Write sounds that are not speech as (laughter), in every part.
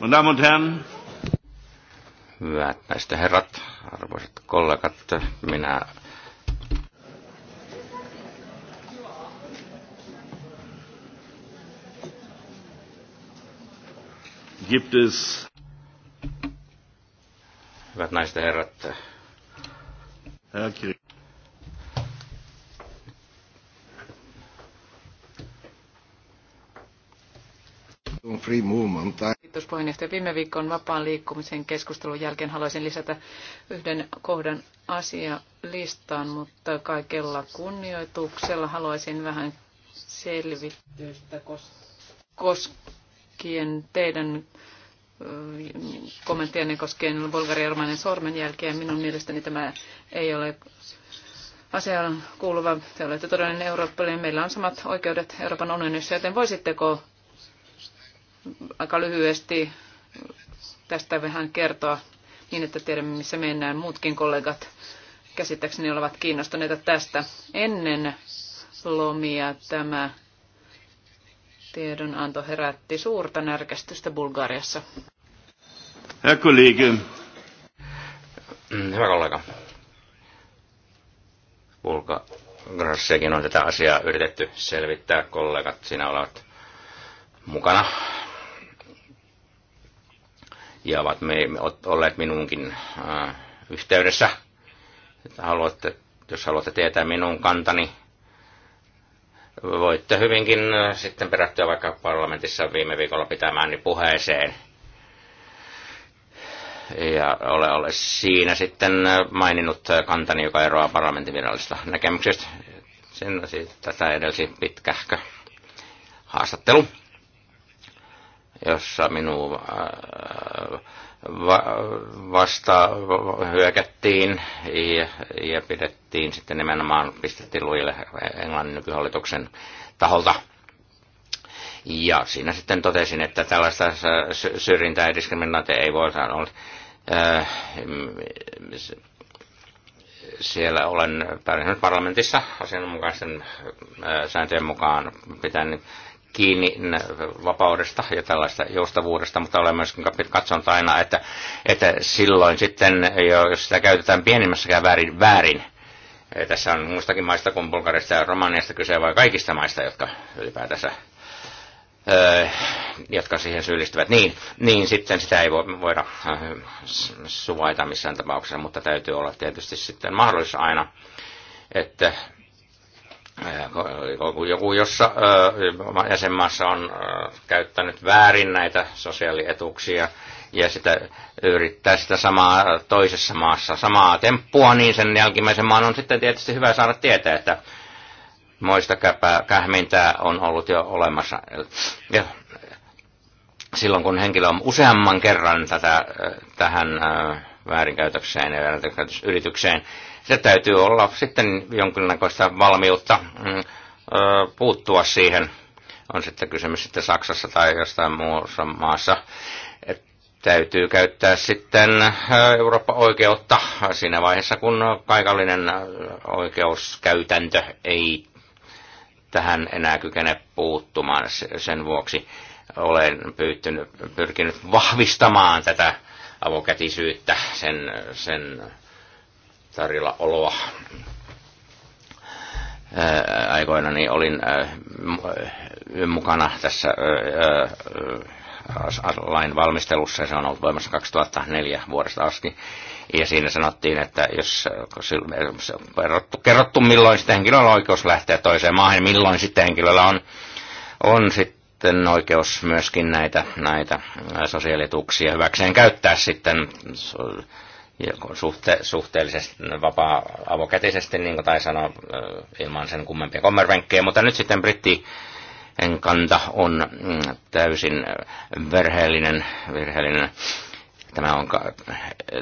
Meine Damen und Herren. Hyvät näistä herrat, arvoisat kollegat, minä Gibt es Hyvät naiset ja herrat. Herr free movement keskuspuheenjohtaja. Viime viikon vapaan liikkumisen keskustelun jälkeen haluaisin lisätä yhden kohdan asia listaan, mutta kaikella kunnioituksella haluaisin vähän selvitystä koskien teidän kommenttianne koskien bulgarian sormenjälkiä. Minun mielestäni tämä ei ole asiaan kuuluva. Te olette todellinen eurooppalainen. Meillä on samat oikeudet Euroopan unionissa, joten voisitteko aika lyhyesti tästä vähän kertoa niin, että tiedämme, missä mennään. Muutkin kollegat käsittääkseni ovat kiinnostuneita tästä. Ennen lomia tämä tiedonanto herätti suurta närkästystä Bulgariassa. Hyvä kollega. Bulgariassakin Grassiakin on tätä asiaa yritetty selvittää. Kollegat sinä olet mukana ja ovat me, me olleet minunkin äh, yhteydessä. Että haluatte, jos haluatte tietää minun kantani, voitte hyvinkin äh, sitten perättyä vaikka parlamentissa viime viikolla pitämääni niin puheeseen. Ja ole, ole siinä sitten äh, maininnut äh, kantani, joka eroaa parlamentin virallisesta näkemyksestä. Sen, tätä edelsi pitkähkö haastattelu jossa minua äh, vasta hyökättiin ja, ja pidettiin sitten nimenomaan, pistettiin lujille Englannin nykyhallituksen taholta. Ja siinä sitten totesin, että tällaista syrjintää ja diskriminaatio ei voi olla. Äh, siellä olen pärjännyt parlamentissa asianmukaisten äh, sääntöjen mukaan pitänyt niin kiinni vapaudesta ja tällaista joustavuudesta, mutta olen myös katsonut aina, että, että silloin sitten, jos sitä käytetään pienimmässäkään väärin, väärin eh, tässä on muistakin maista kuin Bulgarista ja Romaniasta kyse, vai kaikista maista, jotka ylipäätänsä eh, jotka siihen syyllistyvät, niin, niin sitten sitä ei voida eh, suvaita missään tapauksessa, mutta täytyy olla tietysti sitten mahdollisuus aina, että joku, jossa jäsenmaassa on käyttänyt väärin näitä sosiaalietuuksia ja sitä yrittää sitä samaa toisessa maassa, samaa temppua, niin sen jälkimmäisen maan on sitten tietysti hyvä saada tietää, että moista käpää, kähmintää on ollut jo olemassa. Ja silloin kun henkilö on useamman kerran tätä, tähän väärinkäytökseen ja väärinkäytösyritykseen se täytyy olla sitten jonkinnäköistä valmiutta mm, puuttua siihen. On sitten kysymys sitten Saksassa tai jostain muussa maassa. Et täytyy käyttää sitten Eurooppa-oikeutta siinä vaiheessa, kun paikallinen oikeuskäytäntö ei tähän enää kykene puuttumaan. Sen vuoksi olen pyytynyt, pyrkinyt vahvistamaan tätä avokätisyyttä sen, sen tarjolla oloa. Aikoina niin olin mukana tässä lain valmistelussa, ja se on ollut voimassa 2004 vuodesta asti. Ja siinä sanottiin, että jos kerrottu, kerrottu milloin sitten henkilöllä on oikeus lähteä toiseen maahan, milloin sitten henkilöllä on, on sitten oikeus myöskin näitä, näitä sosiaalietuuksia hyväkseen käyttää sitten suhte, suhteellisesti vapaa avokätisesti, niin kuin tai sanoa, ilman sen kummempia kommervenkkejä, mutta nyt sitten britti kanta on mm, täysin verheellinen, virheellinen. Tämä on,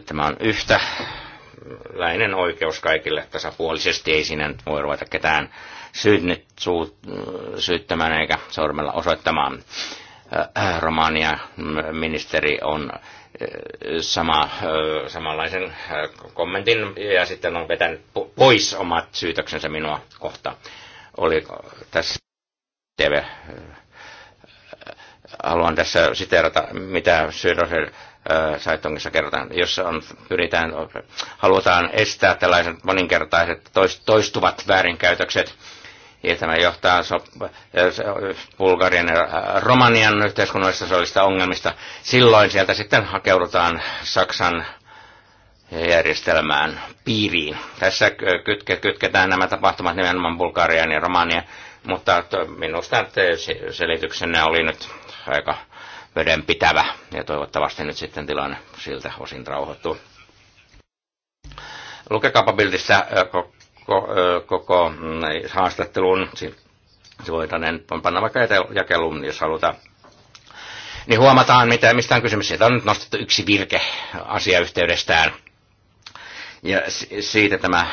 tämä on yhtä läinen oikeus kaikille tasapuolisesti, ei siinä voi ruveta ketään syyt, suut, syyttämään eikä sormella osoittamaan. Äh, Romania ministeri on sama, samanlaisen kommentin ja sitten on vetänyt pois omat syytöksensä minua kohtaan. Oli tässä TV. Haluan tässä siteerata, mitä Syrjäsen Saitongissa kerrotaan, jossa on, pyritään, halutaan estää tällaiset moninkertaiset toistuvat väärinkäytökset – ja tämä johtaa sop- Bulgarian ja Romanian yhteiskunnallisista sosiaalista ongelmista. Silloin sieltä sitten hakeudutaan Saksan järjestelmään piiriin. Tässä kytke, kytketään nämä tapahtumat nimenomaan Bulgarian ja Romanian, mutta minusta selityksenne oli nyt aika vedenpitävä ja toivottavasti nyt sitten tilanne siltä osin rauhoittuu. Lukekaapa koko mm, haastattelun, se voidaan panna vaikka jakeluun, jos halutaan. Niin huomataan, mitä, mistä on kysymys. Sieltä on nyt nostettu yksi virke asiayhteydestään. Ja siitä tämä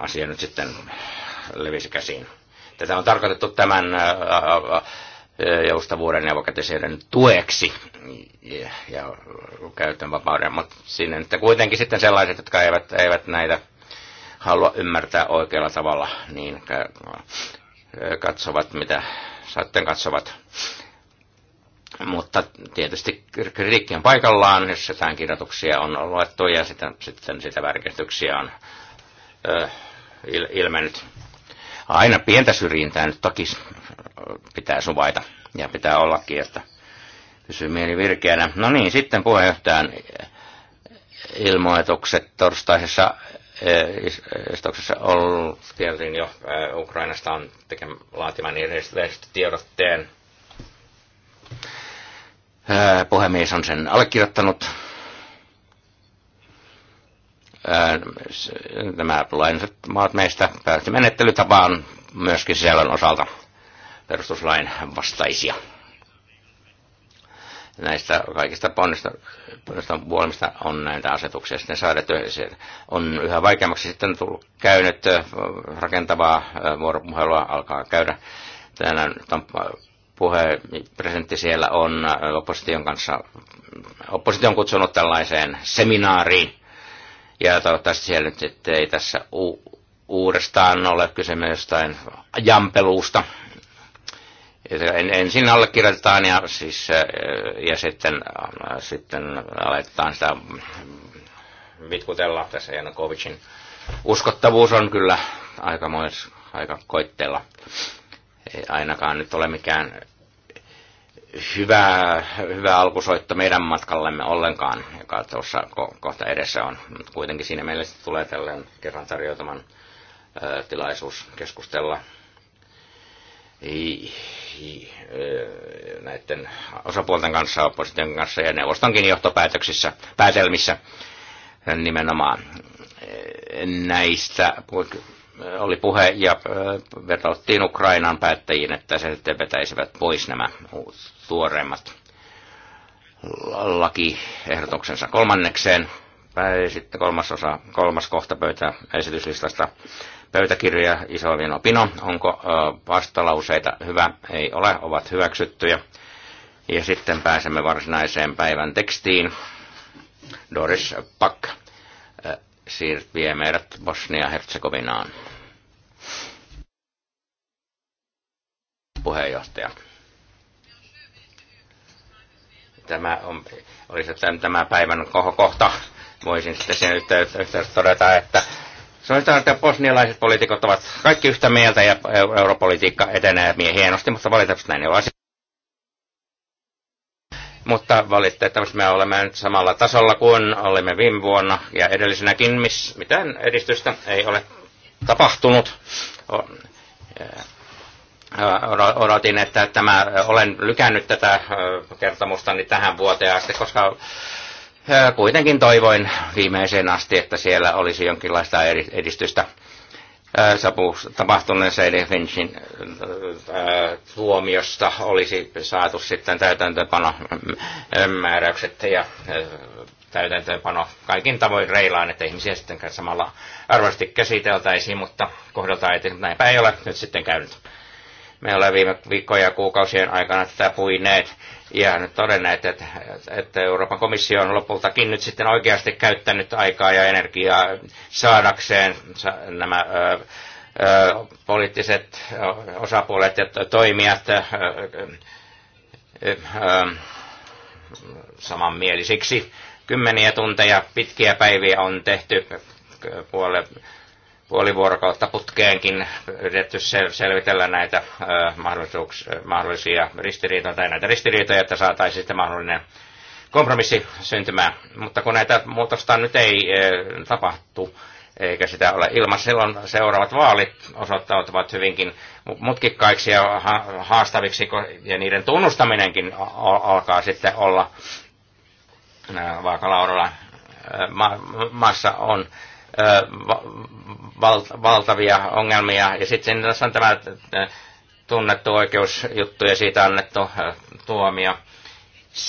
asia nyt sitten levisi käsiin. Tätä on tarkoitettu tämän ää, ää, Eh, joustavuuden ja vakatisyyden tueksi ja, ja käytön vapauden, mutta sinne että kuitenkin sitten sellaiset, jotka eivät, eivät näitä halua ymmärtää oikealla tavalla, niin eh, katsovat mitä sitten katsovat. Mutta tietysti kritiikki on paikallaan, jos jotain kirjoituksia on luettu ja sitten, sitten sitä värkistyksiä on ö, eh, il, ilmennyt. Aina pientä syrjintää nyt toki pitää suvaita ja pitää ollakin, että pysyy mieli virkeänä. No niin, sitten puheenjohtajan ilmoitukset torstaisessa eh, istuksessa oltiin jo eh, Ukrainasta on tekemä, laatiman tiedotteen. Eh, puhemies on sen allekirjoittanut. Nämä lainsat maat meistä päätti menettelytapaan myöskin siellä osalta perustuslain vastaisia. Näistä kaikista ponnista, ponnista huolimista on näitä asetuksia sitten saadettu. Se on yhä vaikeammaksi sitten tullut käynyt, äh, rakentavaa äh, vuoropuhelua alkaa käydä. Tänään äh, puhe, presidentti siellä on opposition kanssa, oppositio on kutsunut tällaiseen seminaariin. Ja toivottavasti siellä nyt ei tässä u- uudestaan ole kyse jostain jampeluusta, ensin allekirjoitetaan ja, siis, äh, ja sitten, äh, sitten aletaan sitä vitkutella. Tässä Janukovicin uskottavuus on kyllä aika, mois, aika koitteella. Ei ainakaan nyt ole mikään hyvä, hyvä alkusoitto meidän matkallemme ollenkaan, joka tuossa ko- kohta edessä on. Mut kuitenkin siinä mielessä tulee tällainen kerran ö, äh, tilaisuus keskustella näiden osapuolten kanssa, opposition kanssa ja neuvostonkin johtopäätöksissä, päätelmissä nimenomaan näistä oli puhe ja vetottiin Ukrainan päättäjiin, että se sitten vetäisivät pois nämä tuoreimmat lakiehdotuksensa kolmannekseen. Sitten kolmas, osa, kolmas kohta pöytää esityslistasta pöytäkirja Isolino Pino. Onko vastalauseita? Hyvä, ei ole, ovat hyväksyttyjä. Ja sitten pääsemme varsinaiseen päivän tekstiin. Doris Pak siirt vie meidät Bosnia-Herzegovinaan. Puheenjohtaja. Tämä on, olisi tämän, tämän päivän kohta. Voisin sitten siinä yhteydessä todeta, että Sanotaan, että bosnialaiset poliitikot ovat kaikki yhtä mieltä ja europolitiikka etenee hienosti, mutta valitettavasti näin ei ole asia. Mutta valitettavasti me olemme nyt samalla tasolla kuin olimme viime vuonna ja edellisenäkin, miss, mitään edistystä ei ole tapahtunut. Eh, eh, odotin, että tämä, olen lykännyt tätä kertomusta tähän vuoteen asti, koska Kuitenkin toivoin viimeiseen asti, että siellä olisi jonkinlaista edistystä tapahtuneen Sadie Finchin tuomiosta olisi saatu sitten täytäntöönpano määräykset ja täytäntöönpano kaikin tavoin reilaan, että ihmisiä sitten samalla arvosti käsiteltäisiin, mutta kohdalta ei näinpä ei ole nyt sitten käynyt. Me olemme viime viikkojen ja kuukausien aikana tätä puineet ihan todenneet, että, että Euroopan komissio on lopultakin nyt sitten oikeasti käyttänyt aikaa ja energiaa saadakseen nämä ö, ö, poliittiset osapuolet ja toimijat ö, ö, samanmielisiksi. Kymmeniä tunteja, pitkiä päiviä on tehty puolelle puoli vuorokautta putkeenkin yritetty selvitellä näitä mahdollisia ristiriitoja tai näitä ristiriitoja, että saataisiin sitten mahdollinen kompromissi syntymään. Mutta kun näitä muutosta nyt ei tapahtu, eikä sitä ole ilman, Silloin seuraavat vaalit osoittautuvat hyvinkin mutkikkaiksi ja haastaviksi, ja niiden tunnustaminenkin alkaa sitten olla vaakalaudalla. maassa on valtavia ongelmia. Ja sitten tässä on tämä tunnettu oikeusjuttu ja siitä annettu tuomio,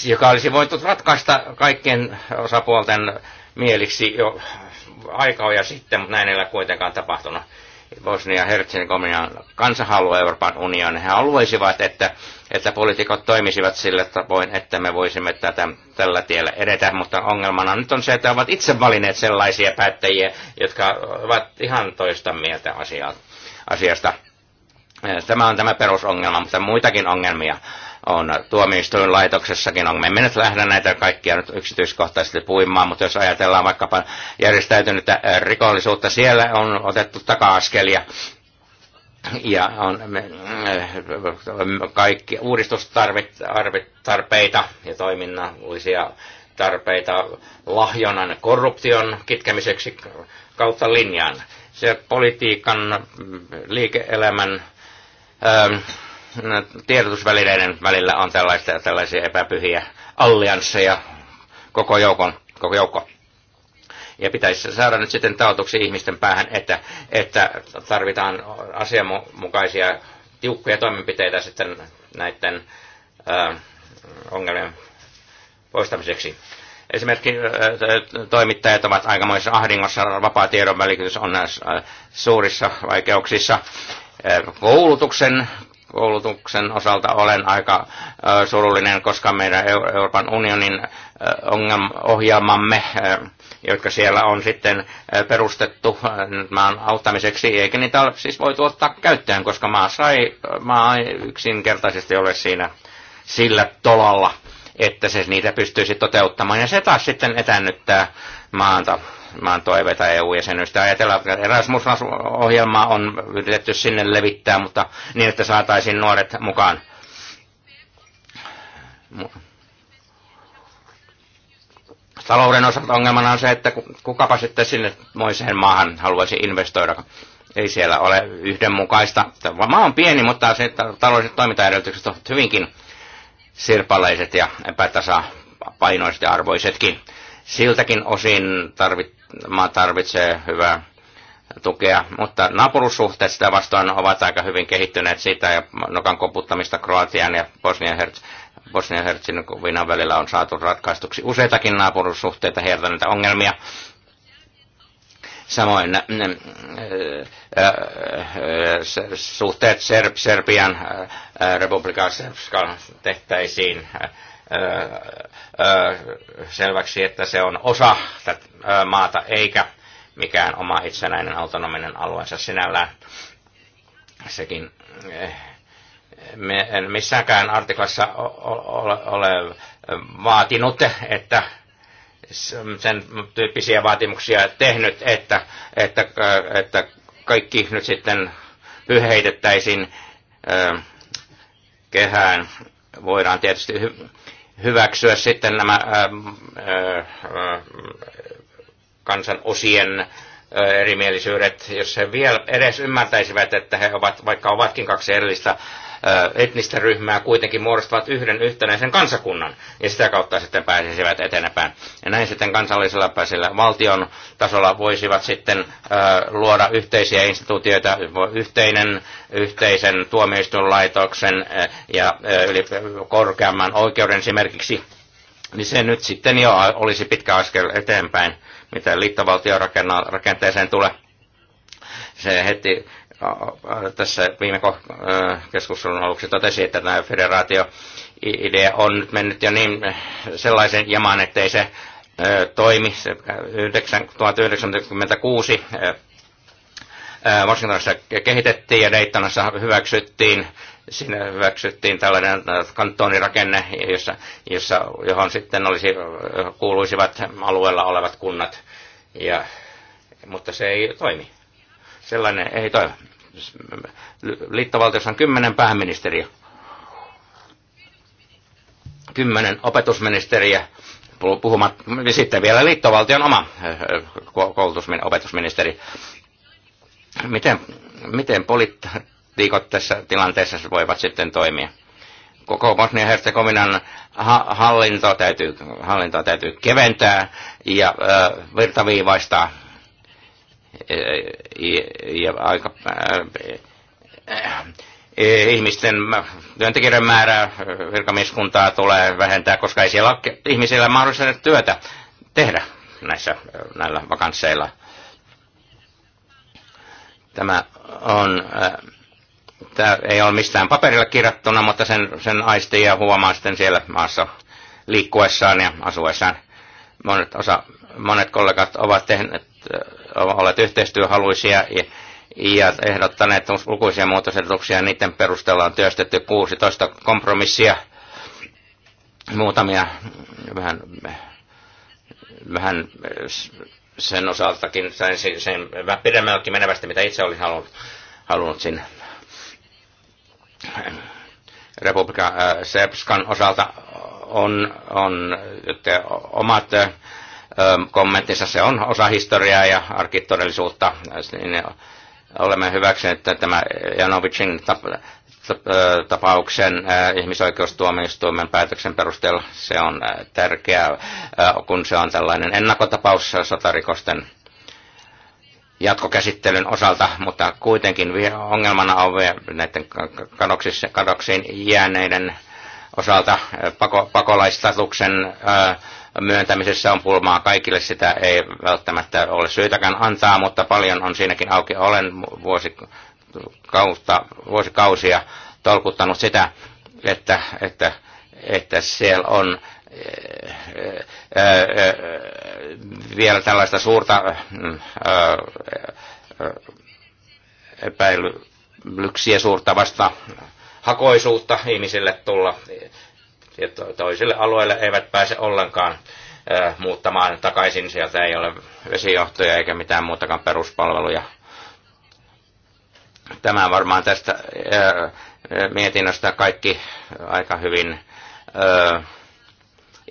joka olisi voitu ratkaista kaikkien osapuolten mieliksi jo aikaa ja sitten, mutta näin ei ole kuitenkaan tapahtunut. Bosnia Herzegovina kansa haluaa Euroopan unionin. He haluaisivat, että, että poliitikot toimisivat sillä tavoin, että me voisimme tätä, tällä tiellä edetä, mutta ongelmana nyt on se, että ovat itse valinneet sellaisia päättäjiä, jotka ovat ihan toista mieltä asiasta. Tämä on tämä perusongelma, mutta muitakin ongelmia on tuomioistuinlaitoksessakin. On. Me emme nyt lähde näitä kaikkia nyt yksityiskohtaisesti puimaan, mutta jos ajatellaan vaikkapa järjestäytynyttä äh, rikollisuutta, siellä on otettu taka-askelia ja on me, äh, kaikki uudistustarpeita ja toiminnallisia tarpeita lahjonnan korruption kitkemiseksi kautta linjan. Se politiikan, mm, liike-elämän ähm, tiedotusvälineiden välillä on tällaista, tällaisia epäpyhiä alliansseja koko, joukon, koko joukko. Ja pitäisi saada nyt sitten taotuksi ihmisten päähän, että, että tarvitaan asianmukaisia tiukkoja toimenpiteitä sitten näiden ö, ongelmien poistamiseksi. Esimerkiksi toimittajat ovat aikamoisessa ahdingossa, vapaa tiedon välikys on suurissa vaikeuksissa. Koulutuksen koulutuksen osalta olen aika surullinen, koska meidän Euroopan unionin ohjelmamme, jotka siellä on sitten perustettu maan auttamiseksi, eikä niitä siis voi ottaa käyttöön, koska maa, sai, maa ei yksinkertaisesti ole siinä sillä tolalla, että se niitä pystyisi toteuttamaan. Ja se taas sitten etännyttää maanta maan toiveita EU-jäsenyystä. Ajatellaan, että Erasmus-ohjelmaa on yritetty sinne levittää, mutta niin, että saataisiin nuoret mukaan. Talouden osalta ongelmana on se, että kukapa sitten sinne moiseen maahan haluaisi investoida. Ei siellä ole yhdenmukaista. Maa on pieni, mutta se taloudelliset toimintaedellytykset ovat hyvinkin sirpaleiset ja epätasapainoiset ja arvoisetkin siltäkin osin tarvit, maa tarvitsee hyvää tukea, mutta naapurussuhteet sitä vastoin ovat aika hyvin kehittyneet siitä ja nokan koputtamista Kroatian ja Bosnian Bosnian herzegovinan välillä on saatu ratkaistuksi useitakin naapurussuhteita hiertäneitä ongelmia. Samoin ne, äh, ne, äh, äh, suhteet Serb, Serbian republikaan tehtäisiin selväksi, että se on osa tätä maata eikä mikään oma itsenäinen autonominen alueensa sinällään. Sekin eh, me en missäänkään artiklassa ole, ole vaatinut, että sen tyyppisiä vaatimuksia tehnyt, että, että, että kaikki nyt sitten pyheitettäisiin kehään. Voidaan tietysti hyväksyä sitten nämä kansan osien erimielisyydet, jos he vielä edes ymmärtäisivät, että he ovat, vaikka ovatkin kaksi erillistä etnistä ryhmää kuitenkin muodostavat yhden yhtenäisen kansakunnan, ja sitä kautta sitten pääsisivät etenepäin. Ja näin sitten kansallisella pääsillä valtion tasolla voisivat sitten luoda yhteisiä instituutioita, yhteinen, yhteisen tuomioistuinlaitoksen ja yli korkeamman oikeuden esimerkiksi, niin se nyt sitten jo olisi pitkä askel eteenpäin, mitä rakenteeseen tulee se heti tässä viime keskustelun aluksi totesi, että tämä federaatio-idea on mennyt jo niin eh, sellaisen jamaan, ei se toimi. 1996 Washingtonissa kehitettiin ja Daytonassa hyväksyttiin siinä hyväksyttiin tällainen kantonirakenne, jossa, jossa, johon sitten olisi, kuuluisivat alueella olevat kunnat, ja, mutta se ei toimi. Sellainen ei toimi liittovaltiossa on kymmenen pääministeriä, kymmenen opetusministeriä, puhumat, sitten vielä liittovaltion oma eh, eh, koulutusmin, opetusministeri. Miten, miten poliitikot tässä tilanteessa voivat sitten toimia? Koko Bosnia-Herzegovinan hallintoa täytyy, hallintoa täytyy keventää ja ö, eh, virtaviivaistaa ja aika ihmisten työntekijöiden määrää virkamieskuntaa tulee vähentää, koska ei siellä ole ihmisillä mahdollista työtä tehdä näissä, näillä vakansseilla. Tämä on, tämä ei ole mistään paperilla kirjattuna, mutta sen, sen aisti ja huomaa sitten siellä maassa liikkuessaan ja asuessaan. Monet, osa, monet kollegat ovat tehneet olleet yhteistyöhaluisia ja ehdottaneet lukuisia muutosehdotuksia. Niiden perusteella on työstetty 16 kompromissia, muutamia vähän, vähän sen osaltakin, sen, sen vähän pidemmälläkin menevästä, mitä itse olin halunnut, halunnut sinne. Republika äh, Serbskan osalta on, on omat äh, Kommentissa Se on osa historiaa ja arkitodellisuutta. Olemme hyväksyneet tämä Janovicin tapauksen ihmisoikeustuomioistuimen päätöksen perusteella. Se on tärkeää, kun se on tällainen ennakkotapaus sotarikosten jatkokäsittelyn osalta, mutta kuitenkin ongelmana on näiden kadoksissa, kadoksiin jääneiden osalta pako, pakolaistatuksen myöntämisessä on pulmaa kaikille. Sitä ei välttämättä ole syytäkään antaa, mutta paljon on siinäkin auki. Olen vuosikausta, vuosikausia tolkuttanut sitä, että, että, että siellä on eh, eh, eh, vielä tällaista suurta epäilyksiä, suurta vasta hakoisuutta ihmisille tulla ja toisille alueille eivät pääse ollenkaan muuttamaan takaisin. Sieltä ei ole vesijohtoja eikä mitään muutakaan peruspalveluja. Tämä varmaan tästä mietinnöstä kaikki aika hyvin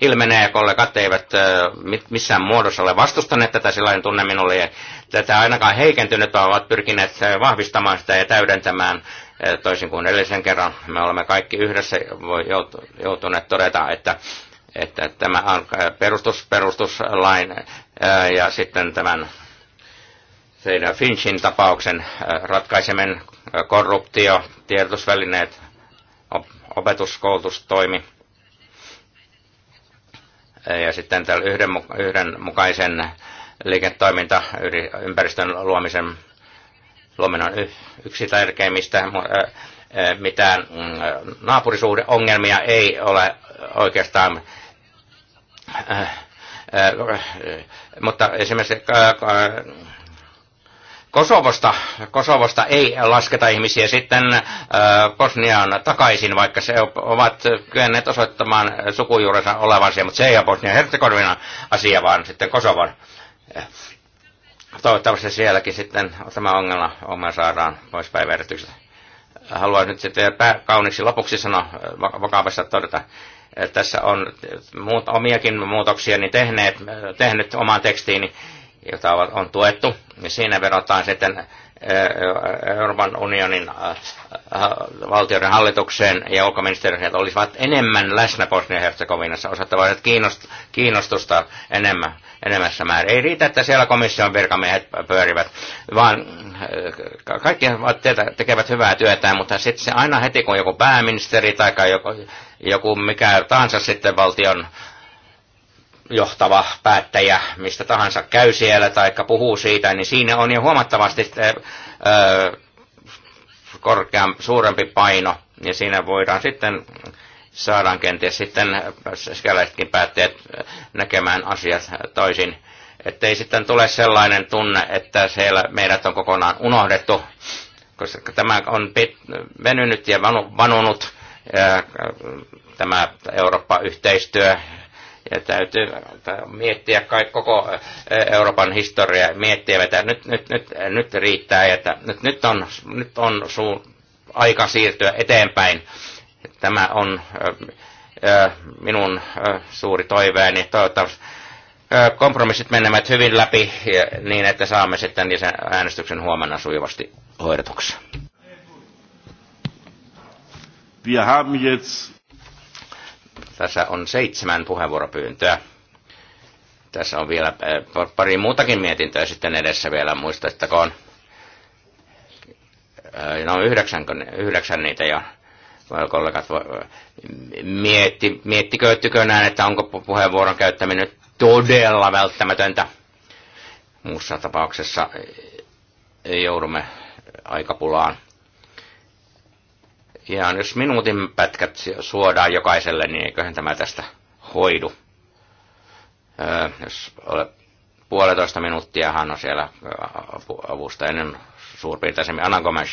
ilmenee. Kollegat eivät missään muodossa ole vastustaneet tätä, sellainen tunne minulle. Tätä ainakaan heikentynyt, vaan ovat pyrkineet vahvistamaan sitä ja täydentämään Eh, toisin kuin edellisen kerran. Me olemme kaikki yhdessä joutuneet todeta, että, että tämä on eh, perustus, perustuslain eh, ja sitten tämän teidän Finchin tapauksen ratkaisemen korruptio, tiedotusvälineet, opetuskoulutustoimi ja sitten tällä yhdenmukaisen liiketoimintaympäristön luomisen Suomen on yksi tärkeimmistä mitään mm, naapurisuhdeongelmia ei ole oikeastaan. Mutta esimerkiksi Kosovosta, Kosovosta ei lasketa ihmisiä sitten Bosniaan takaisin, vaikka se ovat kyenneet osoittamaan sukujuurensa olevansa, mutta se ei ole Bosnia-Herzegovina asia, vaan sitten Kosovon toivottavasti sielläkin sitten tämä ongelma, oma saadaan pois päiväjärjestyksestä. Haluan nyt sitten kauniiksi lopuksi sanoa vakavasti todeta, että tässä on muut, omiakin muutoksia niin tehneet, tehnyt omaan tekstiini, jota on tuettu. Ja siinä vedotaan sitten Euroopan unionin valtioiden hallitukseen ja ulkoministeriöön, että olisivat enemmän läsnä Bosnia-Herzegovinassa, osattavat kiinnostusta enemmän enemmässä määrin. Ei riitä, että siellä komission virkamiehet pyörivät, vaan äh, kaikki tekevät hyvää työtään, mutta sitten se aina heti, kun joku pääministeri tai joku, joku mikä tahansa sitten valtion johtava päättäjä, mistä tahansa käy siellä tai puhuu siitä, niin siinä on jo huomattavasti sitten, äh, äh, korkean, suurempi paino, ja siinä voidaan sitten saadaan kenties sitten sikäläisetkin päätteet näkemään asiat toisin. että ei sitten tule sellainen tunne, että siellä meidät on kokonaan unohdettu, koska tämä on venynyt ja vanunut äh, tämä Eurooppa-yhteistyö. Ja täytyy miettiä kai koko äh, Euroopan historiaa, miettiä, että nyt, nyt, nyt, nyt riittää, että nyt, nyt on, nyt on suu, aika siirtyä eteenpäin Tämä on minun suuri toiveeni. Toivottavasti kompromissit menevät hyvin läpi niin, että saamme sitten sen äänestyksen huomenna sujuvasti hoidetuksi. Wir haben jetzt... Tässä on seitsemän puheenvuoropyyntöä. Tässä on vielä pari muutakin mietintöä sitten edessä vielä, muistettakoon. No yhdeksän, yhdeksän niitä jo kollegat mietti, miettikö näin, että onko puheenvuoron käyttäminen todella välttämätöntä. Muussa tapauksessa eh, joudumme aikapulaan. Ja jos minuutin pätkät suodaan jokaiselle, niin eiköhän tämä tästä hoidu. Öö, jos ole puolitoista hän on siellä eh, avustajainen niin suurpiirteisemmin. Anna Gomes.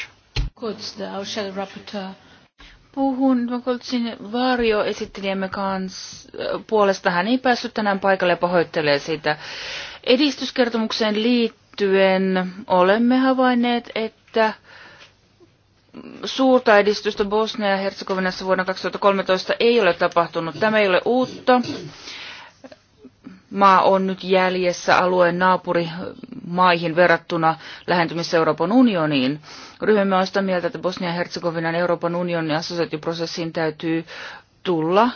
Good, the puhun Vakoltsin varjoesittelijämme kanssa puolesta. Hän ei päässyt tänään paikalle ja pahoittelee sitä. Edistyskertomukseen liittyen olemme havainneet, että suurta edistystä Bosnia Herzegovinassa vuonna 2013 ei ole tapahtunut. Tämä ei ole uutta maa on nyt jäljessä alueen naapurimaihin verrattuna lähentymisessä Euroopan unioniin. Ryhmämme on sitä mieltä, että Bosnia-Herzegovinan Euroopan unionin assosiaatioprosessiin täytyy tulla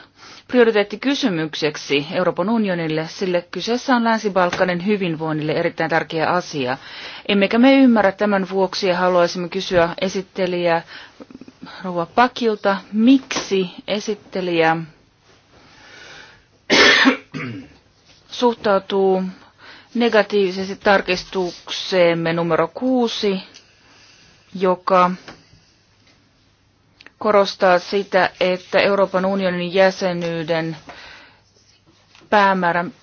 prioriteettikysymykseksi Euroopan unionille, sillä kyseessä on Länsi-Balkanin hyvinvoinnille erittäin tärkeä asia. Emmekä me ymmärrä tämän vuoksi ja haluaisimme kysyä esittelijä Rouva Pakilta, miksi esittelijä suhtautuu negatiivisesti tarkistukseemme numero kuusi, joka korostaa sitä, että Euroopan unionin jäsenyyden päämäärän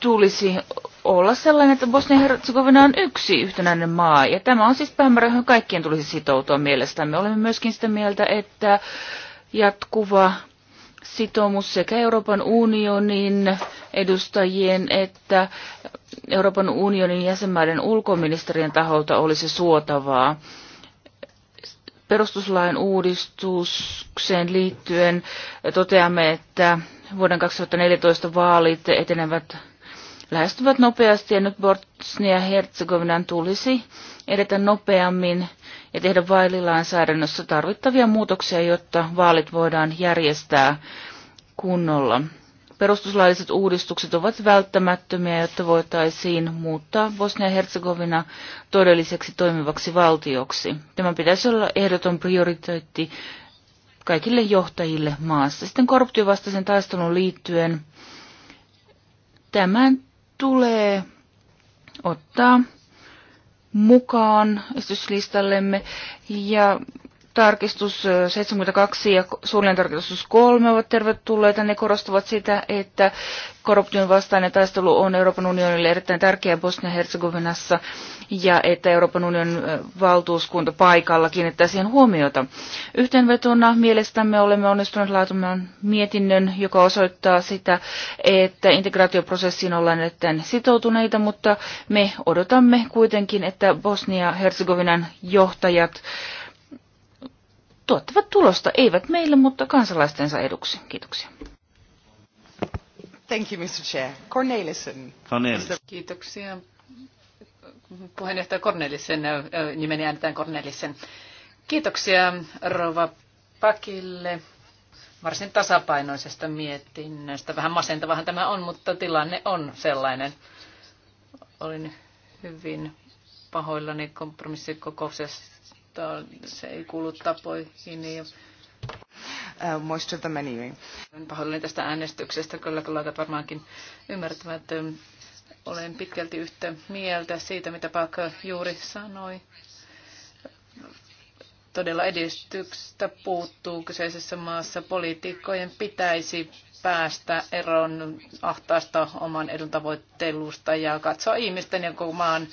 tulisi olla sellainen, että Bosnia-Herzegovina on yksi yhtenäinen maa. Ja tämä on siis päämäärä, johon kaikkien tulisi sitoutua mielestämme. Olemme myöskin sitä mieltä, että jatkuva sitoumus sekä Euroopan unionin edustajien että Euroopan unionin jäsenmaiden ulkoministerien taholta olisi suotavaa. Perustuslain uudistukseen liittyen toteamme, että vuoden 2014 vaalit etenevät lähestyvät nopeasti ja nyt Bosnia-Herzegovinan tulisi edetä nopeammin ja tehdä vaalilainsäädännössä tarvittavia muutoksia, jotta vaalit voidaan järjestää kunnolla. Perustuslailliset uudistukset ovat välttämättömiä, jotta voitaisiin muuttaa Bosnia-Herzegovina todelliseksi toimivaksi valtioksi. Tämä pitäisi olla ehdoton prioriteetti kaikille johtajille maassa. Sitten korruptiovastaisen taistelun liittyen tämän tulee ottaa mukaan esityslistallemme ja tarkistus 72 ja suullinen tarkistus 3 ovat tervetulleita. Ne korostavat sitä, että korruption vastainen taistelu on Euroopan unionille erittäin tärkeä Bosnia-Herzegovinassa ja että Euroopan unionin valtuuskunta paikalla kiinnittää siihen huomiota. Yhteenvetona mielestämme olemme onnistuneet laatimaan mietinnön, joka osoittaa sitä, että integraatioprosessiin ollaan erittäin sitoutuneita, mutta me odotamme kuitenkin, että Bosnia-Herzegovinan johtajat tuottavat tulosta, eivät meille, mutta kansalaistensa eduksi. Kiitoksia. Thank you, Mr. Chair. Cornelissen. Cornelison. Kiitoksia. Puheenjohtaja Cornelissen, nimeni äänetään Cornelissen. Kiitoksia Rova Pakille varsin tasapainoisesta mietinnöstä. Vähän masentavahan tämä on, mutta tilanne on sellainen. Olin hyvin pahoillani kompromissikokouksessa mutta se ei kuulu tapoihin. Niin uh, most of them anyway. Pahoillani tästä äänestyksestä, kyllä kollegat varmaankin ymmärtävät. Olen pitkälti yhtä mieltä siitä, mitä Pak juuri sanoi. Todella edistyksestä puuttuu kyseisessä maassa. Poliitikkojen pitäisi päästä eroon ahtaasta oman edun tavoittelusta ja katsoa ihmisten ja maan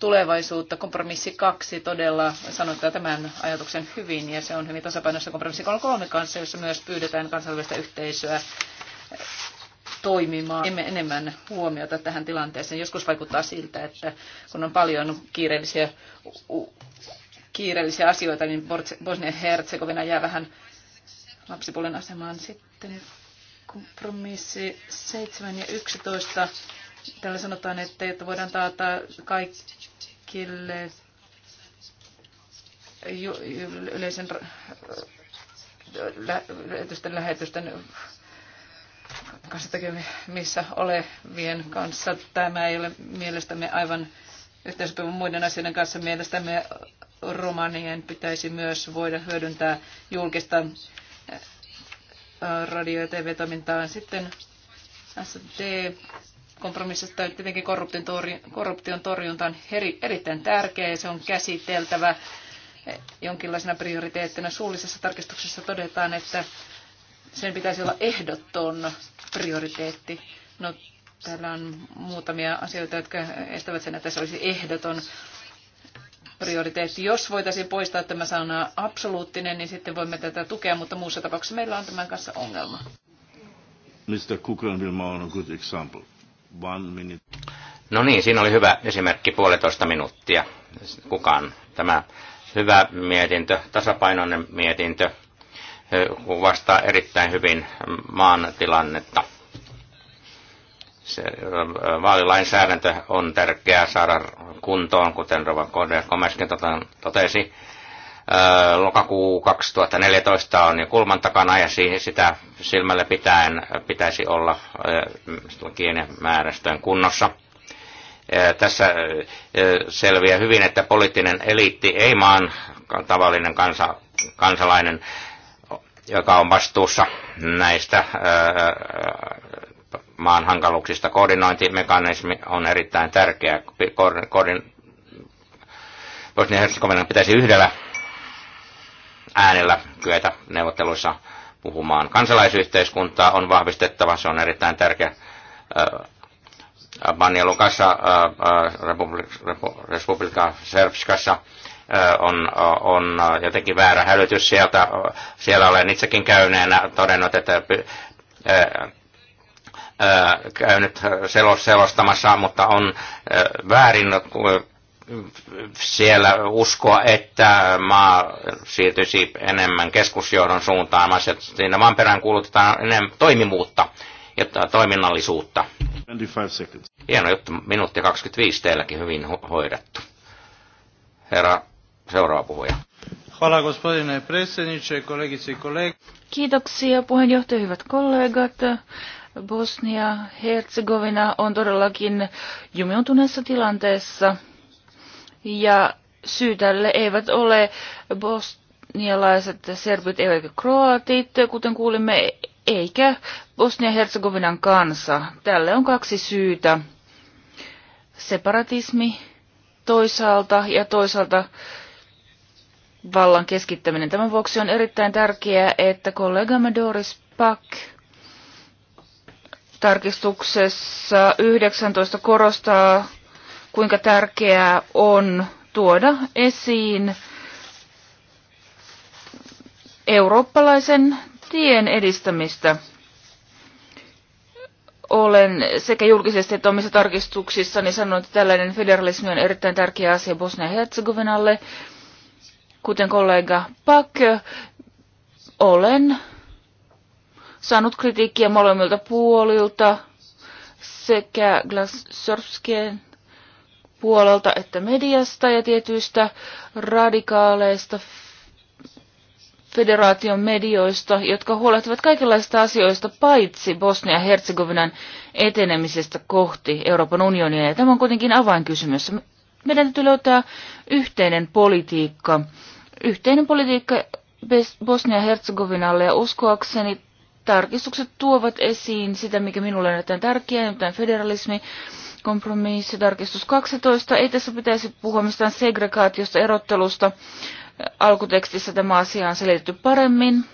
tulevaisuutta. Kompromissi kaksi todella sanottaa tämän ajatuksen hyvin ja se on hyvin tasapainossa kompromissi kolme kanssa, jossa myös pyydetään kansainvälistä yhteisöä toimimaan emme enemmän huomiota tähän tilanteeseen. Joskus vaikuttaa siltä, että kun on paljon kiireellisiä, kiireellisiä asioita, niin Bosnia-Herzegovina jää vähän lapsipuolen asemaan sitten kompromissi 7 ja 11 Täällä sanotaan, että jotta voidaan taata kaikille yleisen lähetysten lähetysten kanssa missä olevien kanssa. Tämä ei ole mielestämme aivan yhteensopiva muiden asioiden kanssa. Mielestämme romanien pitäisi myös voida hyödyntää julkista radio- ja tv-toimintaa. Sitten SD kompromissista tietenkin korruption, torju, korruption torjunta on erittäin tärkeä ja se on käsiteltävä e, jonkinlaisena prioriteettina. Suullisessa tarkistuksessa todetaan, että sen pitäisi olla ehdoton prioriteetti. No, täällä on muutamia asioita, jotka estävät sen, että se olisi ehdoton prioriteetti. Jos voitaisiin poistaa tämä sana absoluuttinen, niin sitten voimme tätä tukea, mutta muussa tapauksessa meillä on tämän kanssa ongelma. Mr. Kukan Vilma on a good example. One minute. No niin, siinä oli hyvä esimerkki puolitoista minuuttia. Kukaan tämä hyvä mietintö, tasapainoinen mietintö, vastaa erittäin hyvin maan tilannetta. Se vaalilainsäädäntö on tärkeää saada kuntoon, kuten Rova Komeskin tota- totesi lokakuu 2014 on jo kulman takana ja sitä silmällä pitäen pitäisi olla määrästöön kunnossa. Tässä selviää hyvin, että poliittinen eliitti, ei maan tavallinen kansa, kansalainen, joka on vastuussa näistä maan hankaluuksista. Koordinointimekanismi on erittäin tärkeä. Koordin, Bosnia-Herzegovina pitäisi yhdellä äänellä kyetä neuvotteluissa puhumaan. Kansalaisyhteiskuntaa on vahvistettava, se on erittäin tärkeä. Äh, Banja Lukassa, äh, äh, Republika Serbskassa on, on jotenkin väärä hälytys sieltä. Siellä olen itsekin käyneenä todennut, että käynyt selostamassa, mutta on väärin siellä uskoa, että maa siirtyisi enemmän keskusjohdon suuntaan, vaan siinä vaan perään kuulutetaan enemmän toimivuutta ja toiminnallisuutta. 25 seconds. Hieno juttu, minuutti 25 teilläkin hyvin ho- hoidettu. Herra seuraava puhuja. Hvala gospodine predsjedniče, kolegice i kolege. Kiitoksia puheenjohtaja, hyvät kollegat. Bosnia-Herzegovina on todellakin jumiutuneessa tilanteessa – ja syy tälle eivät ole bosnialaiset serbit eivätkä kroatit, kuten kuulimme, eikä Bosnia-Herzegovinan kansa. Tälle on kaksi syytä. Separatismi toisaalta ja toisaalta vallan keskittäminen. Tämän vuoksi on erittäin tärkeää, että kollegamme Doris Pack tarkistuksessa 19 korostaa kuinka tärkeää on tuoda esiin eurooppalaisen tien edistämistä. Olen sekä julkisesti että omissa tarkistuksissani sanonut, että tällainen federalismi on erittäin tärkeä asia Bosnia-Herzegovinalle. Kuten kollega Pak, olen saanut kritiikkiä molemmilta puolilta sekä Glasorsken puolelta että mediasta ja tietyistä radikaaleista federaation medioista, jotka huolehtivat kaikenlaista asioista paitsi Bosnia-Herzegovinan etenemisestä kohti Euroopan unionia. Ja tämä on kuitenkin avainkysymys. Meidän täytyy löytää yhteinen politiikka. Yhteinen politiikka Bosnia-Herzegovinalle ja uskoakseni tarkistukset tuovat esiin sitä, mikä minulle on tärkeää, nimittäin federalismi, Kompromissi, tarkistus 12. Ei tässä pitäisi puhua mistään segregaatiosta, erottelusta. Alkutekstissä tämä asia on selitetty paremmin.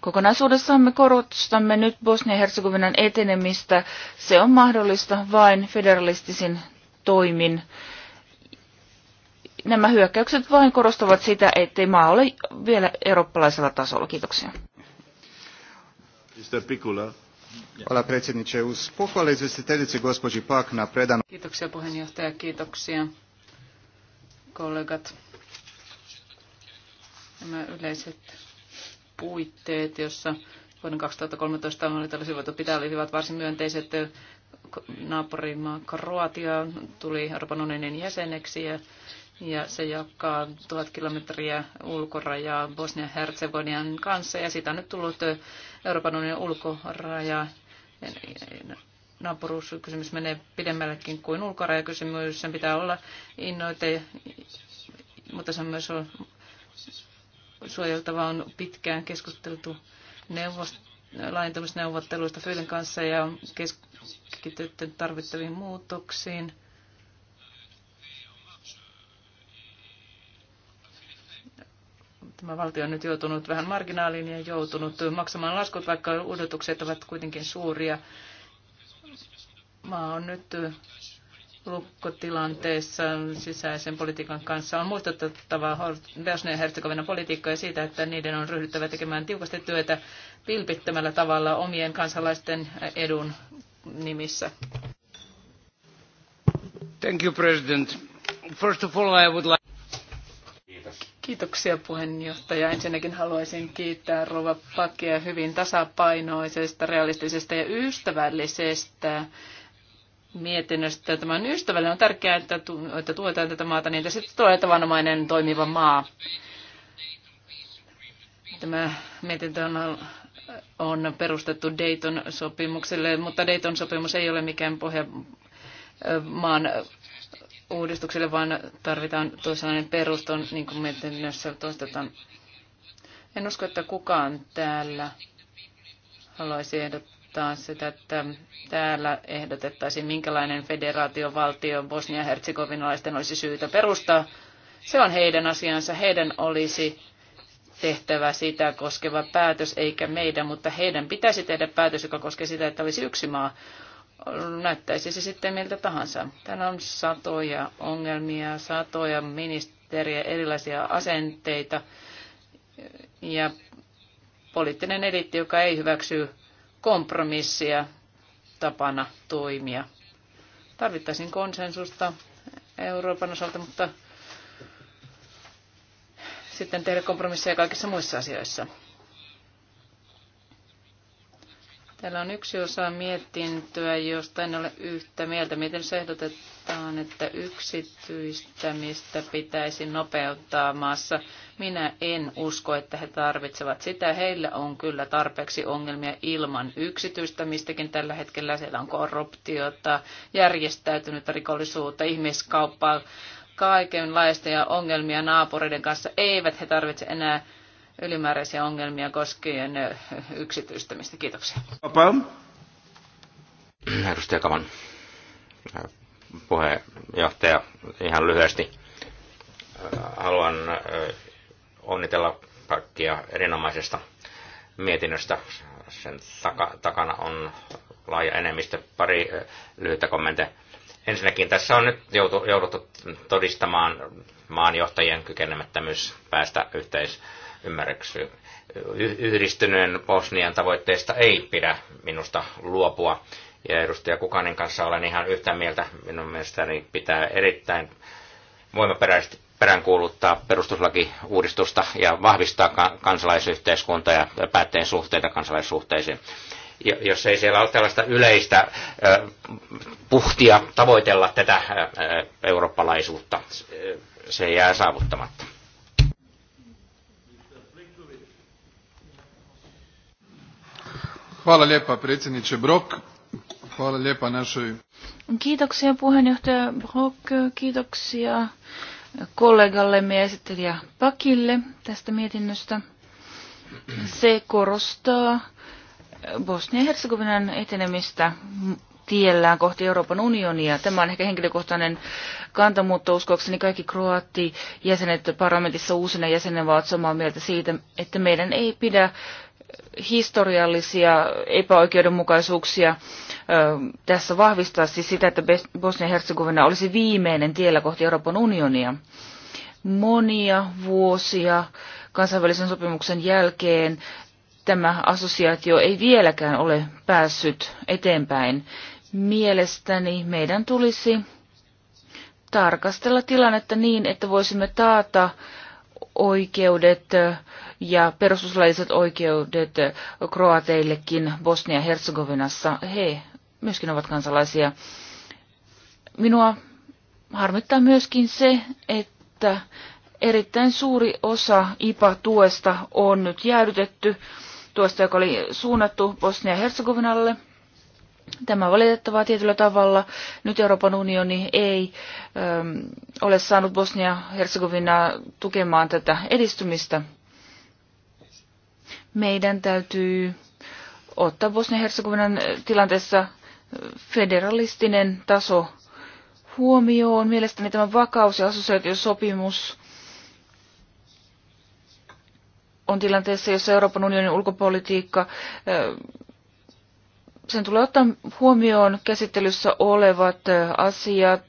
Kokonaisuudessaan me korostamme nyt Bosnia-Herzegovinan etenemistä. Se on mahdollista vain federalistisin toimin. Nämä hyökkäykset vain korostavat sitä, ettei maa ole vielä eurooppalaisella tasolla. Kiitoksia. Mr. Pikula. Hvala predsjedniče. Uz pohvale izvjestiteljice gospođi Pak na predano... Kiitoksia puheenjohtaja, kiitoksia kollegat. Nämä yleiset puitteet, jossa vuoden 2013 oli voitu pitää, oli hyvät varsin myönteiset. Naapurimaa Kroatia tuli Euroopan unionin jäseneksi ja, ja se jakaa tuhat kilometriä ulkorajaa Bosnia-Herzegovian kanssa ja siitä on nyt tullut Euroopan unionin ulkoraja. Naapuruuskysymys menee pidemmällekin kuin ulkorajakysymys. Sen pitää olla innoite, mutta se on myös suojeltava on pitkään keskusteltu neuvost- laajentumisneuvotteluista Fyyden kanssa ja keskitytty tarvittaviin muutoksiin. tämä valtio on nyt joutunut vähän marginaaliin ja joutunut maksamaan laskut, vaikka odotukset ovat kuitenkin suuria. Maa on nyt lukkotilanteessa sisäisen politiikan kanssa on muistutettava Bosnia ja politiikkaa ja siitä, että niiden on ryhdyttävä tekemään tiukasti työtä vilpittömällä tavalla omien kansalaisten edun nimissä. Thank you, President. First of all, I would like Kiitoksia puheenjohtaja. Ensinnäkin haluaisin kiittää Rova Pakia hyvin tasapainoisesta, realistisesta ja ystävällisestä mietinnöstä. on ystävällinen. on tärkeää, että, tu- että tuetaan tätä maata niin, että sitten tulee tavanomainen toimiva maa. Tämä mietintö on, on perustettu Dayton sopimukselle, mutta Dayton sopimus ei ole mikään pohja maan uudistukselle, vaan tarvitaan toisenlainen peruston, niin kuin mietinnössä toistetaan. En usko, että kukaan täällä haluaisi ehdottaa sitä, että täällä ehdotettaisiin, minkälainen federaatiovaltio Bosnia-Herzegovinalaisten olisi syytä perustaa. Se on heidän asiansa. Heidän olisi tehtävä sitä koskeva päätös, eikä meidän, mutta heidän pitäisi tehdä päätös, joka koskee sitä, että olisi yksi maa näyttäisi se sitten miltä tahansa. Täällä on satoja ongelmia, satoja ministeriä, erilaisia asenteita ja poliittinen eliitti, joka ei hyväksy kompromissia tapana toimia. Tarvittaisiin konsensusta Euroopan osalta, mutta sitten tehdä kompromisseja kaikissa muissa asioissa. Täällä on yksi osa mietintöä, josta en ole yhtä mieltä. Miten se ehdotetaan, että yksityistämistä pitäisi nopeuttaa maassa? Minä en usko, että he tarvitsevat sitä. Heillä on kyllä tarpeeksi ongelmia ilman yksityistämistäkin tällä hetkellä. Siellä on korruptiota, järjestäytynyttä rikollisuutta, ihmiskauppaa, kaikenlaista ja ongelmia naapureiden kanssa. Eivät he tarvitse enää ylimääräisiä ongelmia koskien yksityistämistä. Kiitoksia. Edustaja Kavan puheenjohtaja ihan lyhyesti. Haluan onnitella pakkia erinomaisesta mietinnöstä. Sen takana on laaja enemmistö. Pari lyhyttä kommentteja. Ensinnäkin tässä on nyt jouduttu todistamaan maanjohtajien kykenemättömyys päästä yhteis ymmärryksy. Yhdistyneen Bosnian tavoitteesta ei pidä minusta luopua. Ja edustaja Kukanin kanssa olen ihan yhtä mieltä. Minun mielestäni pitää erittäin voimaperäisesti peräänkuuluttaa perustuslakiuudistusta ja vahvistaa kansalaisyhteiskuntaa ja päätteen suhteita kansalaissuhteisiin. Jos ei siellä ole tällaista yleistä puhtia tavoitella tätä eurooppalaisuutta, se jää saavuttamatta. Hvala lijepa predsjedniče Brok. Hvala lijepa našoj... Kiitoksia puheenjohtaja Brock, kiitoksia kollegallemme ja esittelijä Pakille tästä mietinnöstä. Se korostaa Bosnia-Herzegovinan etenemistä tiellään kohti Euroopan unionia. Tämä on ehkä henkilökohtainen kanta, mutta uskoakseni kaikki kroatti jäsenet parlamentissa uusina jäsenen ovat samaa mieltä siitä, että meidän ei pidä historiallisia epäoikeudenmukaisuuksia tässä vahvistaa siis sitä, että Bosnia-Herzegovina olisi viimeinen tiellä kohti Euroopan unionia. Monia vuosia kansainvälisen sopimuksen jälkeen tämä assosiaatio ei vieläkään ole päässyt eteenpäin. Mielestäni meidän tulisi tarkastella tilannetta niin, että voisimme taata oikeudet ja perustuslailliset oikeudet kroateillekin Bosnia-Herzegovinassa. He myöskin ovat kansalaisia. Minua harmittaa myöskin se, että erittäin suuri osa IPA-tuesta on nyt jäädytetty, tuosta joka oli suunnattu Bosnia-Herzegovinalle. Tämä on valitettavaa tietyllä tavalla. Nyt Euroopan unioni ei ö, ähm, ole saanut Bosnia-Herzegovinaa tukemaan tätä edistymistä meidän täytyy ottaa Bosnia-Herzegovinan eh, tilanteessa eh, federalistinen taso huomioon. Mielestäni tämä vakaus- ja assosiaatiosopimus on tilanteessa, jossa Euroopan unionin ulkopolitiikka, eh, sen tulee ottaa huomioon käsittelyssä olevat asiat,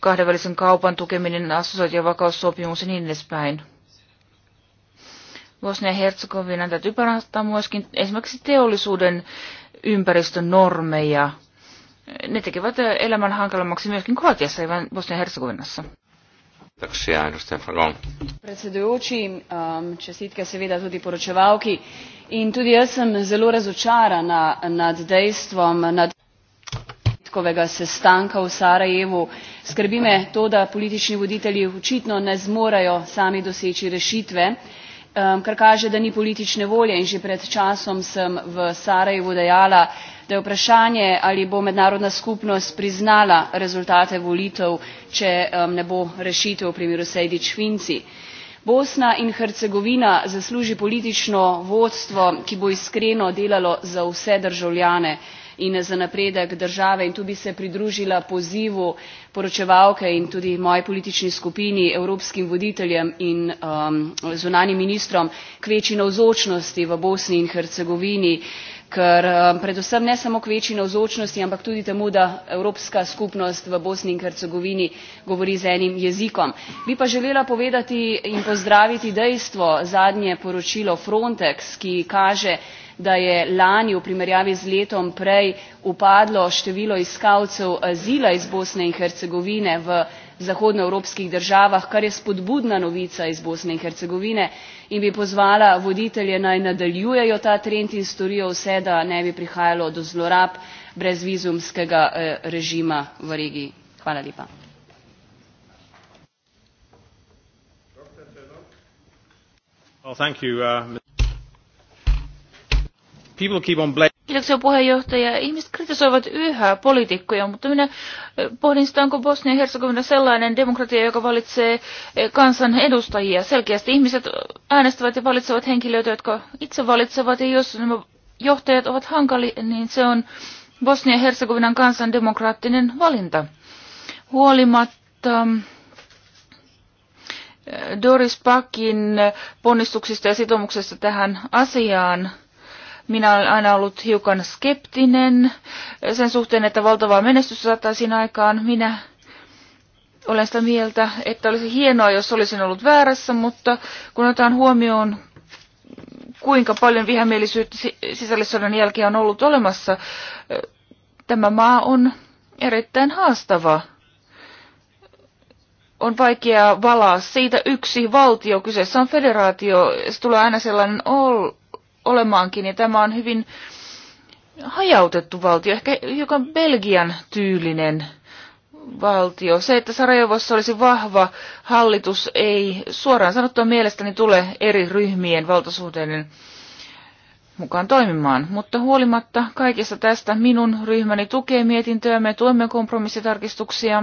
kahdenvälisen kaupan tukeminen, assosiaatio- ja vakaussopimus ja niin edespäin. Bosnia ja Herzegovina täytyy parantaa myöskin esimerkiksi teollisuuden ympäristönormeja. Ne tekevät elämän hankalammaksi myöskin Kroatiassa ja Bosnia ja Herzegovinassa. Kiitoksia, edustaja Fagon. Predsedujoči, um, čestitke seveda tudi poročevalki. In tudi jaz sem zelo razočarana nad dejstvom, nad petkovega sestanka v sarajevu skrbi me to da politični voditelji očitno ne zmorajo sami doseči rešitve kar kaže, da ni politične volje in že pred časom sem v Sarajevu dejala, da je vprašanje, ali bo mednarodna skupnost priznala rezultate volitev, če ne bo rešitev v primeru Sejdič Finci. Bosna in Hercegovina zasluži politično vodstvo, ki bo iskreno delalo za vse državljane in za napredek države in tu bi se pridružila pozivu poročevalke in tudi moji politični skupini evropskim voditeljem in um, zunanjim ministrom k večji navzočnosti v bosni in hercegovini ker eh, predvsem ne samo k večji navzočnosti ampak tudi temu da evropska skupnost v bosni in hercegovini govori z enim jezikom. bi pa želela povedati in pozdraviti dejstvo zadnje poročilo frontex ki kaže da je lani v primerjavi z letom prej upadlo število iskalcev azila iz bosne in hercegovine v zahodnoevropskih državah kar je spodbudna novica iz bosne in hercegovine in bi pozvala voditelje naj nadaljujejo ta trend in storijo vse da ne bi prihajalo do zlorab brezvizumskega eh, režima v regiji. Kiitoksia puheenjohtaja. Ihmiset kritisoivat yhä poliitikkoja, mutta minä eh, pohdin sitä, onko Bosnia ja Herzegovina sellainen demokratia, joka valitsee eh, kansan edustajia. Selkeästi ihmiset äänestävät ja valitsevat henkilöitä, jotka itse valitsevat, ja jos nämä johtajat ovat hankali, niin se on Bosnia ja Herzegovinan kansan demokraattinen valinta. Huolimatta eh, Doris Pakin ponnistuksista ja sitoumuksesta tähän asiaan, minä olen aina ollut hiukan skeptinen sen suhteen, että valtavaa menestystä saataisiin aikaan. Minä olen sitä mieltä, että olisi hienoa, jos olisin ollut väärässä, mutta kun otetaan huomioon, kuinka paljon vihamielisyyttä sisällissodan jälkeen on ollut olemassa, tämä maa on erittäin haastava. On vaikea valaa siitä yksi valtio. Kyseessä on federaatio. Se tulee aina sellainen olemaankin. Ja tämä on hyvin hajautettu valtio, ehkä hiukan Belgian tyylinen valtio. Se, että Sarajevossa olisi vahva hallitus, ei suoraan sanottua mielestäni tule eri ryhmien valtasuhteiden mukaan toimimaan. Mutta huolimatta kaikesta tästä minun ryhmäni tukee mietintöä, me tuemme kompromissitarkistuksia.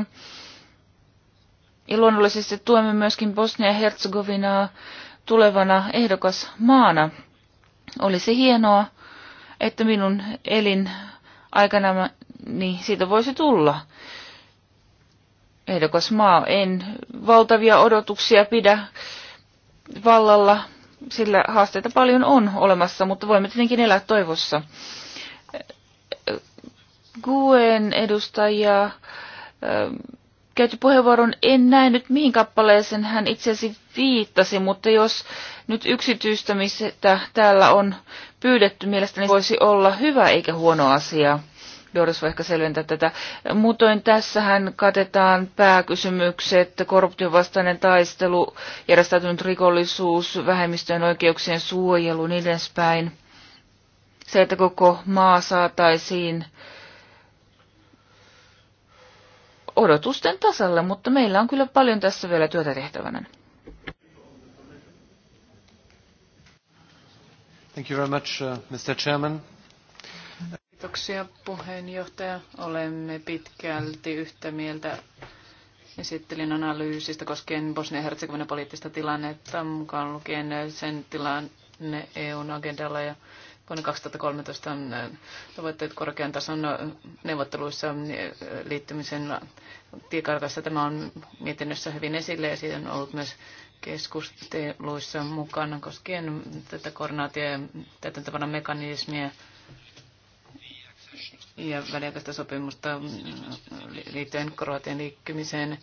Ja luonnollisesti tuemme myöskin Bosnia-Herzegovinaa tulevana ehdokasmaana. maana olisi hienoa, että minun elin aikana niin siitä voisi tulla ehdokas maa. En valtavia odotuksia pidä vallalla, sillä haasteita paljon on olemassa, mutta voimme tietenkin elää toivossa. Guen edustajia käytti puheenvuoron, en näe nyt mihin kappaleeseen hän itse asiassa viittasi, mutta jos nyt yksityistämistä täällä on pyydetty, mielestäni voisi olla hyvä eikä huono asia. Doris voi ehkä selventää tätä. Muutoin tässähän katetaan pääkysymykset, korruptiovastainen taistelu, järjestäytynyt rikollisuus, vähemmistöjen oikeuksien suojelu, niin edespäin. Se, että koko maa saataisiin odotusten tasalle, mutta meillä on kyllä paljon tässä vielä työtä tehtävänä. Thank you very much, uh, Mr. Chairman. Kiitoksia puheenjohtaja. Olemme pitkälti yhtä mieltä esittelin analyysistä koskien bosnia herzegovina poliittista tilannetta, mukaan lukien sen tilanne EUn agendalla ja vuonna 2013 on äh, tavoitteet korkean tason neuvotteluissa äh, liittymisen tiekartassa. Tämä on mietinnössä hyvin esille ja siitä on ollut myös keskusteluissa mukana koskien tätä koordinaatio- ja täytäntävänä mekanismia ja väliaikaista sopimusta äh, liittyen Kroatian liikkymiseen.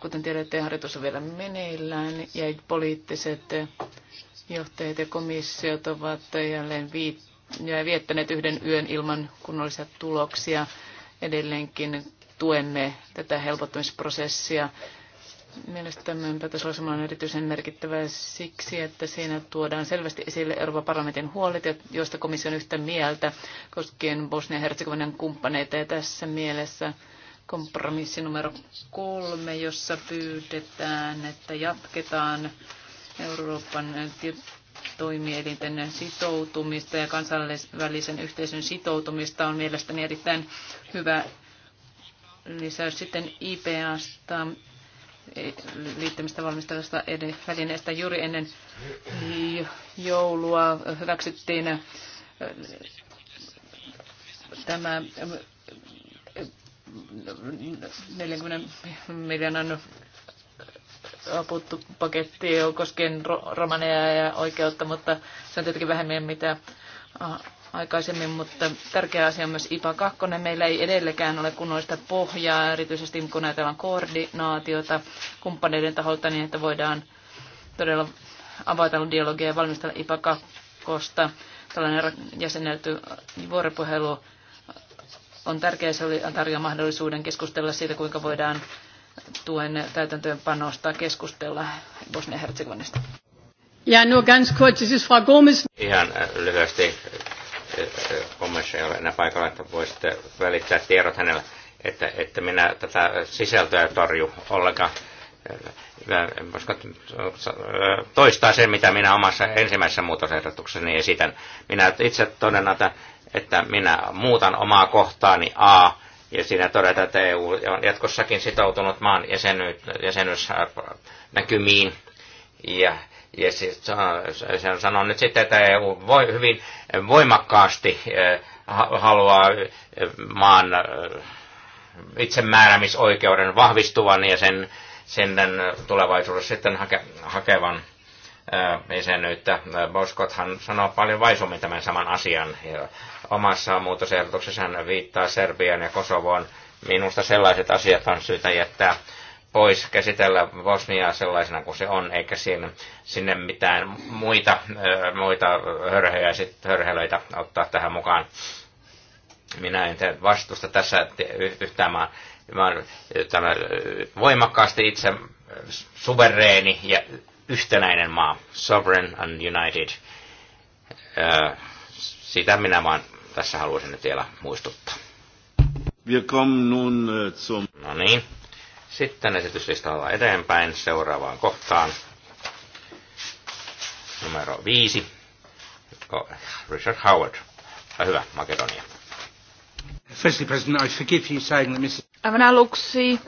Kuten tiedätte, harjoitus on vielä meneillään ja poliittiset johtajat ja komissiot ovat jälleen viit- viettäneet yhden yön ilman kunnollisia tuloksia. Edelleenkin tuemme tätä helpottamisprosessia. Mielestäni tämä on erityisen merkittävä siksi, että siinä tuodaan selvästi esille Euroopan parlamentin huolet, joista komission yhtä mieltä koskien Bosnia-Herzegovinan kumppaneita. Ja tässä mielessä kompromissi numero kolme, jossa pyydetään, että jatketaan Euroopan toimielinten sitoutumista ja kansainvälisen yhteisön sitoutumista on mielestäni erittäin hyvä lisäys. Sitten IPAsta e, liittymistä valmistelusta välineestä juuri ennen joulua hyväksyttiin e, tämä 40 e, miljoonan aputtu paketti koskien romaneja ja oikeutta, mutta se on tietenkin vähemmän mitä aikaisemmin, mutta tärkeä asia on myös IPA 2. Meillä ei edellekään ole kunnollista pohjaa, erityisesti kun ajatellaan koordinaatiota kumppaneiden taholta niin, että voidaan todella avata dialogia ja valmistella IPA 2. Tällainen jäsennelty vuoropuhelu on tärkeää, se oli, tarjoa mahdollisuuden keskustella siitä, kuinka voidaan tuen täytäntöönpanosta keskustella Bosnia-Herzegovinasta. Ja nur ganz kurz, es ist Frau Gomes. Ihan äh, lyhyesti, äh, äh, Gomes ei ole enää paikalla, että voisitte välittää tiedot hänelle, että, että minä tätä sisältöä torju ollenkaan koska toistaa sen, mitä minä omassa ensimmäisessä muutosehdotuksessani esitän. Minä itse todennan, että minä muutan omaa kohtaani A ja siinä todetaan, että EU on jatkossakin sitoutunut maan jäsenyys, jäsenyysnäkymiin. Ja, ja se on sanonut nyt sitten, että EU voi hyvin voimakkaasti e, haluaa e, maan e, itsemääräämisoikeuden vahvistuvan ja sen, sen tulevaisuudessa sitten hake, hakevan jäsenyyttä. Boskothan sanoo paljon vaisummin tämän saman asian. Ja omassa muutosehdotuksessaan viittaa Serbian ja Kosovoon. Minusta sellaiset asiat on syytä jättää pois, käsitellä Bosniaa sellaisena kuin se on, eikä sinne sinne mitään muita, muita hörhöjä, sit, hörhelöitä ottaa tähän mukaan. Minä en tee vastusta tässä yhtään, vaan, tämä voimakkaasti itse suvereeni ja yhtenäinen maa, sovereign and united. Sitä minä vaan tässä haluaisin nyt vielä muistuttaa. Äh, no niin. Sitten esityslistalla eteenpäin seuraavaan kohtaan. Numero viisi. Oh, Richard Howard. Ja hyvä, Makedonia. Firstly, President, I forgive you saying that Mrs. Aivan aluksi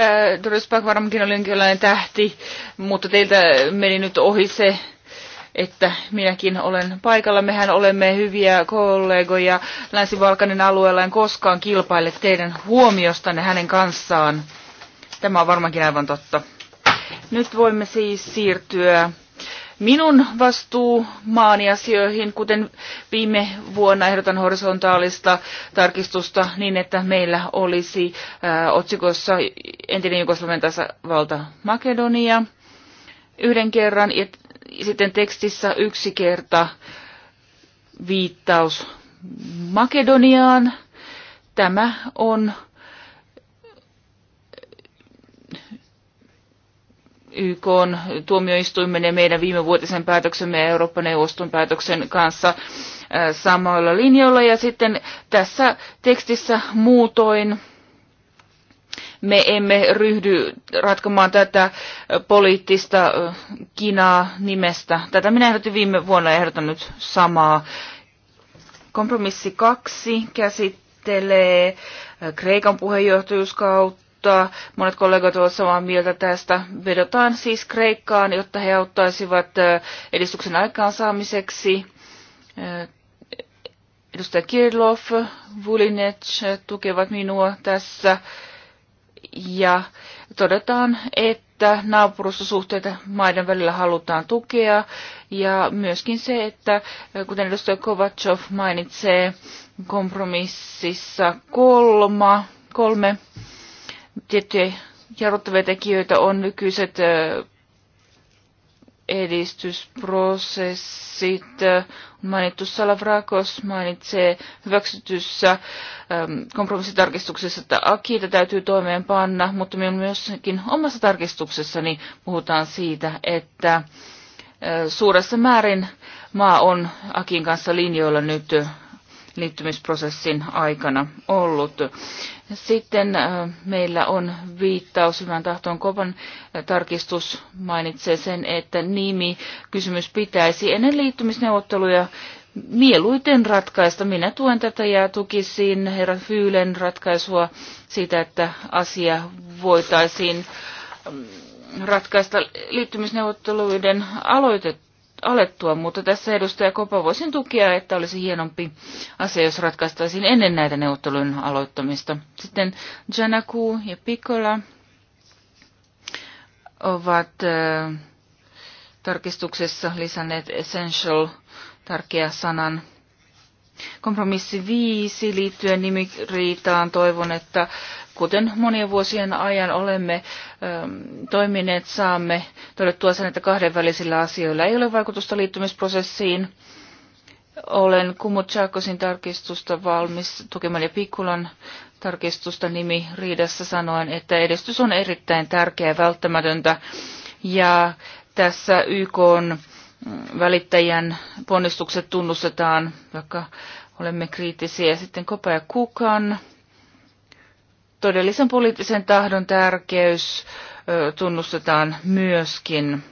äh, Doris Pack varmaankin oli jonkinlainen tähti, mutta teiltä meni nyt ohi se, että minäkin olen paikalla. Mehän olemme hyviä kollegoja länsi valkanin alueella. En koskaan kilpaile teidän huomiostanne hänen kanssaan. Tämä on varmaankin aivan totta. Nyt voimme siis siirtyä minun maani asioihin, kuten viime vuonna ehdotan horisontaalista tarkistusta niin, että meillä olisi ää, äh, otsikossa entinen Jugoslavian tasavalta Makedonia yhden kerran, sitten tekstissä yksi kerta viittaus Makedoniaan. Tämä on YK tuomioistuimen ja meidän viime vuotisen päätöksemme ja Eurooppa-neuvoston päätöksen kanssa äh, samoilla linjoilla. Ja sitten tässä tekstissä muutoin me emme ryhdy ratkomaan tätä poliittista kinaa nimestä. Tätä minä ehdotin viime vuonna ehdottanut samaa. Kompromissi kaksi käsittelee Kreikan puheenjohtajuuskautta. Monet kollegat ovat samaa mieltä tästä. Vedotaan siis Kreikkaan, jotta he auttaisivat edistyksen aikaansaamiseksi. Edustaja Kirloff, Vulinec tukevat minua tässä ja todetaan, että naapurustosuhteita maiden välillä halutaan tukea ja myöskin se, että eh, kuten edustaja Kovatsov mainitsee kompromississa kolma, kolme tiettyjä jarruttavia tekijöitä on nykyiset eh, edistysprosessit. Mainittu Salavrakos mainitsee hyväksytyssä ähm, kompromissitarkistuksessa, että akiita täytyy toimeenpanna, mutta minun myöskin omassa tarkistuksessani puhutaan siitä, että äh, suuressa määrin maa on Akin kanssa linjoilla nyt liittymisprosessin aikana ollut. Sitten äh, meillä on viittaus hyvän tahtoon kovan äh, tarkistus mainitsee sen, että nimi kysymys pitäisi ennen liittymisneuvotteluja mieluiten ratkaista. Minä tuen tätä ja tukisin herra Fyylen ratkaisua siitä, että asia voitaisiin ähm, ratkaista liittymisneuvotteluiden aloitettua alettua, mutta tässä edustaja Kopa voisin tukea, että olisi hienompi asia, jos ratkaistaisiin ennen näitä neuvottelujen aloittamista. Sitten Janaku ja Pikola ovat äh, tarkistuksessa lisänneet essential tärkeä sanan. Kompromissi viisi liittyen nimiriitaan toivon, että kuten monien vuosien ajan olemme ähm, toimineet, saamme todettua sen, että kahdenvälisillä asioilla ei ole vaikutusta liittymisprosessiin. Olen Kumut Chakosin tarkistusta valmis tukemaan ja pikulan tarkistusta nimi riidassa sanoen, että edistys on erittäin tärkeä ja välttämätöntä. Ja tässä YK on mm, välittäjän ponnistukset tunnustetaan, vaikka olemme kriittisiä. Sitten Kopa ja Kukan todellisen poliittisen tahdon tärkeys tunnustetaan myöskin.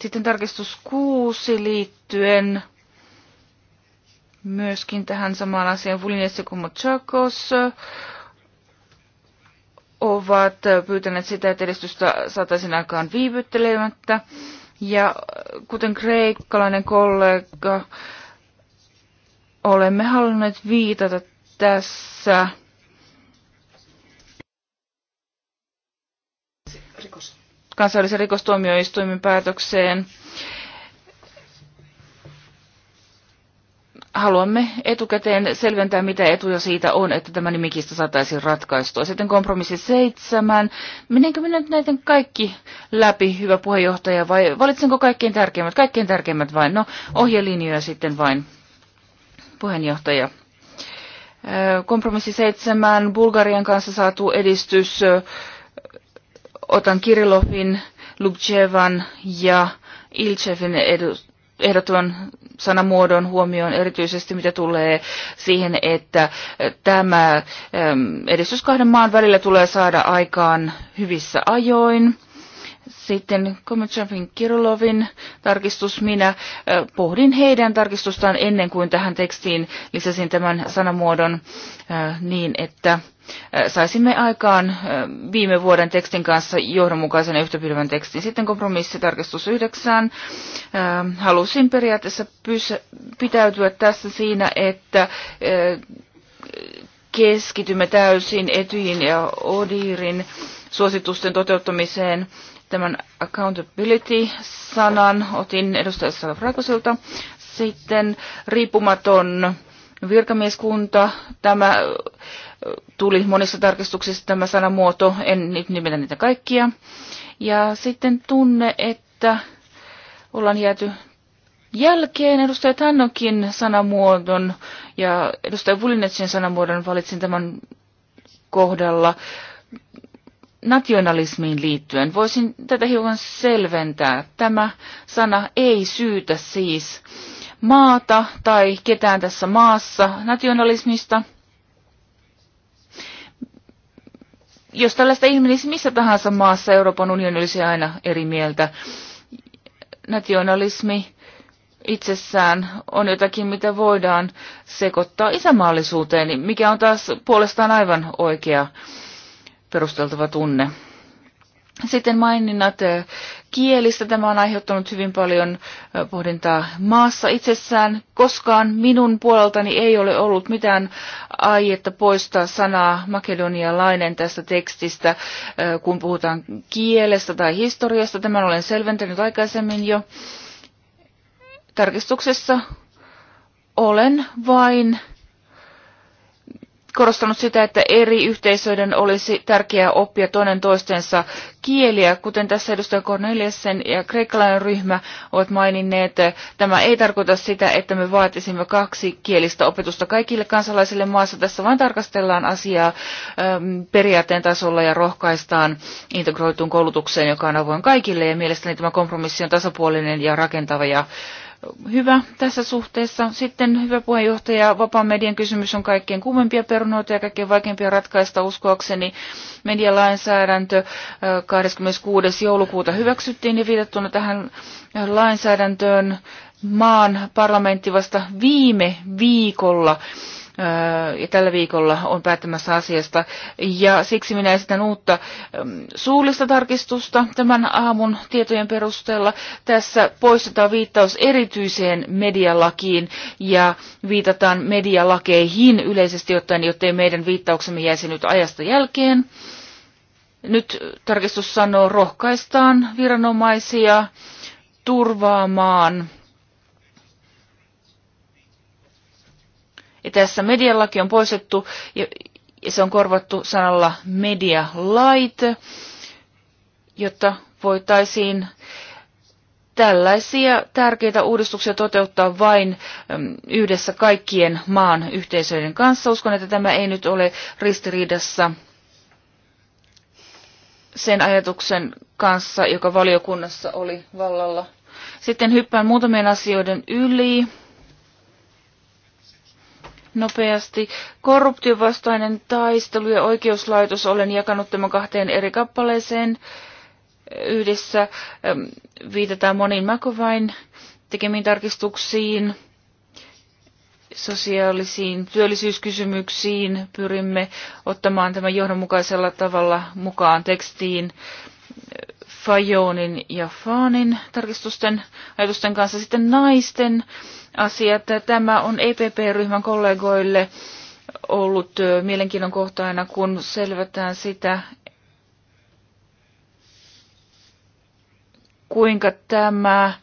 Sitten tarkistus kuusi liittyen myöskin tähän samaan asiaan Vulinessa kuin Chakos ovat pyytäneet sitä, että edistystä saataisiin aikaan viivyttelemättä. Ja kuten kreikkalainen kollega, olemme halunneet viitata tässä rikos. kansainvälisen rikostuomioistuimen päätökseen. Haluamme etukäteen selventää, mitä etuja siitä on, että tämä nimikistä saataisiin ratkaistua. Sitten kompromissi seitsemän. Menenkö minä nyt näiden kaikki läpi, hyvä puheenjohtaja, vai valitsenko kaikkein tärkeimmät? Kaikkein tärkeimmät vain. No, ohjelinjoja sitten vain, puheenjohtaja. Kompromissi seitsemän, Bulgarian kanssa saatu edistys, otan Kirilovin, Lubchevan ja Ilchevin ehdotuvan sanamuodon huomioon erityisesti, mitä tulee siihen, että tämä edistys kahden maan välillä tulee saada aikaan hyvissä ajoin. Sitten Komitsafin Kirlovin tarkistus. Minä pohdin heidän tarkistustaan ennen kuin tähän tekstiin lisäsin tämän sanamuodon niin, että saisimme aikaan viime vuoden tekstin kanssa johdonmukaisen ja tekstin. Sitten kompromissitarkistus yhdeksään. Halusin periaatteessa pitäytyä tässä siinä, että keskitymme täysin Etyin ja Odirin suositusten toteuttamiseen – tämän accountability-sanan otin edustaja Salafrakosilta. Sitten riippumaton virkamieskunta, tämä tuli monissa tarkistuksissa tämä sanamuoto, en nyt nimetä niitä kaikkia. Ja sitten tunne, että ollaan jääty jälkeen edustaja Tannokin sanamuodon ja edustaja Vulinetsin sanamuodon valitsin tämän kohdalla nationalismiin liittyen. Voisin tätä hiukan selventää. Tämä sana ei syytä siis maata tai ketään tässä maassa nationalismista. Jos tällaista ihmistä missä tahansa maassa Euroopan unioni olisi aina eri mieltä, nationalismi itsessään on jotakin, mitä voidaan sekoittaa isämaallisuuteen, mikä on taas puolestaan aivan oikea perusteltava tunne. Sitten maininnat eh, kielistä. Tämä on aiheuttanut hyvin paljon eh, pohdintaa maassa itsessään. Koskaan minun puoleltani ei ole ollut mitään aietta poistaa sanaa makedonialainen tästä tekstistä, eh, kun puhutaan kielestä tai historiasta. Tämän olen selventänyt aikaisemmin jo. Tarkistuksessa olen vain korostanut sitä, että eri yhteisöiden olisi tärkeää oppia toinen toistensa kieliä. Kuten tässä edustaja Corneliusen ja kreikkalainen ryhmä ovat maininneet, tämä ei tarkoita sitä, että me vaatisimme kaksi kielistä opetusta kaikille kansalaisille maassa. Tässä vain tarkastellaan asiaa ähm, periaatteen tasolla ja rohkaistaan integroituun koulutukseen, joka on avoin kaikille. Ja mielestäni tämä kompromissi on tasapuolinen ja rakentava ja hyvä tässä suhteessa. Sitten hyvä puheenjohtaja, vapaan median kysymys on kaikkein kuumempia perunoita ja kaikkein vaikeimpia ratkaista uskoakseni. Medialainsäädäntö 26. joulukuuta hyväksyttiin ja viitattuna tähän lainsäädäntöön maan parlamentti vasta viime viikolla ja tällä viikolla on päättämässä asiasta. Ja siksi minä esitän uutta suullista tarkistusta tämän aamun tietojen perusteella. Tässä poistetaan viittaus erityiseen medialakiin ja viitataan medialakeihin yleisesti ottaen, jottei meidän viittauksemme jäisi nyt ajasta jälkeen. Nyt tarkistus sanoo, rohkaistaan viranomaisia turvaamaan Ja tässä medialaki on poistettu ja, ja se on korvattu sanalla medialait, jotta voitaisiin tällaisia tärkeitä uudistuksia toteuttaa vain yhdessä kaikkien maan yhteisöiden kanssa. Uskon, että tämä ei nyt ole ristiriidassa sen ajatuksen kanssa, joka valiokunnassa oli vallalla. Sitten hyppään muutamien asioiden yli nopeasti. Korruptiovastainen taistelu ja oikeuslaitos olen jakanut tämän kahteen eri kappaleeseen. Yhdessä viitataan moniin Makovain tekemiin tarkistuksiin, sosiaalisiin työllisyyskysymyksiin. Pyrimme ottamaan tämän johdonmukaisella tavalla mukaan tekstiin. Fajonin ja Faanin tarkistusten ajatusten kanssa. Sitten naisten asiat. Tämä on EPP-ryhmän kollegoille ollut mielenkiinnon kohtaina, kun selvätään sitä, kuinka tämä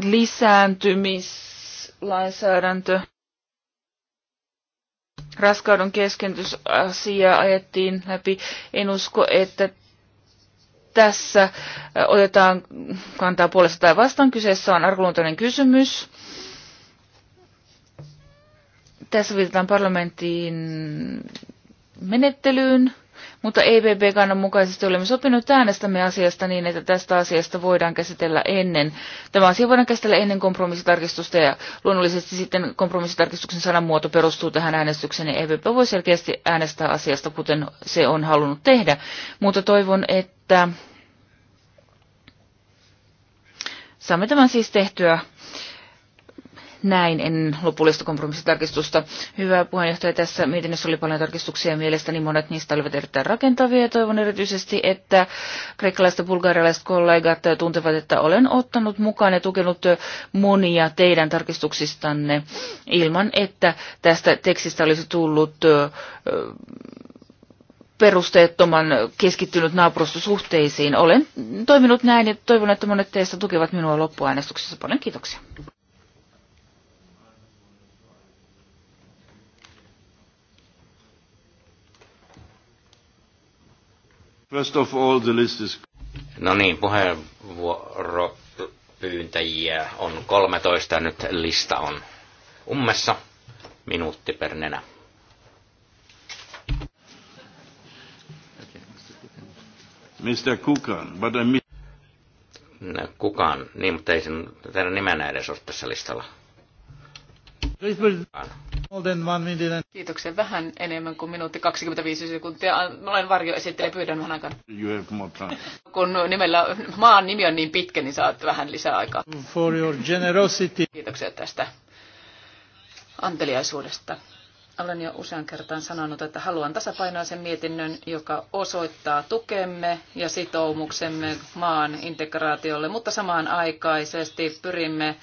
lisääntymislainsäädäntö raskauden keskentysasia ajettiin läpi. En usko, että tässä otetaan kantaa puolesta tai vastaan. Kyseessä on arkaluontoinen kysymys. Tässä viitataan parlamenttiin menettelyyn, mutta EPP-kannan mukaisesti olemme sopineet äänestämme asiasta niin, että tästä asiasta voidaan käsitellä ennen. Tämä asia voidaan käsitellä ennen kompromissitarkistusta ja luonnollisesti sitten kompromissitarkistuksen sanamuoto perustuu tähän äänestykseen ja e EPP voi selkeästi äänestää asiasta, kuten se on halunnut tehdä. Mutta toivon, että että saamme tämän siis tehtyä näin ennen lopullista kompromissitarkistusta. Hyvä puheenjohtaja, tässä mietinnössä oli paljon tarkistuksia ja mielestäni monet niistä olivat erittäin rakentavia. Toivon erityisesti, että kreikkalaiset ja bulgarialaiset kollegat tuntevat, että olen ottanut mukaan ja tukenut monia teidän tarkistuksistanne ilman, että tästä tekstistä olisi tullut perusteettoman keskittynyt naapurustosuhteisiin. Olen toiminut näin ja toivon, että monet teistä tukevat minua loppuäänestyksessä. Paljon kiitoksia. First of all, the list is... No niin, puheenvuoropyyntäjiä on 13, nyt lista on ummessa, minuutti per nenä. Mr. Kukan, but I mean... No, kukaan, niin, mutta ei sen teidän nimenä edes ole tässä listalla. Kiitoksia. Vähän enemmän kuin minuutti 25 sekuntia. Mä olen varjoesittelijä, pyydän vähän aikaa. Kun nimellä, maan nimi on niin pitkä, niin saat vähän lisää aikaa. For your generosity. Kiitoksia tästä anteliaisuudesta. Olen jo usean kertaan sanonut, että haluan tasapainoisen mietinnön, joka osoittaa tukemme ja sitoumuksemme maan integraatiolle, mutta samaan aikaisesti pyrimme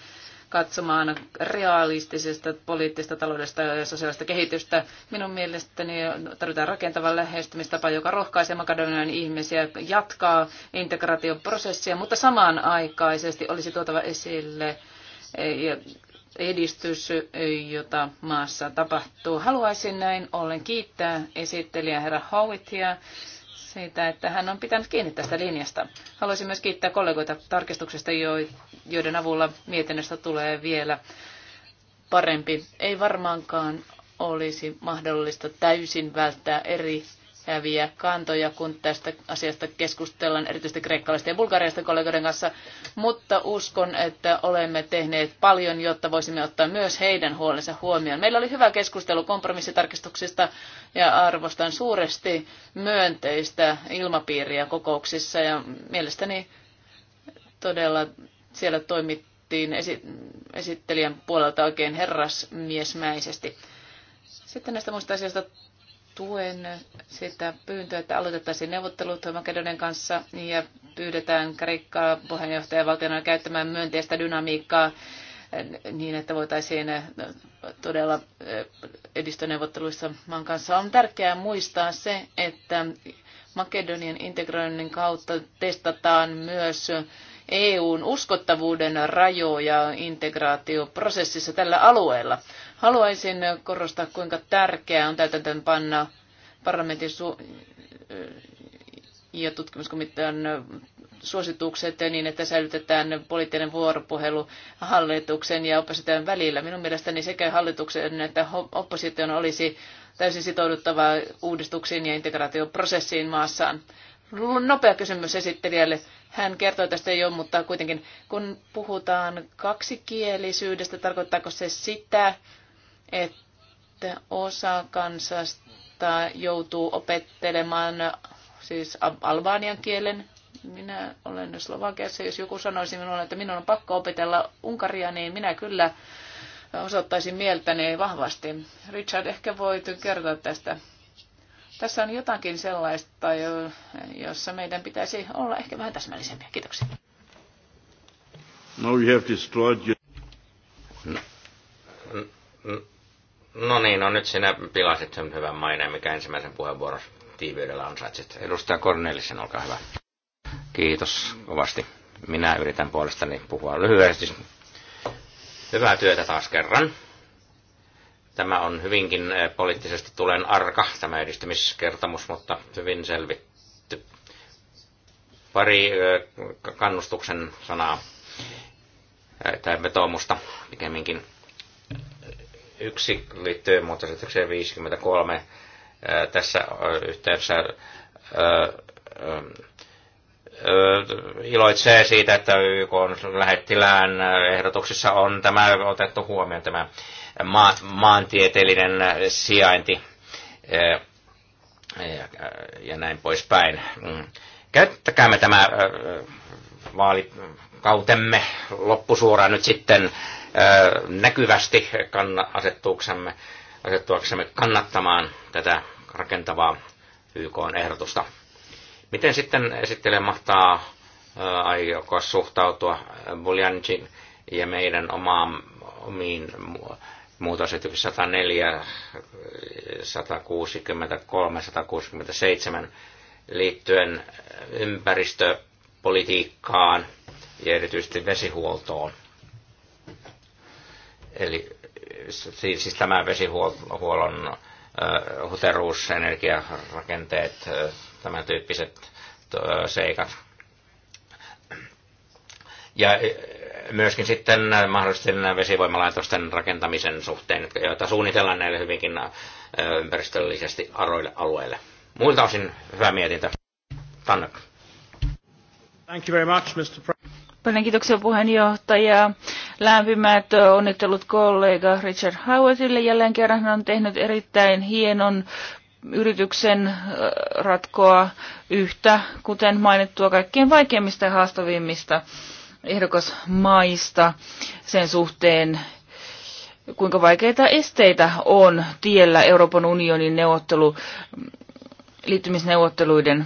katsomaan realistisesta poliittista, taloudesta ja sosiaalista kehitystä. Minun mielestäni tarvitaan rakentava lähestymistapa, joka rohkaisee Makedonian ihmisiä jatkaa integraation prosessia, mutta samanaikaisesti olisi tuotava esille edistys, jota maassa tapahtuu. Haluaisin näin ollen kiittää esittelijä herra Howittia siitä, että hän on pitänyt kiinni tästä linjasta. Haluaisin myös kiittää kollegoita tarkistuksesta, joiden avulla mietinnöstä tulee vielä parempi. Ei varmaankaan olisi mahdollista täysin välttää eri häviä kantoja, kun tästä asiasta keskustellaan erityisesti kreikkalaisten ja bulgarialaisten kollegoiden kanssa, mutta uskon, että olemme tehneet paljon, jotta voisimme ottaa myös heidän huolensa huomioon. Meillä oli hyvä keskustelu kompromissitarkistuksista ja arvostan suuresti myönteistä ilmapiiriä kokouksissa ja mielestäni todella siellä toimittiin esittelijän puolelta oikein herrasmiesmäisesti. Sitten näistä muista asioista tuen sitä pyyntöä, että aloitettaisiin neuvottelut Makedonian kanssa ja pyydetään Kreikkaa puheenjohtajavaltiona käyttämään myönteistä dynamiikkaa eh, niin, että voitaisiin eh, todella eh, edistoneuvotteluissa maan kanssa. On tärkeää muistaa se, että Makedonian integroinnin kautta testataan myös EUn uskottavuuden rajoja integraatioprosessissa tällä alueella. Haluaisin korostaa, kuinka tärkeää on täytäntöön panna parlamentin su- ja tutkimuskomitean suositukset niin, että säilytetään poliittinen vuoropuhelu hallituksen ja opposition välillä. Minun mielestäni sekä hallituksen että opposition olisi täysin sitouduttava uudistuksiin ja integraatioprosessiin maassaan. Nopea kysymys esittelijälle. Hän kertoi tästä jo, mutta kuitenkin kun puhutaan kaksikielisyydestä, tarkoittaako se sitä, että osa kansasta joutuu opettelemaan siis albanian kielen. Minä olen Slovakiassa, jos joku sanoisi minulle, että minun on pakko opetella unkaria, niin minä kyllä osoittaisin mieltäni vahvasti. Richard, ehkä voit kertoa tästä. Tässä on jotakin sellaista, jossa meidän pitäisi olla ehkä vähän täsmällisempiä. Kiitoksia. Now you have destroyed your... Uh, uh, uh, No niin, no nyt sinä pilasit sen hyvän maineen, mikä ensimmäisen puheenvuoron tiiviydellä ansaitsit. Edustaja Kornelisen, olkaa hyvä. Kiitos kovasti. Minä yritän puolestani puhua lyhyesti. Hyvää työtä taas kerran. Tämä on hyvinkin eh, poliittisesti tulen arka, tämä edistymiskertomus, mutta hyvin selvitty. Pari eh, kannustuksen sanaa eh, tai vetoomusta pikemminkin Yksi liittyy muutosesitykseen 53. Tässä yhteydessä iloitsee siitä, että YK on lähettilään ehdotuksissa on tämä otettu huomioon tämä maat, maantieteellinen sijainti ja, ja näin poispäin. Mm. Käyttäkäämme tämä vaalikautemme loppusuoraan nyt sitten näkyvästi asettuaksemme, asettuaksemme kannattamaan tätä rakentavaa YK-ehdotusta. Miten sitten esittelee mahtaa aiokaa suhtautua Buljanjin ja meidän omaan, omiin muutosesityksiin 104, 163, 167 liittyen ympäristöpolitiikkaan ja erityisesti vesihuoltoon. Eli siis tämä vesihuollon huteruus, energiarakenteet, tämän tyyppiset seikat. Ja myöskin sitten mahdollisesti vesivoimalaitosten rakentamisen suhteen, joita suunnitellaan näille hyvinkin ympäristöllisesti aroille alueille. Muilta osin hyvä mietintä. Tannak. Thank you very much, Mr. President. Paljon kiitoksia puheenjohtaja. Lämpimät onnittelut kollega Richard Howardille. Jälleen kerran hän on tehnyt erittäin hienon yrityksen äh, ratkoa yhtä, kuten mainittua, kaikkien vaikeimmista ja haastavimmista ehdokasmaista sen suhteen, kuinka vaikeita esteitä on tiellä Euroopan unionin neuvottelu, liittymisneuvotteluiden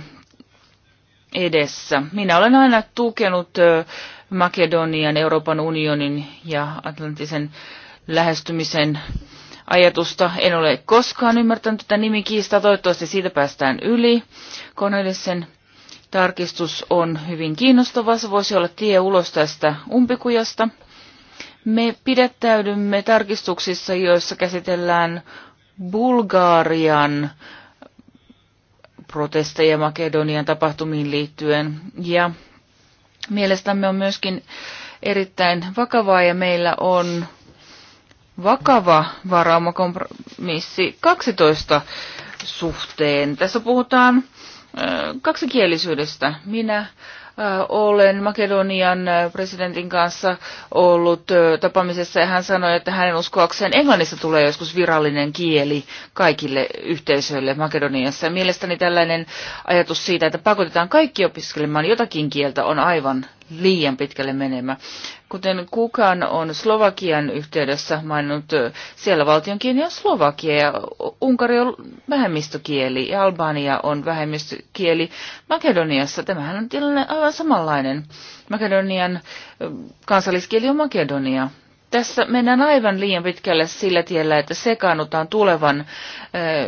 edessä. Minä olen aina tukenut Makedonian, Euroopan unionin ja Atlantisen lähestymisen ajatusta. En ole koskaan ymmärtänyt tätä nimikiistaa. Toivottavasti siitä päästään yli. Koneellisen tarkistus on hyvin kiinnostava. Se voisi olla tie ulos tästä umpikujasta. Me pidättäydymme tarkistuksissa, joissa käsitellään Bulgarian protesteja Makedonian tapahtumiin liittyen. Ja mielestämme on myöskin erittäin vakavaa ja meillä on vakava varaumakompromissi 12 suhteen. Tässä puhutaan kaksikielisyydestä. Minä olen Makedonian presidentin kanssa ollut tapaamisessa ja hän sanoi, että hänen uskoakseen englannista tulee joskus virallinen kieli kaikille yhteisöille Makedoniassa. Mielestäni tällainen ajatus siitä, että pakotetaan kaikki opiskelemaan jotakin kieltä on aivan liian pitkälle menemä kuten kukaan on Slovakian yhteydessä maininnut, siellä valtion kieli on Slovakia ja Unkari on vähemmistökieli ja Albania on vähemmistökieli Makedoniassa. Tämähän on tilanne aivan samanlainen. Makedonian kansalliskieli on Makedonia. Tässä mennään aivan liian pitkälle sillä tiellä, että sekaannutaan tulevan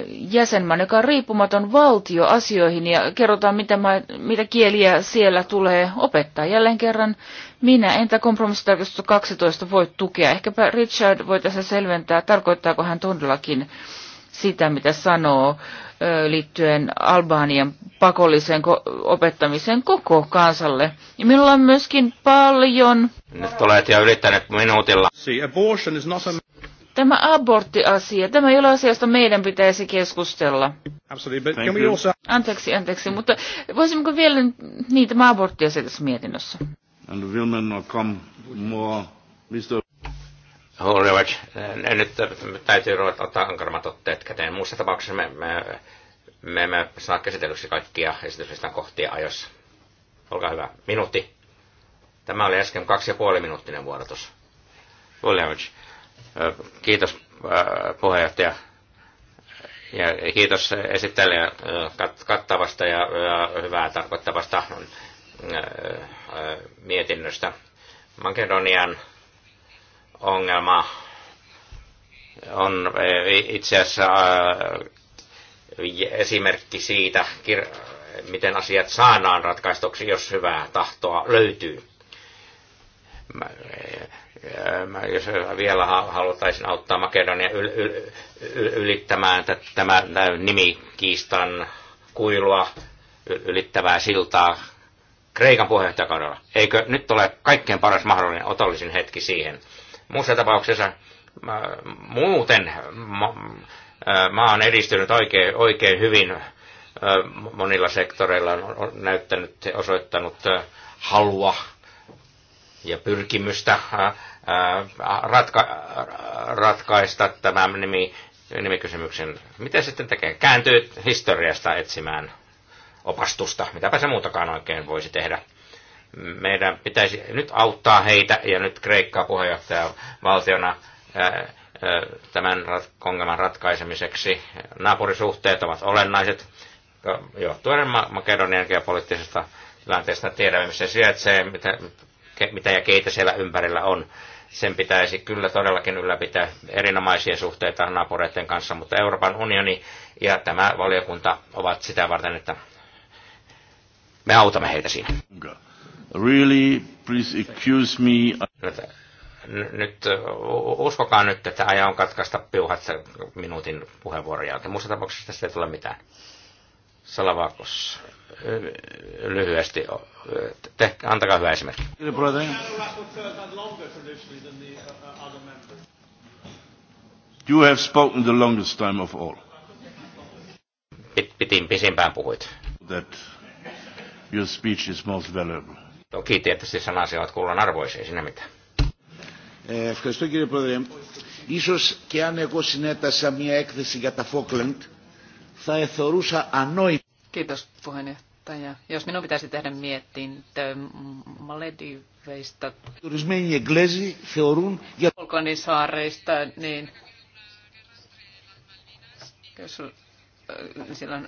jäsenmaan, joka on riippumaton valtio asioihin ja kerrotaan, mitä, mitä kieliä siellä tulee opettaa. Jälleen kerran minä, entä kompromissitarkistus 12 voi tukea? Ehkäpä Richard voi tässä selventää, tarkoittaako hän todellakin sitä, mitä sanoo liittyen Albanian pakolliseen opettamiseen koko kansalle. Ja minulla on myöskin paljon... Nyt olet jo ylittänyt minuutilla. Tämä aborttiasia, tämä ei ole asia, josta meidän pitäisi keskustella. Anteeksi, anteeksi, mutta voisimmeko vielä niin tämä aborttiasia tässä mietinnössä? and women come more. Mr. Hollywood, nyt äh, täytyy ruveta ottaa ankarmat otteet käteen. Muussa tapauksessa me, me, me emme saa käsitellyksi kaikkia esityslistan kohtia ajoissa. Olkaa hyvä. Minuutti. Tämä oli äsken kaksi ja puoli minuuttinen vuorotus. Williams. Äh, kiitos äh, puheenjohtaja. Ja kiitos esittelijä kattavasta ja hyvää tarkoittavasta mietinnöstä. Makedonian ongelma on eh, itse asiassa eh, esimerkki siitä, miten asiat saadaan ratkaistuksi, jos hyvää tahtoa löytyy. Eh, jos vielä haluttaisiin auttaa Makedonia ylittämään tämä nimikiistan kuilua, ylittävää siltaa Kreikan puheenjohtajakaudella. Eikö nyt ole kaikkein paras mahdollinen otollisin hetki siihen? Muussa tapauksessa äh, muuten ma, äh, maa on edistynyt oikein, oikein hyvin äh, monilla sektoreilla, on näyttänyt, osoittanut halua ja pyrkimystä ratka, ratkaista tämän nimi, nimikysymyksen. miten sitten tekee? Kääntyy historiasta etsimään opastusta. Mitäpä se muutakaan oikein voisi tehdä. Meidän pitäisi nyt auttaa heitä ja nyt Kreikkaa puheenjohtaja valtiona tämän ongelman ratkaisemiseksi. Naapurisuhteet ovat olennaiset johtuen Makedonian geopoliittisesta tilanteesta tiedämme, missä sijaitsee, mitä, mitä ja keitä siellä ympärillä on. Sen pitäisi kyllä todellakin ylläpitää erinomaisia suhteita naapureiden kanssa, mutta Euroopan unioni ja tämä valiokunta ovat sitä varten, että me autamme heitä siinä. Really, please excuse me. Nyt, nyt uskokaa nyt, että aion katkaista piuhat minuutin puheenvuoron jälkeen. Muussa tapauksessa tässä ei tule mitään. Salavakos, lyhyesti, te, antakaa hyvä esimerkki. You have spoken the longest time of all. Pit, pitin pisimpään puhuit. That Your speech is most valuable. Toki no, tietysti sanasi ovat kuulun arvoisia, sinä mitä. Ευχαριστώ κύριε Πρόεδρε. Ίσως και αν εγώ συνέτασα μια έκθεση για τα Falkland, θα εθωρούσα ανόητη. Kiitos puheenjohtaja. Jos minun pitäisi tehdä mietintö Malediveista, Ορισμένοι Εγγλέζοι θεωρούν για Falklandin niin jos silloin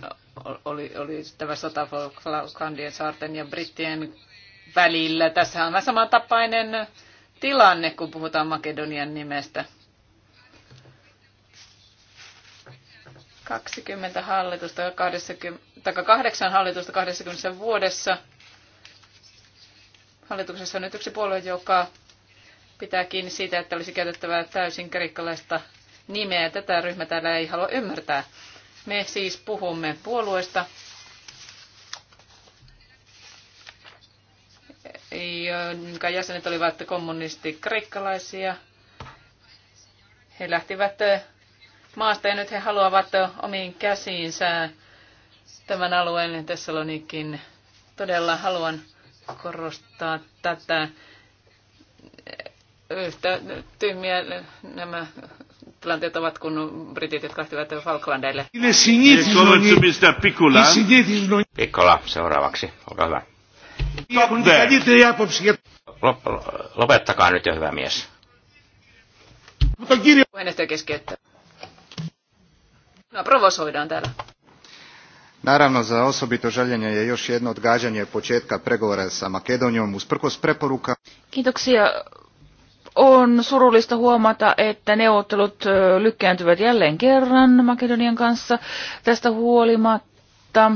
oli, oli tämä sota Falklandien saarten ja brittien välillä. Tässä on samantapainen tilanne, kun puhutaan Makedonian nimestä. 20 hallitusta, 20, tai 8 hallitusta 20 vuodessa. Hallituksessa on nyt yksi puolue, joka pitää kiinni siitä, että olisi käytettävää täysin kreikkalaista nimeä. Tätä ryhmä täällä ei halua ymmärtää. Me siis puhumme puolueesta, jonka jäsenet olivat kreikkalaisia. He lähtivät maasta ja nyt he haluavat omiin käsiinsä tämän alueen Thessalonikin. Todella haluan korostaa tätä yhtä tyhmiä nämä tilanteet ovat, kun britit, jotka lähtivät Falklandeille. Pikkola seuraavaksi, olkaa hyvä. Lopettakaa nyt jo hyvä mies. Mutta kirja... Puheenjohtaja keskeyttää. No, provosoidaan täällä. Naravno, za osobito željenje je još jedno odgađanje početka pregovora sa Makedonijom usprkos preporuka. Kiitoksia on surullista huomata, että neuvottelut lykkääntyvät jälleen kerran Makedonian kanssa tästä huolimatta.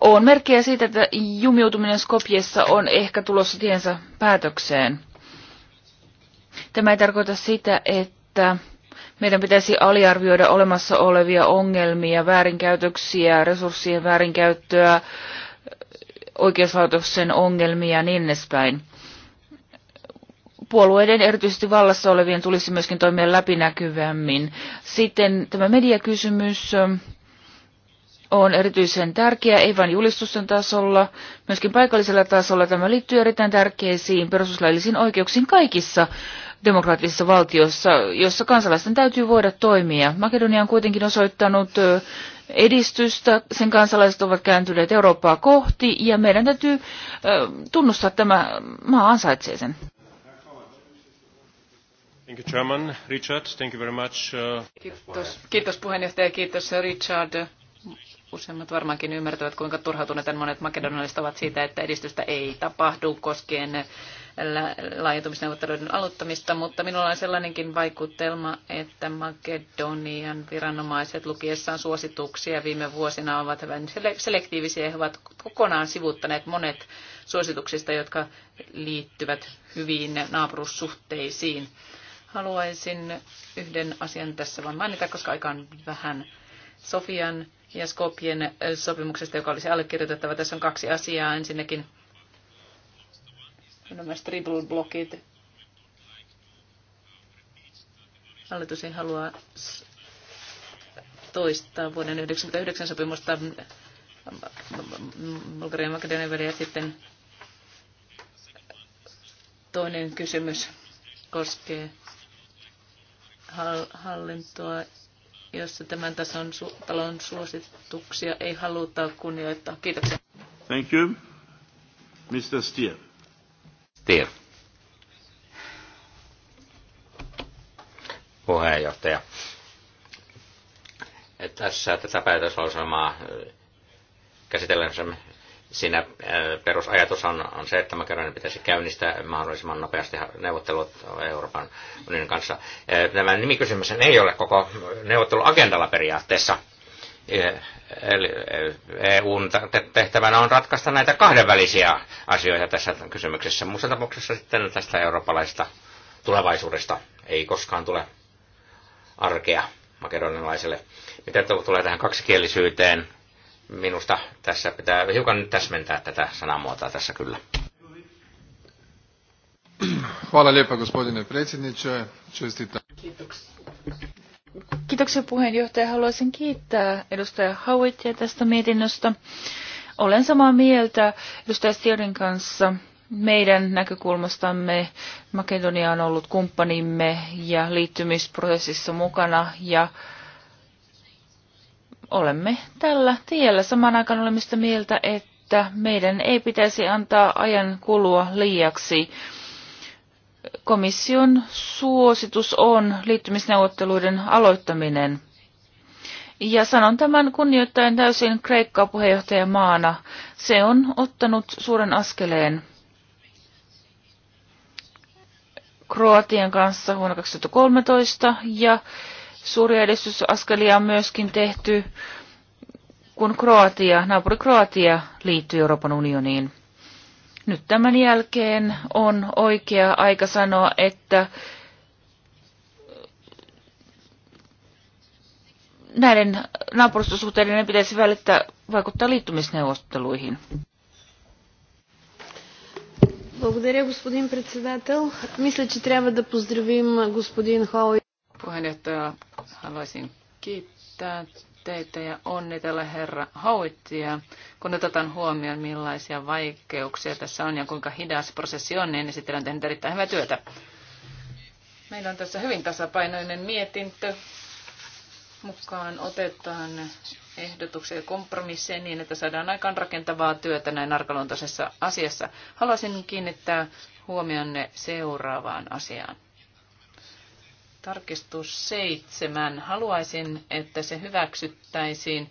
On merkkejä siitä, että jumiutuminen Skopjessa on ehkä tulossa tiensä päätökseen. Tämä ei tarkoita sitä, että meidän pitäisi aliarvioida olemassa olevia ongelmia, väärinkäytöksiä, resurssien väärinkäyttöä, oikeuslaitoksen ongelmia ja niin edespäin. Puolueiden erityisesti vallassa olevien tulisi myöskin toimia läpinäkyvämmin. Sitten tämä mediakysymys ähm, on erityisen tärkeä, ei vain julistusten tasolla, myöskin paikallisella tasolla. Tämä liittyy erittäin tärkeisiin perustuslaillisiin oikeuksiin kaikissa demokraattisissa valtioissa, jossa kansalaisten täytyy voida toimia. Makedonia on kuitenkin osoittanut äh, edistystä, sen kansalaiset ovat kääntyneet Eurooppaa kohti ja meidän täytyy tunnustaa, tämä maa ansaitsee sen. Thank you, Chairman. Richard, thank you very much. Uh, kiitos, kiitos puheenjohtaja, ja kiitos Richard. Useimmat varmaankin ymmärtävät, kuinka turhautuneet monet makedonialaiset ovat siitä, että edistystä ei tapahdu koskien laajentumisneuvotteluiden aloittamista, mutta minulla on sellainenkin vaikutelma, että Makedonian viranomaiset lukiessaan suosituksia viime vuosina ovat hyvin selektiivisiä ja he ovat kokonaan sivuttaneet monet suosituksista, jotka liittyvät hyviin naapurussuhteisiin. Haluaisin yhden asian tässä vain mainita, koska aika on vähän Sofian ja Skopien sopimuksesta, joka olisi allekirjoitettava. Tässä on kaksi asiaa. Ensinnäkin nämä triple blokit Hallitus ei halua toistaa vuoden 1999 sopimusta Bulgarian ja Sitten toinen kysymys koskee hallintoa, jossa tämän tason su- talon suosituksia ei haluta kunnioittaa. Kiitoksia. Thank you. Mr. Steele. Stier. Puheenjohtaja. Tässä tätä päätöslauselmaa käsitellään siinä perusajatus on, on se, että Makedonian pitäisi käynnistää mahdollisimman nopeasti neuvottelut Euroopan unionin kanssa. Tämä nimikysymys ei ole koko neuvotteluagendalla periaatteessa. Eli EUn e tehtävänä on ratkaista näitä kahdenvälisiä asioita tässä kysymyksessä. Muussa tapauksessa sitten tästä eurooppalaista tulevaisuudesta ei koskaan tule arkea makedonilaiselle. Mitä tulee tähän kaksikielisyyteen, minusta tässä pitää hiukan nyt täsmentää tätä sanamuotoa tässä kyllä. Hvala lijepa gospodine predsjedniče. Čestitam. Kiitoksia. Kiitoksia puheenjohtaja. Haluaisin kiittää edustaja Hauitia tästä mietinnöstä. Olen samaa mieltä edustaja Stierin kanssa. Meidän näkökulmastamme Makedonia on ollut kumppanimme ja liittymisprosessissa mukana ja olemme tällä tiellä. Samaan aikaan olemme sitä mieltä, että meidän ei pitäisi antaa ajan kulua liiaksi komission suositus on liittymisneuvotteluiden aloittaminen. Ja sanon tämän kunnioittain täysin Kreikkaa puheenjohtajamaana. Se on ottanut suuren askeleen Kroatian kanssa vuonna 2013 ja suuri edistysaskelia on myöskin tehty, kun Kroatia, naapuri Kroatia liittyy Euroopan unioniin. Nyt tämän jälkeen on oikea aika sanoa, että näiden naapurustosuhteiden pitäisi välittää vaikuttaa liittymisneuvotteluihin. Благодаря, господин председател. Мисля, че трябва да поздравим господин Puheenjohtaja, haluaisin kiittää teitä ja onnitella herra Hauittia. Kun otetaan huomioon, millaisia vaikeuksia tässä on ja kuinka hidas prosessi on, niin sitten tehnyt erittäin hyvää työtä. Meillä on tässä hyvin tasapainoinen mietintö. Mukaan otetaan ehdotuksia ja kompromisseja niin, että saadaan aikaan rakentavaa työtä näin arkaluontoisessa asiassa. Haluaisin kiinnittää huomionne seuraavaan asiaan. Tarkistus seitsemän. Haluaisin, että se hyväksyttäisiin,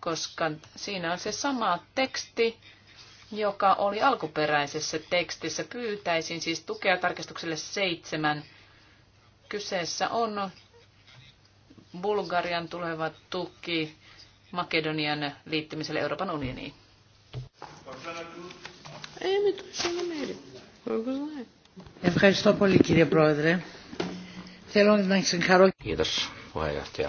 koska siinä on se sama teksti, joka oli alkuperäisessä tekstissä. Pyytäisin siis tukea tarkistukselle seitsemän. Kyseessä on Bulgarian tuleva tuki Makedonian liittymiselle Euroopan unioniin. Ευχαριστώ πολύ κύριε Πρόεδρε. Kiitos puheenjohtaja.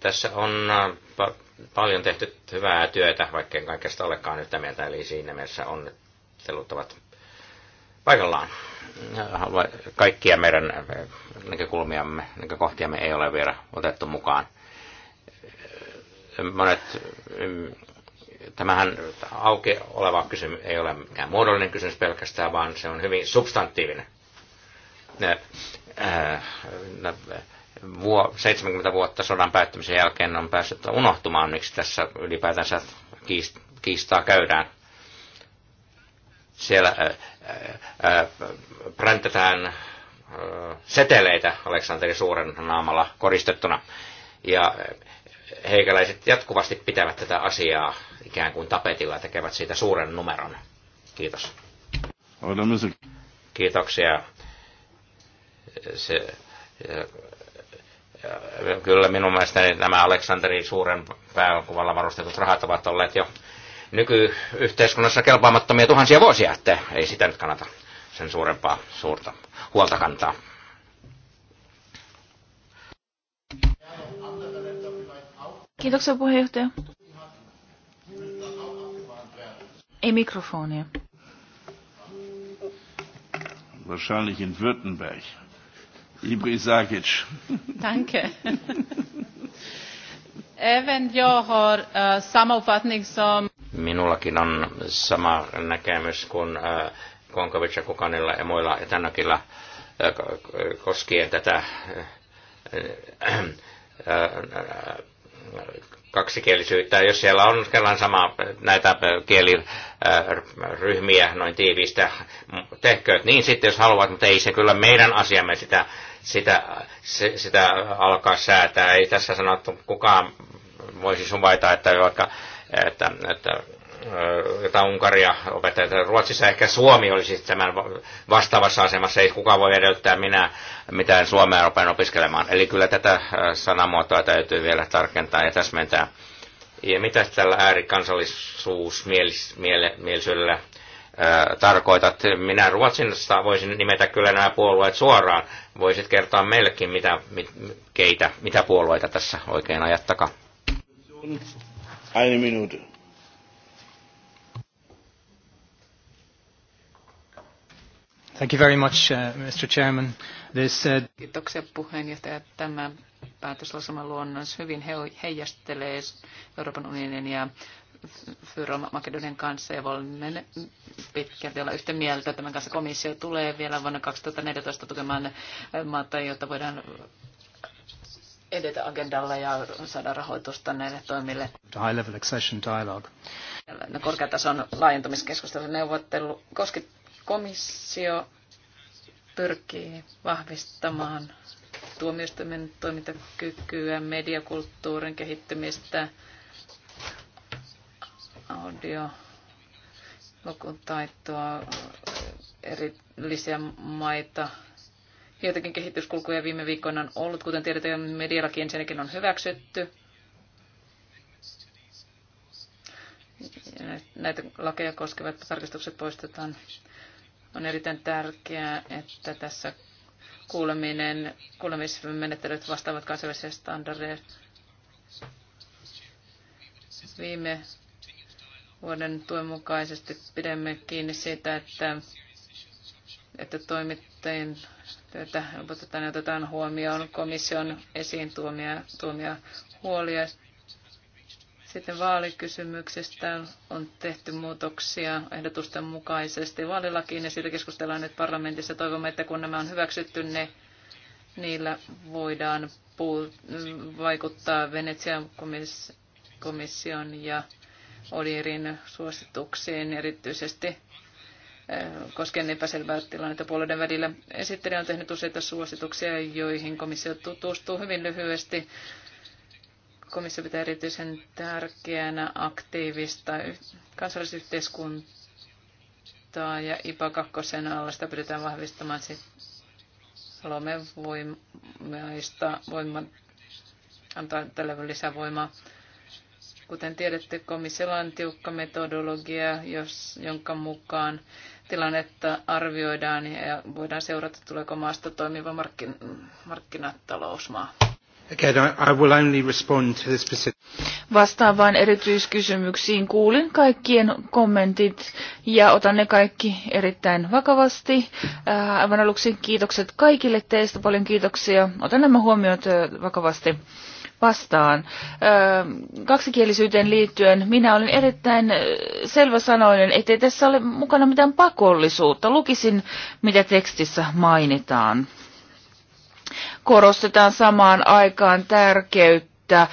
Tässä on äh, pa- paljon tehty hyvää työtä, vaikkei kaikesta olekaan yhtä mieltä, eli siinä mielessä onnittelut ovat paikallaan. Kaikkia meidän äh, näkökulmiamme, näkökohtiamme ei ole vielä otettu mukaan. Monet mm, tämähän auki oleva kysymys ei ole mikään muodollinen kysymys pelkästään, vaan se on hyvin substantiivinen. Ne, äh, ne, vuo, 70 vuotta sodan päättymisen jälkeen on päässyt unohtumaan, miksi tässä ylipäätänsä kiistaa käydään. Siellä äh, äh, äh, präntetään äh, seteleitä Aleksanteri Suuren naamalla koristettuna. Ja äh, heikäläiset jatkuvasti pitävät tätä asiaa ikään kuin tapetilla ja tekevät siitä suuren numeron. Kiitos. Kiitoksia. Se, kyllä minun mielestäni nämä Aleksanterin suuren pääkuvalla varustetut rahat ovat olleet jo nykyyhteiskunnassa kelpaamattomia tuhansia vuosia, että ei sitä nyt kannata sen suurempaa suurta huolta kantaa. Kiitoksia puheenjohtaja. Ei mikrofonia. Wahrscheinlich in Württemberg. Ibri Sagic. Danke. Even Johor, har uh, eh, uppfattning som... Minullakin on sama näkemys kuin uh, Konkovic ja Kukanilla ja muilla ja uh, eh, koskien tätä uh, uh, kaksikielisyyttä, jos siellä on kerran sama näitä kieliryhmiä noin tiiviistä, tehkööt niin sitten, jos haluat, mutta ei se kyllä meidän asiamme sitä, sitä, sitä alkaa säätää. Ei tässä sanottu, kukaan voisi suvaita, että vaikka että, että jotain Unkaria opetetaan. Ruotsissa ehkä Suomi olisi tämän vastaavassa asemassa. Ei kukaan voi edellyttää minä mitään Suomea rupean opiskelemaan. Eli kyllä tätä sanamuotoa täytyy vielä tarkentaa ja täsmentää. Ja mitä tällä äärikansallisuusmielisyydellä tarkoitat? Minä Ruotsissa voisin nimetä kyllä nämä puolueet suoraan. Voisit kertoa meillekin, mitä, mit, keitä, mitä puolueita tässä oikein ajattakaa. Eine Minute. Thank you very much, uh, Mr. Chairman. This, uh... Kiitoksia puheenjohtaja. Tämä päätöslauselman luonnos hyvin heijastelee Euroopan unionin ja Fyro Makedonian kanssa ja voimme pitkälti olla yhtä mieltä. Tämän kanssa komissio tulee vielä vuonna 2014 tukemaan maata, jotta voidaan edetä agendalla ja saada rahoitusta näille toimille. High level accession dialogue. No, korkeatason laajentumiskeskustelun neuvottelu koskettaa Komissio pyrkii vahvistamaan tuomioistuimen toimintakykyä, mediakulttuurin kehittymistä, audio, lukutaitoa, erillisiä maita. Joitakin kehityskulkuja viime viikkoina on ollut, kuten tiedetään, medialaki ensinnäkin on hyväksytty. Näitä lakeja koskevat tarkistukset poistetaan on erittäin tärkeää, että tässä kuuleminen, kuulemismenettelyt vastaavat kansainvälisiä standardeja. Viime vuoden tuen mukaisesti pidämme kiinni siitä, että, että toimittajien työtä otetaan huomioon komission esiin tuomia, tuomia huolia sitten vaalikysymyksestä on tehty muutoksia ehdotusten mukaisesti vaalilakiin ja siitä keskustellaan nyt parlamentissa. Toivomme, että kun nämä on hyväksytty, ne, niillä voidaan vaikuttaa Venetsian komis- komission ja Odirin suosituksiin erityisesti eh, koskien epäselvää tilannetta puolueiden välillä. Esittelijä on tehnyt useita suosituksia, joihin komissio tutustuu hyvin lyhyesti. Komissio pitää erityisen tärkeänä aktiivista kansallisyhteiskuntaa ja IPA 2 alla sitä pyritään vahvistamaan lomevoimaista voima, antaa tälle lisävoimaa. Kuten tiedätte, komissiolla on tiukka metodologia, jos, jonka mukaan tilannetta arvioidaan ja voidaan seurata, tuleeko maasta toimiva markkin, markkinatalousmaa. Again, I will only respond to specific... Vastaan vain erityiskysymyksiin. Kuulin kaikkien kommentit ja otan ne kaikki erittäin vakavasti. Äh, aivan aluksi kiitokset kaikille teistä. Paljon kiitoksia. Otan nämä huomiot äh, vakavasti vastaan. Äh, kaksikielisyyteen liittyen minä olin erittäin selväsanoinen, ettei tässä ole mukana mitään pakollisuutta. Lukisin, mitä tekstissä mainitaan korostetaan samaan aikaan tärkeyttä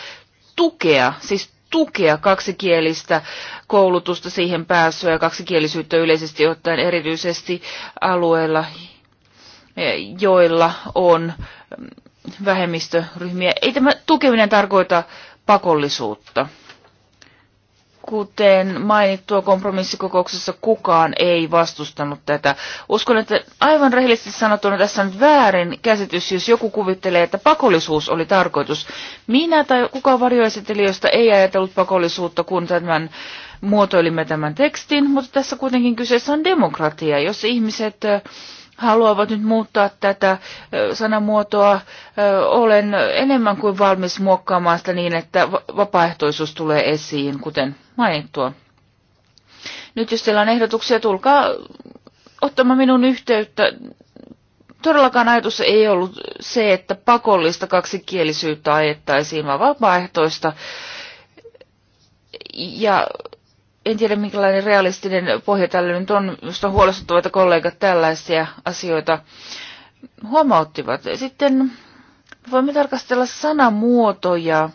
tukea, siis tukea kaksikielistä koulutusta, siihen pääsyä ja kaksikielisyyttä yleisesti ottaen erityisesti alueilla, joilla on vähemmistöryhmiä. Ei tämä tukeminen tarkoita pakollisuutta kuten mainittua kompromissikokouksessa kukaan ei vastustanut tätä. Uskon, että aivan rehellisesti sanottuna tässä on väärin käsitys, jos joku kuvittelee, että pakollisuus oli tarkoitus. Minä tai kukaan varjoesittelijöistä ei ajatellut pakollisuutta, kun tämän muotoilimme tämän tekstin, mutta tässä kuitenkin kyseessä on demokratia, jos ihmiset äh, haluavat nyt muuttaa tätä sanamuotoa. Olen enemmän kuin valmis muokkaamaan sitä niin, että vapaaehtoisuus tulee esiin, kuten mainittua. Nyt jos teillä on ehdotuksia, tulkaa ottamaan minun yhteyttä. Todellakaan ajatus ei ollut se, että pakollista kaksikielisyyttä ajettaisiin, vaan vapaaehtoista. Ja en tiedä minkälainen realistinen pohja tällä nyt on. Minusta on huolestuttava, että kollegat tällaisia asioita huomauttivat. Sitten voimme tarkastella sanamuotoja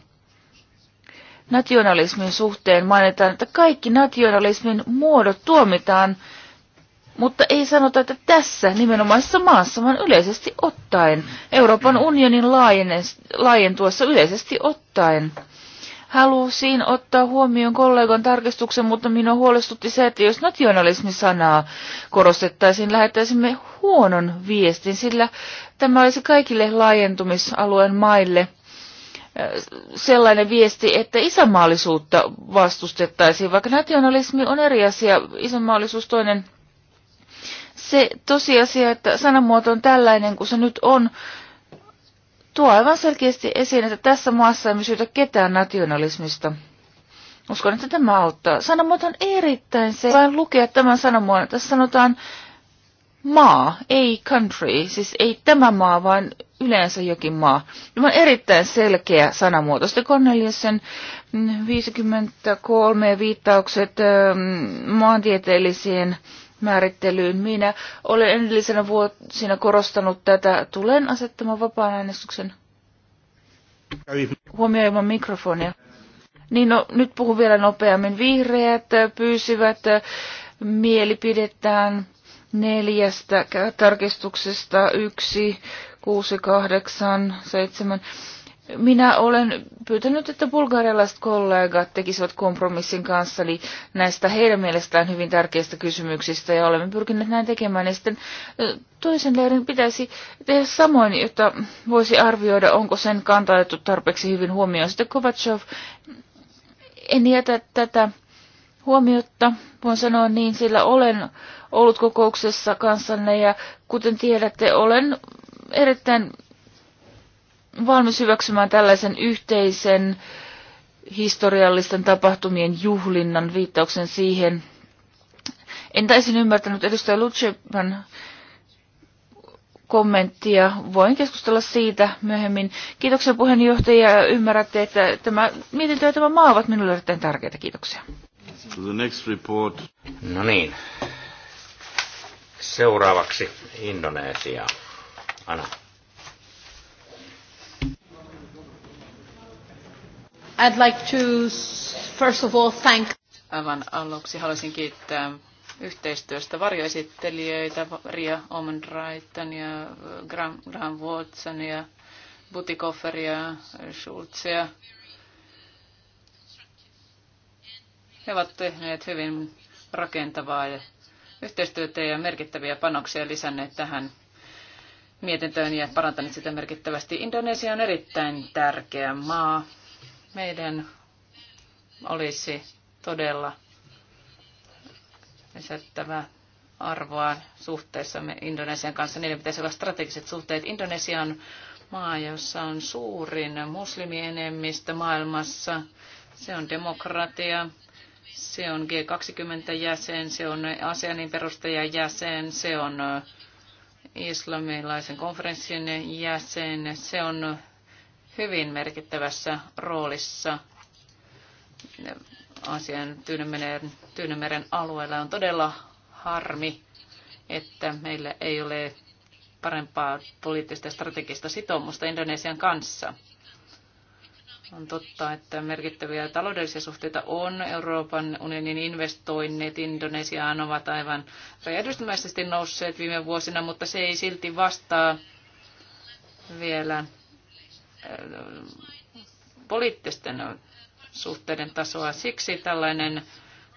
nationalismin suhteen. Mainitaan, että kaikki nationalismin muodot tuomitaan, mutta ei sanota, että tässä nimenomaisessa maassa, vaan yleisesti ottaen. Euroopan unionin laajentuessa yleisesti ottaen halusin ottaa huomioon kollegan tarkistuksen, mutta minua huolestutti se, että jos nationalismi-sanaa korostettaisiin, lähettäisimme huonon viestin, sillä tämä olisi kaikille laajentumisalueen maille äh, sellainen viesti, että isänmaallisuutta vastustettaisiin, vaikka nationalismi on eri asia, isänmaallisuus toinen. Se tosiasia, että sanamuoto on tällainen kuin se nyt on, tuo aivan selkeästi esiin, että tässä maassa emme syytä ketään nationalismista. Uskon, että tämä auttaa. Sanomat on erittäin se. Vain lukea tämän että Tässä sanotaan maa, ei country, siis ei tämä maa, vaan yleensä jokin maa. Tämä on erittäin selkeä sanamuoto. Sitten Corneliusen 53 mm, viittaukset mm, maantieteellisiin määrittelyyn. Minä olen edellisenä vuosina korostanut tätä. Tulen asettamaan vapaan äänestyksen huomioimaan mikrofonia. Niin no, nyt puhun vielä nopeammin. Vihreät pyysivät mielipidettään neljästä tarkistuksesta yksi, kuusi, kahdeksan, seitsemän minä olen pyytänyt, että bulgarialaiset kollegat tekisivät kompromissin kanssa, eli näistä heidän mielestään hyvin tärkeistä kysymyksistä, ja olemme pyrkineet näin tekemään. Ja sitten toisen leirin pitäisi tehdä samoin, jotta voisi arvioida, onko sen kanta otettu tarpeeksi hyvin huomioon. Sitten Kovatsov, en jätä tätä huomiota, voin sanoa niin, sillä olen ollut kokouksessa kanssanne, ja kuten tiedätte, olen erittäin valmis hyväksymään tällaisen yhteisen historiallisten tapahtumien juhlinnan viittauksen siihen. En täysin ymmärtänyt edustaja Lutsepan kommenttia. Voin keskustella siitä myöhemmin. Kiitoksia puheenjohtaja. Ymmärrätte, että tämä mietintö ja tämä maa ovat minulle erittäin tärkeitä. Kiitoksia. To the next report. No niin. Seuraavaksi Indonesia. Anna. I'd like to first of all thank... Aivan aluksi haluaisin kiittää yhteistyöstä varjoesittelijöitä, Ria Omenraitan ja Graham, Graham Watson ja Butikofferia, Schulzia. He ovat tehneet hyvin rakentavaa ja yhteistyötä ja merkittäviä panoksia lisänneet tähän mietintöön ja parantaneet sitä merkittävästi. Indonesia on erittäin tärkeä maa meidän olisi todella lisättävä arvoa suhteessamme Indonesian kanssa. Niiden pitäisi olla strategiset suhteet. Indonesia on maa, jossa on suurin muslimienemmistö maailmassa. Se on demokratia, se on G20-jäsen, se on ASEANin perustajajäsen, se on islamilaisen konferenssin jäsen, se on hyvin merkittävässä roolissa Aasian Tyynemeren, Tyynemeren alueella. On todella harmi, että meillä ei ole parempaa poliittista ja strategista sitoumusta Indonesian kanssa. On totta, että merkittäviä taloudellisia suhteita on. Euroopan unionin investoinnit Indonesiaan ovat aivan räjähdysmäisesti nousseet viime vuosina, mutta se ei silti vastaa vielä poliittisten suhteiden tasoa. Siksi tällainen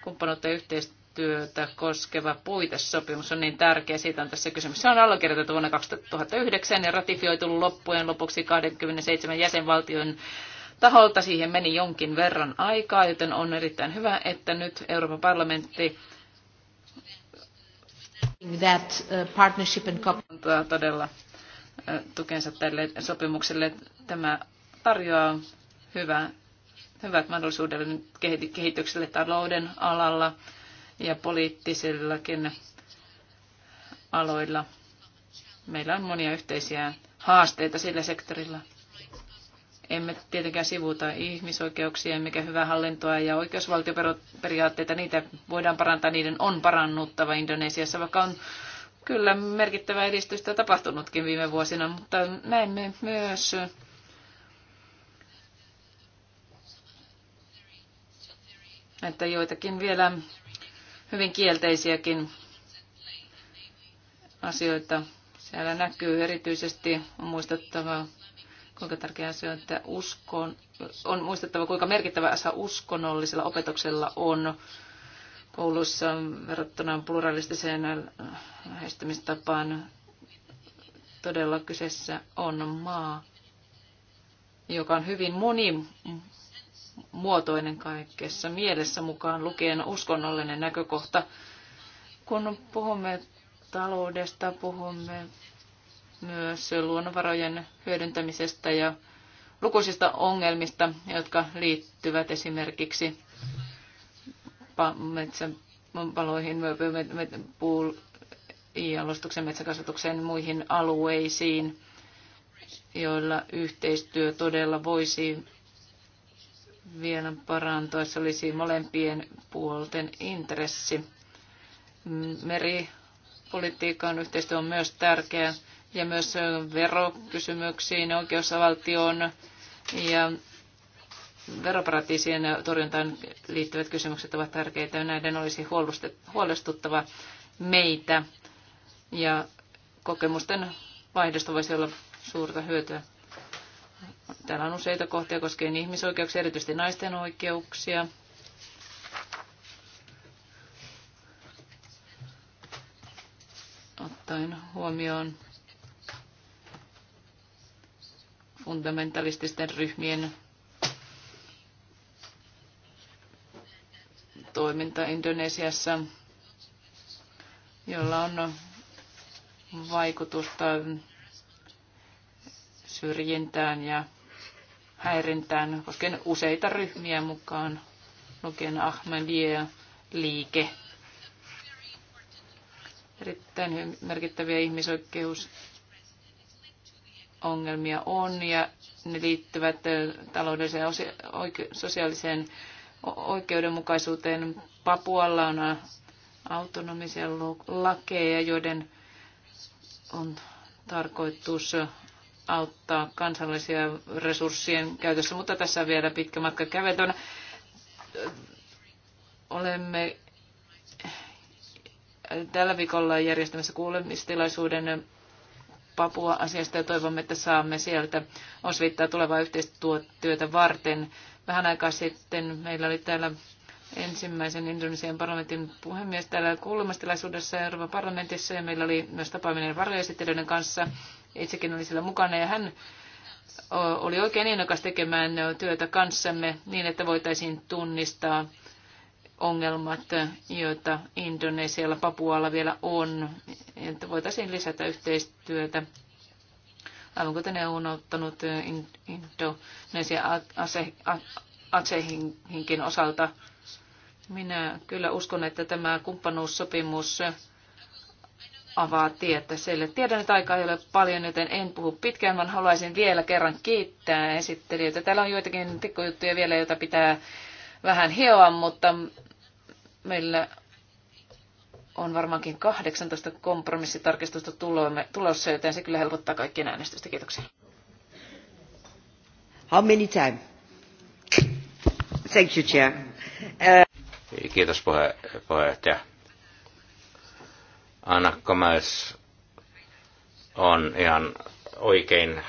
kumppanuutta yhteistyötä koskeva puitesopimus on niin tärkeä. Siitä on tässä kysymys. Se on allekirjoitettu vuonna 2009 ja ratifioitu loppujen lopuksi 27 jäsenvaltion taholta. Siihen meni jonkin verran aikaa, joten on erittäin hyvä, että nyt Euroopan parlamentti that uh, partnership and todella tukensa tälle sopimukselle. Tämä tarjoaa hyvää, hyvät mahdollisuudet kehitykselle talouden alalla ja poliittisillakin aloilla. Meillä on monia yhteisiä haasteita sillä sektorilla. Emme tietenkään sivuuta ihmisoikeuksia, mikä hyvää hallintoa ja oikeusvaltioperiaatteita. Niitä voidaan parantaa, niiden on parannuttava Indonesiassa, vaikka on kyllä merkittävää edistystä tapahtunutkin viime vuosina, mutta näemme myös että joitakin vielä hyvin kielteisiäkin asioita siellä näkyy. Erityisesti on muistettava, kuinka tärkeä asia on, että uskon, on muistettava, kuinka merkittävä asia uskonnollisella opetuksella on Oulussa verrattuna pluralistiseen lähestymistapaan todella kyseessä on maa, joka on hyvin monimuotoinen kaikessa mielessä mukaan lukien uskonnollinen näkökohta. Kun puhumme taloudesta, puhumme myös luonnonvarojen hyödyntämisestä ja lukuisista ongelmista, jotka liittyvät esimerkiksi metsäpaloihin, puul- jalostuksen, metsäkasvatukseen muihin alueisiin, joilla yhteistyö todella voisi vielä parantua. Se olisi molempien puolten intressi. Meripolitiikan yhteistyö on myös tärkeää ja myös verokysymyksiin, oikeusvaltioon ja veroparatiisien torjuntaan liittyvät kysymykset ovat tärkeitä ja näiden olisi huolestuttava meitä ja kokemusten vaihdosta voisi olla suurta hyötyä. Täällä on useita kohtia koskien ihmisoikeuksia, erityisesti naisten oikeuksia. Ottaen huomioon fundamentalististen ryhmien toiminta Indonesiassa, jolla on vaikutusta syrjintään ja häirintään koskien useita ryhmiä mukaan lukien Ahmadiyya liike. Erittäin merkittäviä ihmisoikeusongelmia on ja ne liittyvät taloudelliseen ja sosiaaliseen oikeudenmukaisuuteen. Papualla on äh, autonomisia lakeja, joiden on tarkoitus äh, auttaa kansallisia resurssien käytössä, mutta tässä on vielä pitkä matka käveltävänä. Äh, olemme tällä viikolla järjestämässä kuulemistilaisuuden Papua-asiasta ja toivomme, että saamme sieltä osvittaa tulevaa yhteistyötä varten. Vähän aikaa sitten meillä oli täällä ensimmäisen Indonesian parlamentin puhemies täällä kuulemastilaisuudessa Euroopan parlamentissa ja meillä oli myös tapaaminen varjoesittelyiden kanssa. Itsekin oli siellä mukana ja hän oli oikein innokas tekemään työtä kanssamme niin, että voitaisiin tunnistaa ongelmat, joita Indonesialla, Papualla vielä on, että voitaisiin lisätä yhteistyötä. Aivan kuten EU on ottanut Indonesian aseihinkin osalta. Minä kyllä uskon, että tämä kumppanuussopimus avaa tietä sille. Tiedän, että aikaa ei ole paljon, joten en puhu pitkään, vaan haluaisin vielä kerran kiittää esittelijöitä. Täällä on joitakin tikkujuttuja vielä, joita pitää vähän hioa, mutta Meillä on varmaankin 18 kompromissitarkistusta tulossa, joten se kyllä helpottaa kaikkien äänestystä. Kiitoksia. How many time? Thank you, Chair. Uh... Kiitos puhe, puheenjohtaja. Anna Komäys on ihan oikein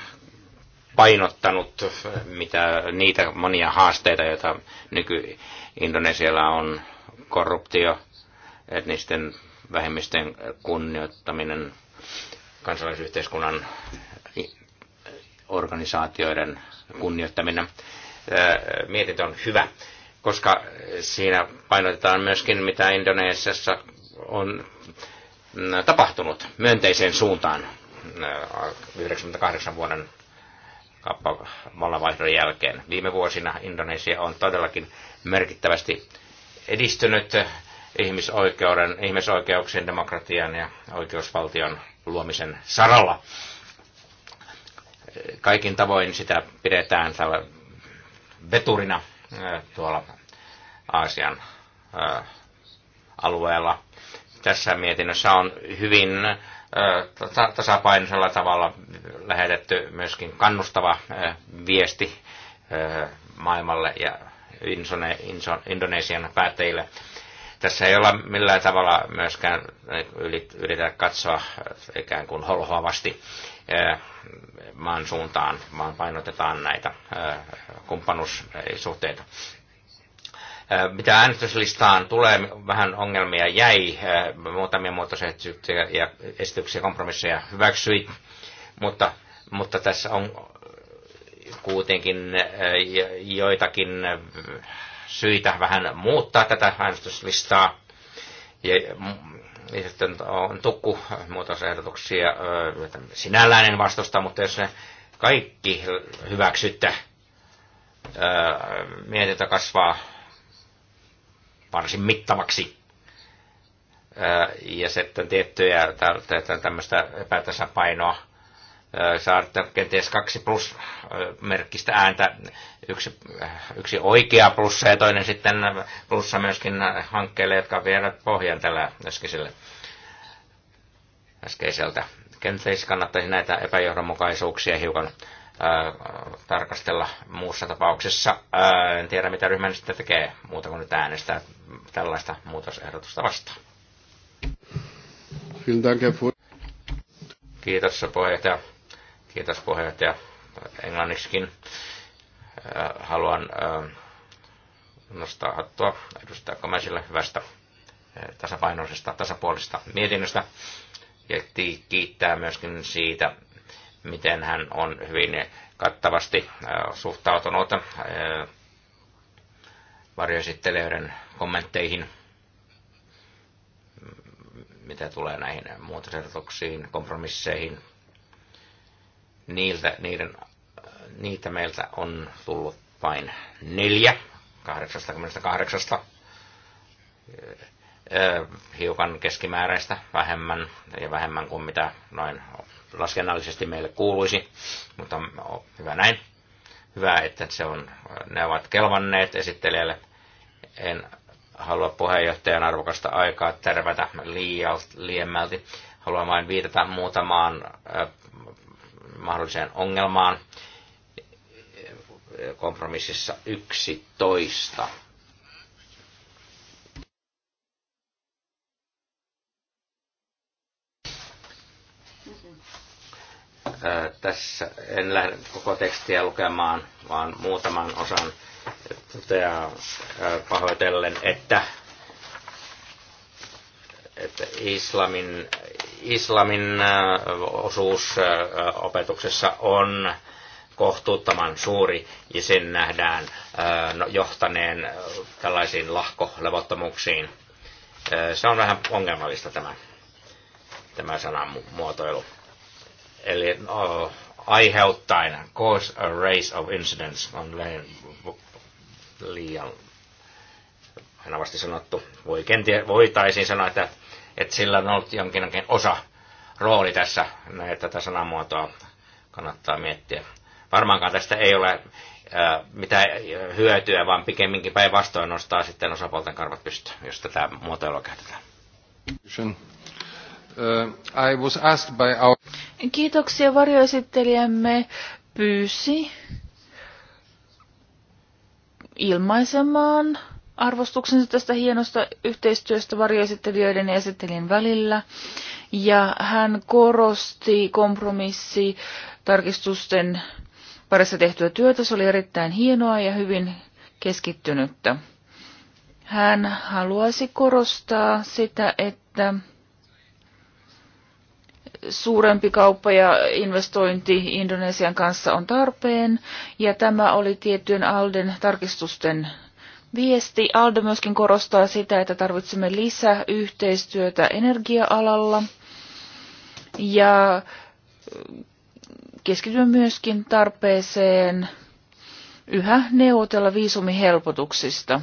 painottanut mitä, niitä monia haasteita, joita nyky-Indonesialla on korruptio, etnisten vähemmisten kunnioittaminen, kansalaisyhteiskunnan organisaatioiden kunnioittaminen. Mietintö on hyvä, koska siinä painotetaan myöskin, mitä Indoneesiassa on mm, tapahtunut myönteiseen suuntaan 98 vuoden vallanvaihdon jälkeen. Viime vuosina Indonesia on todellakin merkittävästi edistynyt ihmisoikeuden, ihmisoikeuksien, demokratian ja oikeusvaltion luomisen saralla. Kaikin tavoin sitä pidetään tällä veturina tuolla Aasian alueella. Tässä mietinnössä on hyvin tasapainoisella tavalla lähetetty myöskin kannustava viesti maailmalle ja Indonesian päättäjille. Tässä ei olla millään tavalla myöskään yritetä katsoa ikään kuin holhoavasti eh, maan suuntaan, vaan painotetaan näitä eh, kumppanuussuhteita. Eh, mitä äänestyslistaan tulee, vähän ongelmia jäi, muutamia muotoisia esityksiä ja kompromisseja hyväksyi, mutta, mutta tässä on kuitenkin eh, joitakin eh, syitä vähän muuttaa tätä äänestyslistaa. Ja, mm, ja sitten on tukku muutosehdotuksia, eh, sinällään en vastusta, mutta jos ne kaikki hyväksytte, mietintö kasvaa varsin mittavaksi. Ja sitten tiettyjä tämmöistä epätasapainoa saada kenties kaksi plus äh, merkkistä ääntä, yksi, äh, yksi oikea plussa ja toinen sitten plussa myöskin hankkeelle, jotka vievät pohjan tällä äskeiselle, äskeiseltä. Kenties kannattaisi näitä epäjohdonmukaisuuksia hiukan äh, tarkastella muussa tapauksessa. Äh, en tiedä, mitä ryhmä sitten tekee muuta kuin nyt äänestää tällaista muutosehdotusta vastaan. Kiitos puheenjohtaja. Kiitos puheenjohtaja englanniksikin. Äh, haluan äh, nostaa hattua edustaja Komesille hyvästä äh, tasapainoisesta, tasapuolisesta mietinnöstä ja kiittää myöskin siitä, miten hän on hyvin kattavasti suhtautunut varjoesittelijöiden kommentteihin, mitä tulee näihin muutosehdotuksiin, kompromisseihin, niiltä, niiden, niitä meiltä on tullut vain neljä 88. Hiukan keskimääräistä vähemmän ja vähemmän kuin mitä noin laskennallisesti meille kuuluisi, mutta hyvä näin. Hyvä, että se on, ne ovat kelvanneet esittelijälle. En halua puheenjohtajan arvokasta aikaa tärvätä liiemmälti. Haluan vain viitata muutamaan mahdolliseen ongelmaan kompromississa 11. Tässä en lähde koko tekstiä lukemaan, vaan muutaman osan toteaa pahoitellen, että että islamin, islamin äh, osuus äh, opetuksessa on kohtuuttoman suuri ja sen nähdään äh, no, johtaneen tällaisiin lahkolevottomuuksiin. Se on vähän ongelmallista tämä, tämä sanan muotoilu. Eli no, aiheuttaen, cause a race of incidents, on liian hänavasti sanottu. Voi kenties, voitaisiin sanoa, että että sillä on ollut jonkinlainen osa, rooli tässä, näin, tätä sanamuotoa kannattaa miettiä. Varmaankaan tästä ei ole ää, mitään hyötyä, vaan pikemminkin päinvastoin nostaa sitten osapuolten karvat pystyyn, jos tätä muotoilua käytetään. I was asked by our... Kiitoksia varjoesittelijämme pyysi ilmaisemaan arvostuksensa tästä hienosta yhteistyöstä varjoesittelijöiden ja esittelijän välillä. Ja hän korosti kompromissi tarkistusten parissa tehtyä työtä. Se oli erittäin hienoa ja hyvin keskittynyttä. Hän haluaisi korostaa sitä, että suurempi kauppa ja investointi Indonesian kanssa on tarpeen, ja tämä oli tiettyjen Alden tarkistusten viesti. Aldo myöskin korostaa sitä, että tarvitsemme lisää yhteistyötä energia-alalla ja keskitymme myöskin tarpeeseen yhä neuvotella viisumihelpotuksista.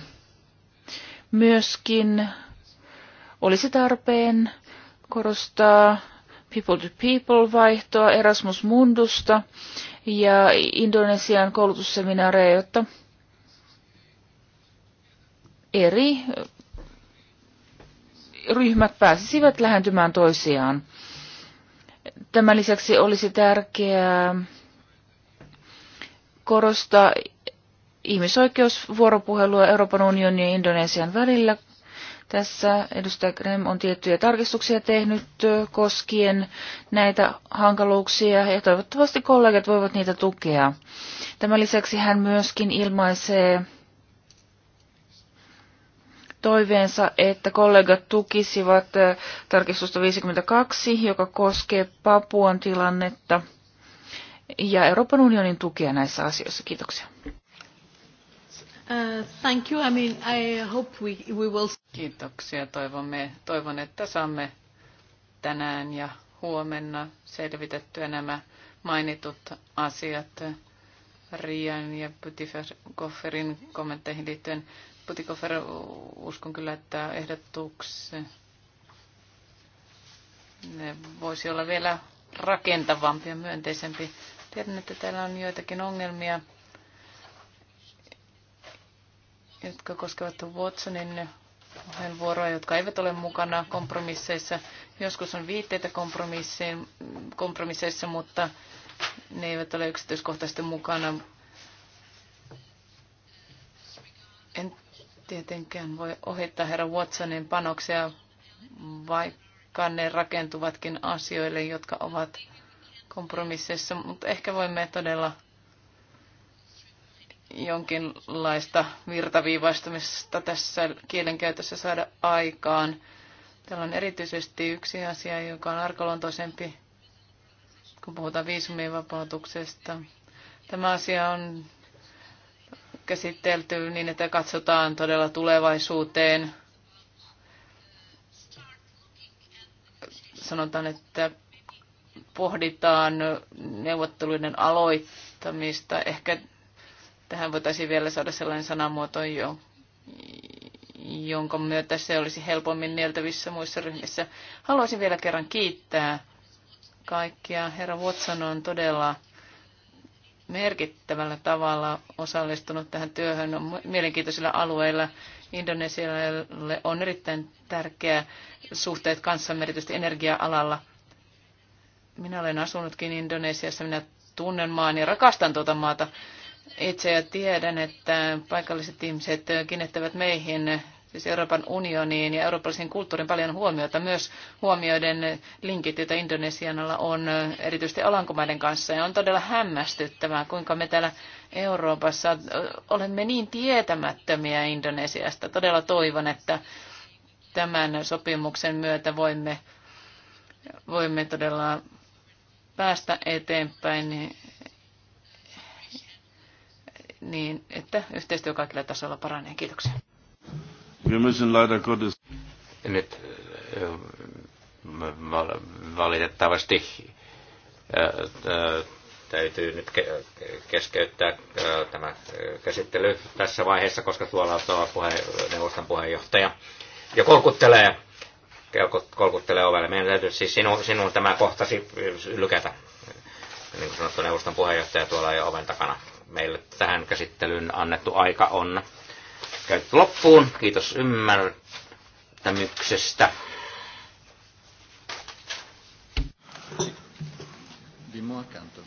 Myöskin olisi tarpeen korostaa people-to-people-vaihtoa Erasmus Mundusta ja Indonesian koulutusseminaareja, jotta eri eh, ryhmät pääsisivät lähentymään toisiaan. Tämän lisäksi olisi tärkeää korostaa ihmisoikeusvuoropuhelua Euroopan unionin ja Indonesian välillä. Tässä edustaja Grem on tiettyjä tarkistuksia tehnyt eh, koskien näitä hankaluuksia ja toivottavasti kollegat voivat niitä tukea. Tämän lisäksi hän myöskin ilmaisee toiveensa, että kollegat tukisivat äh, tarkistusta 52, joka koskee Papuan tilannetta ja Euroopan unionin tukea näissä asioissa. Kiitoksia. Uh, Kiitoksia. toivon, että saamme tänään ja huomenna selvitettyä nämä mainitut asiat Rian ja Putifer Kofferin kommentteihin liittyen. Putikofer, uskon kyllä, että ehdotukset ne voisi olla vielä rakentavampi ja myönteisempi. Tiedän, että täällä on joitakin ongelmia, jotka koskevat Watsonin puheenvuoroa, jotka eivät ole mukana kompromisseissa. Joskus on viitteitä kompromisseissa, mutta ne eivät ole yksityiskohtaisesti mukana. En tietenkään voi ohittaa herra Watsonin panoksia, vaikka ne rakentuvatkin asioille, jotka ovat kompromisseissa, mutta ehkä voimme todella jonkinlaista virtaviivaistumista tässä kielenkäytössä saada aikaan. Täällä on erityisesti yksi asia, joka on arkaluontoisempi, kun puhutaan viisumivapautuksesta. Tämä asia on käsitelty niin, että katsotaan todella tulevaisuuteen. Sanotaan, että pohditaan neuvotteluiden aloittamista. Ehkä tähän voitaisiin vielä saada sellainen sanamuoto, jo, jonka myötä se olisi helpommin nieltävissä muissa ryhmissä. Haluaisin vielä kerran kiittää kaikkia. Herra Watson on todella merkittävällä tavalla osallistunut tähän työhön mielenkiintoisilla alueilla. Indonesialle on erittäin tärkeä suhteet kanssamme erityisesti energia-alalla. Minä olen asunutkin Indonesiassa, minä tunnen maan ja rakastan tuota maata itse ja tiedän, että paikalliset ihmiset kiinnittävät meihin siis Euroopan unioniin ja eurooppalaisen kulttuurin paljon huomiota, myös huomioiden linkit, joita Indonesianalla on erityisesti Alankomaiden kanssa. Ja on todella hämmästyttävää, kuinka me täällä Euroopassa olemme niin tietämättömiä Indonesiasta. Todella toivon, että tämän sopimuksen myötä voimme, voimme todella päästä eteenpäin, niin, niin että yhteistyö kaikilla tasoilla paranee. Kiitoksia. Wir müssen leider Gottes. Nyt äh, valitettavasti äh, äh, täytyy nyt keskeyttää tämä käsittely tässä vaiheessa, koska tuolla on puhe, neuvoston puheenjohtaja ja kolkuttelee, kolkuttelee ovelle. Meidän täytyy siis sinun, sinun tämä kohtasi lykätä, niin kuin sanottu neuvoston puheenjohtaja tuolla jo oven takana. Meille tähän käsittelyyn annettu aika on käyty loppuun. Kiitos ymmärtämyksestä. Di accanto.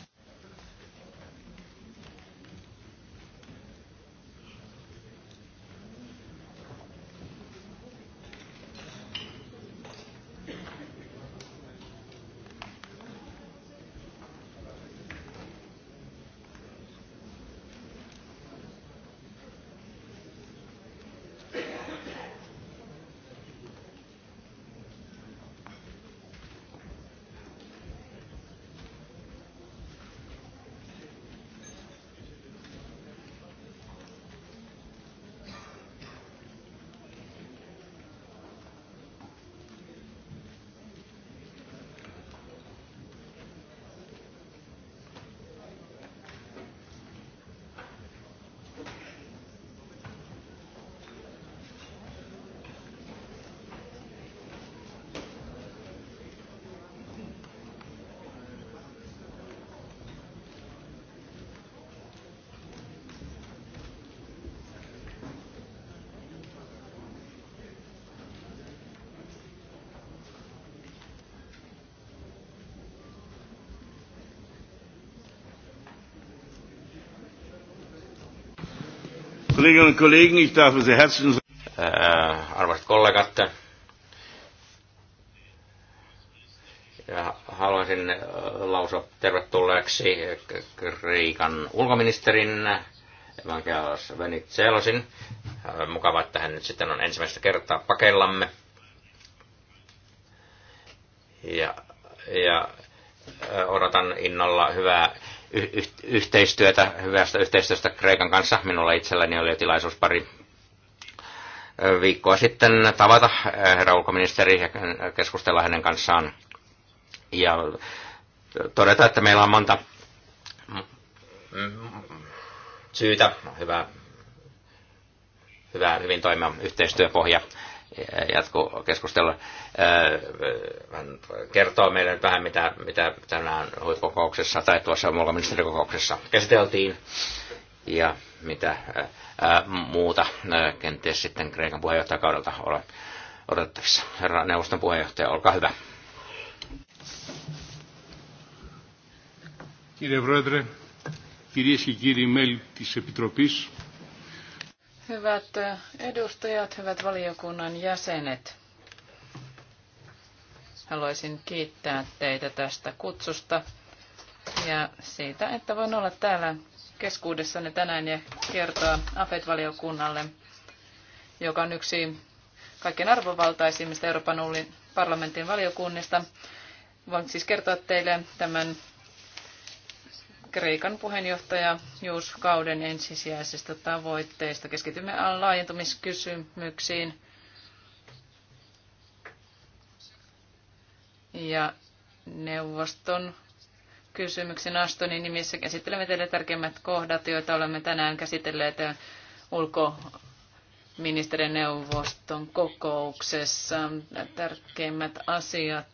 Äh, arvoisat kollegat, ja haluaisin äh, lausua tervetulleeksi Kreikan ulkoministerin Evangelos Venizelosin. Äh, mukava, että hän nyt sitten on ensimmäistä kertaa pakellamme. yhteistyötä, hyvästä yhteistyöstä Kreikan kanssa. Minulla itselläni oli tilaisuus pari viikkoa sitten tavata herra ulkoministeri ja keskustella hänen kanssaan. Ja todeta, että meillä on monta syytä, hyvä, hyvä hyvin toimia yhteistyöpohja jatkokeskustelu äh, hän kertoo meille nyt vähän, mitä, mitä tänään huippukokouksessa tai tuossa muulla ministerikokouksessa käsiteltiin ja mitä ää, äh, äh, muuta ää, kenties sitten Kreikan puheenjohtajakaudelta ole odotettavissa. Herra neuvoston puheenjohtaja, olkaa hyvä. Κύριε Πρόεδρε, κυρίες και κύριοι μέλη της Επιτροπής, Hyvät edustajat, hyvät valiokunnan jäsenet. Haluaisin kiittää teitä tästä kutsusta ja siitä, että voin olla täällä keskuudessanne tänään ja kertoa AFET-valiokunnalle, joka on yksi kaikkein arvovaltaisimmista Euroopan parlamentin valiokunnista. Voin siis kertoa teille tämän Kreikan puheenjohtaja kauden ensisijaisista tavoitteista. Keskitymme laajentumiskysymyksiin ja neuvoston kysymyksen Astonin nimissä käsittelemme teille tärkeimmät kohdat, joita olemme tänään käsitelleet ulkoministerineuvoston kokouksessa. Tärkeimmät asiat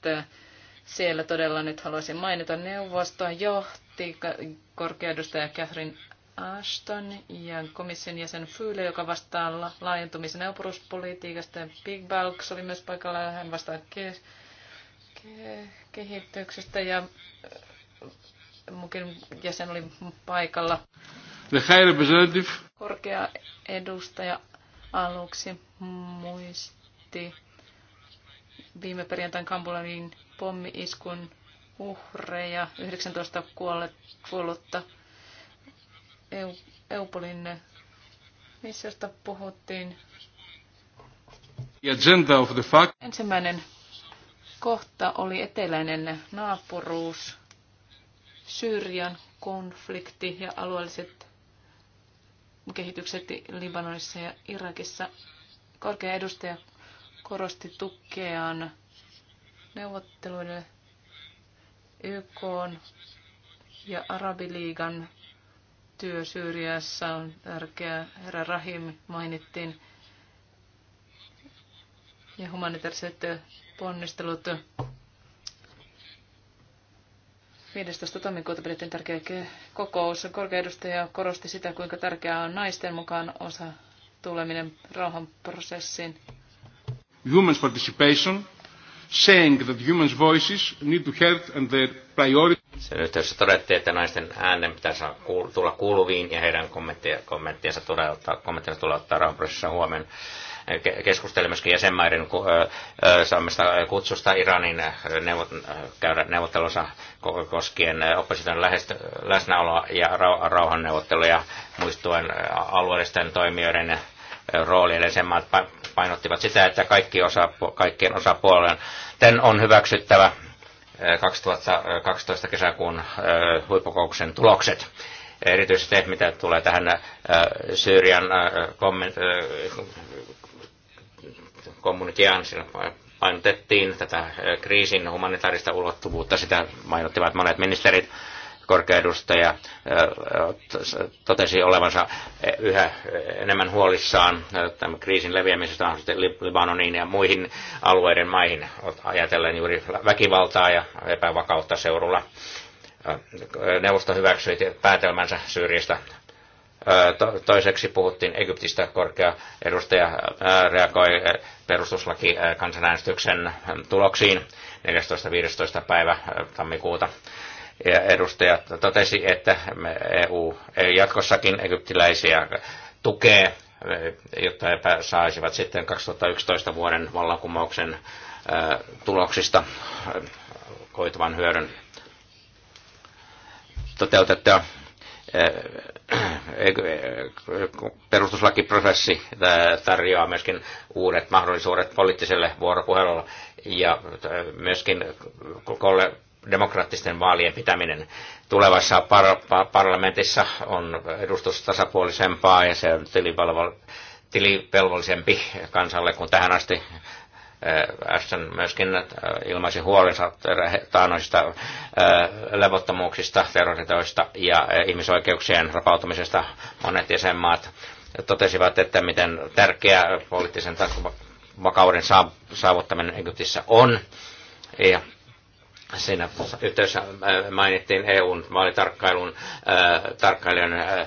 siellä todella nyt haluaisin mainita neuvoston johto politiikka korkeudustaja Catherine Ashton ja komission jäsen Fyle, joka vastaa laajentumisen naapuruspolitiikasta. Big Balks oli myös paikalla ja hän vastaa ke- ke- kehityksestä ja äh, mukin jäsen oli paikalla. The high representative. Korkea edustaja aluksi muisti viime perjantain Kambulanin pommi-iskun uhreja, 19 kuollutta. EU, Eupolin missiosta puhuttiin. agenda of the fact. Ensimmäinen kohta oli eteläinen naapuruus, Syyrian konflikti ja alueelliset kehitykset Libanonissa ja Irakissa. Korkea edustaja korosti tukeaan neuvotteluille YK ja Arabiliigan työ Syyriassa on tärkeää. Herra Rahim mainittiin. Ja humanitaariset ponnistelut. 15. tammikuuta pidettiin tärkeä kokous. Korkeudustaja korosti sitä, kuinka tärkeää on naisten mukaan osa tuleminen rauhanprosessiin. Human participation saying that human voices need to heard and their priority. Sen yhteydessä todettiin, että naisten äänen pitäisi tulla kuuluviin ja heidän kommenttiensa tulee ottaa, kommenttinsa tulee ottaa rauhanprosessissa huomioon. Keskustelimme myöskin jäsenmaiden saamista kutsusta Iranin neuvot, käydä neuvottelunsa koskien opposition läsnäoloa ja rauhanneuvotteluja muistuen alueellisten toimijoiden rooli. Eli sen maat painottivat sitä, että kaikki osa, kaikkien osapuolen Tän on hyväksyttävä 2012 eh, kesäkuun eh, huippukouksen tulokset. Erityisesti mitä tulee tähän eh, Syyrian kommunitiaan, painotettiin tätä kriisin humanitaarista ulottuvuutta, sitä mainottivat monet ministerit korkeudustaja totesi olevansa yhä enemmän huolissaan tämän kriisin leviämisestä on Libanoniin ja muihin alueiden maihin ajatellen juuri väkivaltaa ja epävakautta seurulla Neuvosto hyväksyi päätelmänsä Syyriasta toiseksi puhuttiin Egyptistä korkea edustaja reagoi perustuslaki kansanäänestyksen tuloksiin 14.15. päivä tammikuuta edustaja totesi, että EU e e, jatkossakin egyptiläisiä tukee, e, jotta he saisivat sitten 2011 vuoden vallankumouksen tuloksista koituvan hyödyn toteutettua perustuslakiprosessi tarjoaa myöskin uudet mahdollisuudet poliittiselle vuoropuhelulle ja myöskin demokraattisten vaalien pitäminen tulevassa par- parlamentissa on edustustasapuolisempaa ja se on tilivalvo- tilivelvollisempi kansalle kuin tähän asti. Äh, Ashton myöskin äh, ilmaisi huolensa taanoista äh, levottomuuksista, terroritoista ja ihmisoikeuksien rapautumisesta. Monet jäsenmaat totesivat, että miten tärkeää poliittisen vakauden saavuttaminen Egyptissä on. Ja Siinä yhteydessä äh, mainittiin EUn vaalitarkkailun äh, tarkkailijan äh, äh,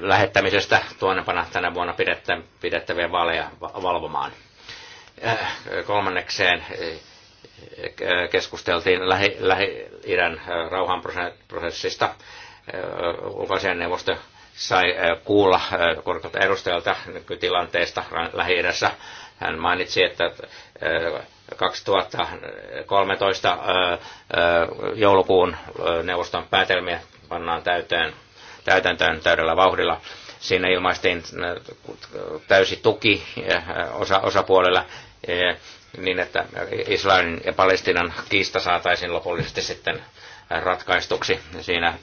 lähettämisestä tuonnepana tänä vuonna pidettä, pidettäviä vaaleja valvomaan. Äh, kolmannekseen äh, keskusteltiin Lähi, lähi rauhanprosessista. Ulkoasian neuvosto sai kuulla korkeilta edustajalta nykytilanteesta Lähi-idässä. Hän mainitsi, että 2013 joulukuun neuvoston päätelmiä pannaan täyteen, täytäntöön täydellä vauhdilla. Siinä ilmaistiin täysi tuki osa, osapuolella niin, että Israelin ja Palestinan kiista saataisiin lopullisesti sitten ratkaistuksi. Siinä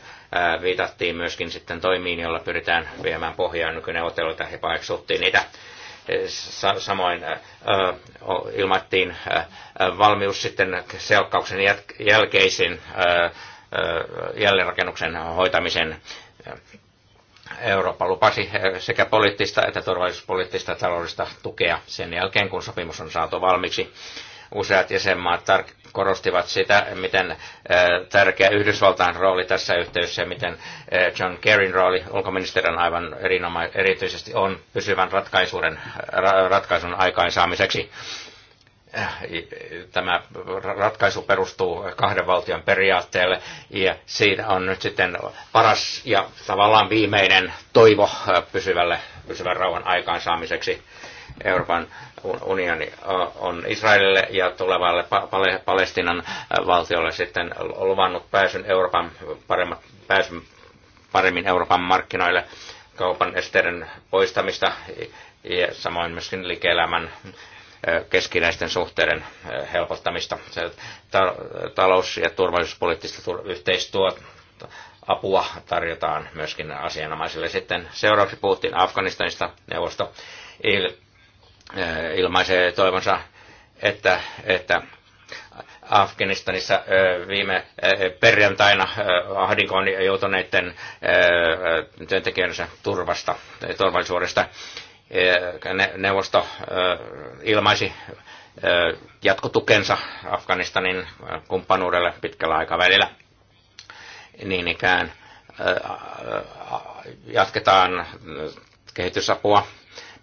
viitattiin myöskin sitten toimiin, joilla pyritään viemään pohjaa nykyneuvotteluita ja paheksuttiin niitä samoin äh, ilmattiin äh, äh, valmius sitten selkkauksen jälkeisen jälleenrakennuksen hoitamisen. Eurooppa lupasi sekä poliittista että turvallisuuspoliittista taloudellista tukea sen jälkeen, kun sopimus on saatu valmiiksi. Useat jäsenmaat korostivat sitä, miten tärkeä Yhdysvaltain rooli tässä yhteydessä ja miten John Kerryn rooli ulkoministerin aivan erinoma- erityisesti on pysyvän ratkaisun, ratkaisun aikaansaamiseksi äh, tämä ratkaisu perustuu kahden valtion periaatteelle ja siitä on nyt sitten paras ja tavallaan viimeinen toivo pysyvälle, pysyvän rauhan aikaansaamiseksi. Euroopan unioni on Israelille ja tulevalle Palestinan valtiolle sitten luvannut pääsyn Euroopan paremmat, pääsyn paremmin Euroopan markkinoille kaupan esteiden poistamista ja samoin myöskin liike-elämän keskinäisten suhteiden helpottamista, se talous- ja turvallisuuspoliittista yhteistyötä apua tarjotaan myöskin asianomaisille. Sitten seuraavaksi puhuttiin Afganistanista neuvosto Äh, ilmaisee toivonsa, että, että Afganistanissa äh, viime äh, perjantaina ahdinkoon joutuneiden työntekijöidensä turvasta, turvallisuudesta neuvosto ilmaisi jatkotukensa Afganistanin kumppanuudelle pitkällä aikavälillä. Niin ikään jatketaan kehitysapua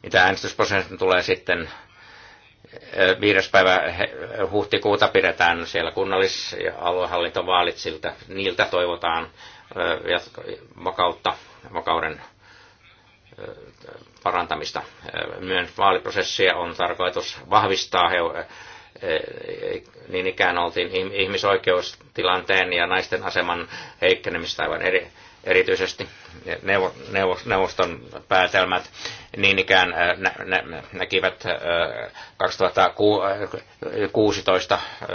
mitä äänestysprosessin tulee sitten eh, viides päivä huhtikuuta pidetään siellä kunnallis- ja aluehallintovaalit siltä. Niiltä toivotaan eh, vakautta, vakauden eh, parantamista. Myös vaaliprosessia on tarkoitus vahvistaa. Niin ikään oltiin ihmisoikeustilanteen ja naisten aseman heikkenemistä aivan eri, erityisesti neuvoston päätelmät niin ikään äh, näkivät 2016 äh, äh,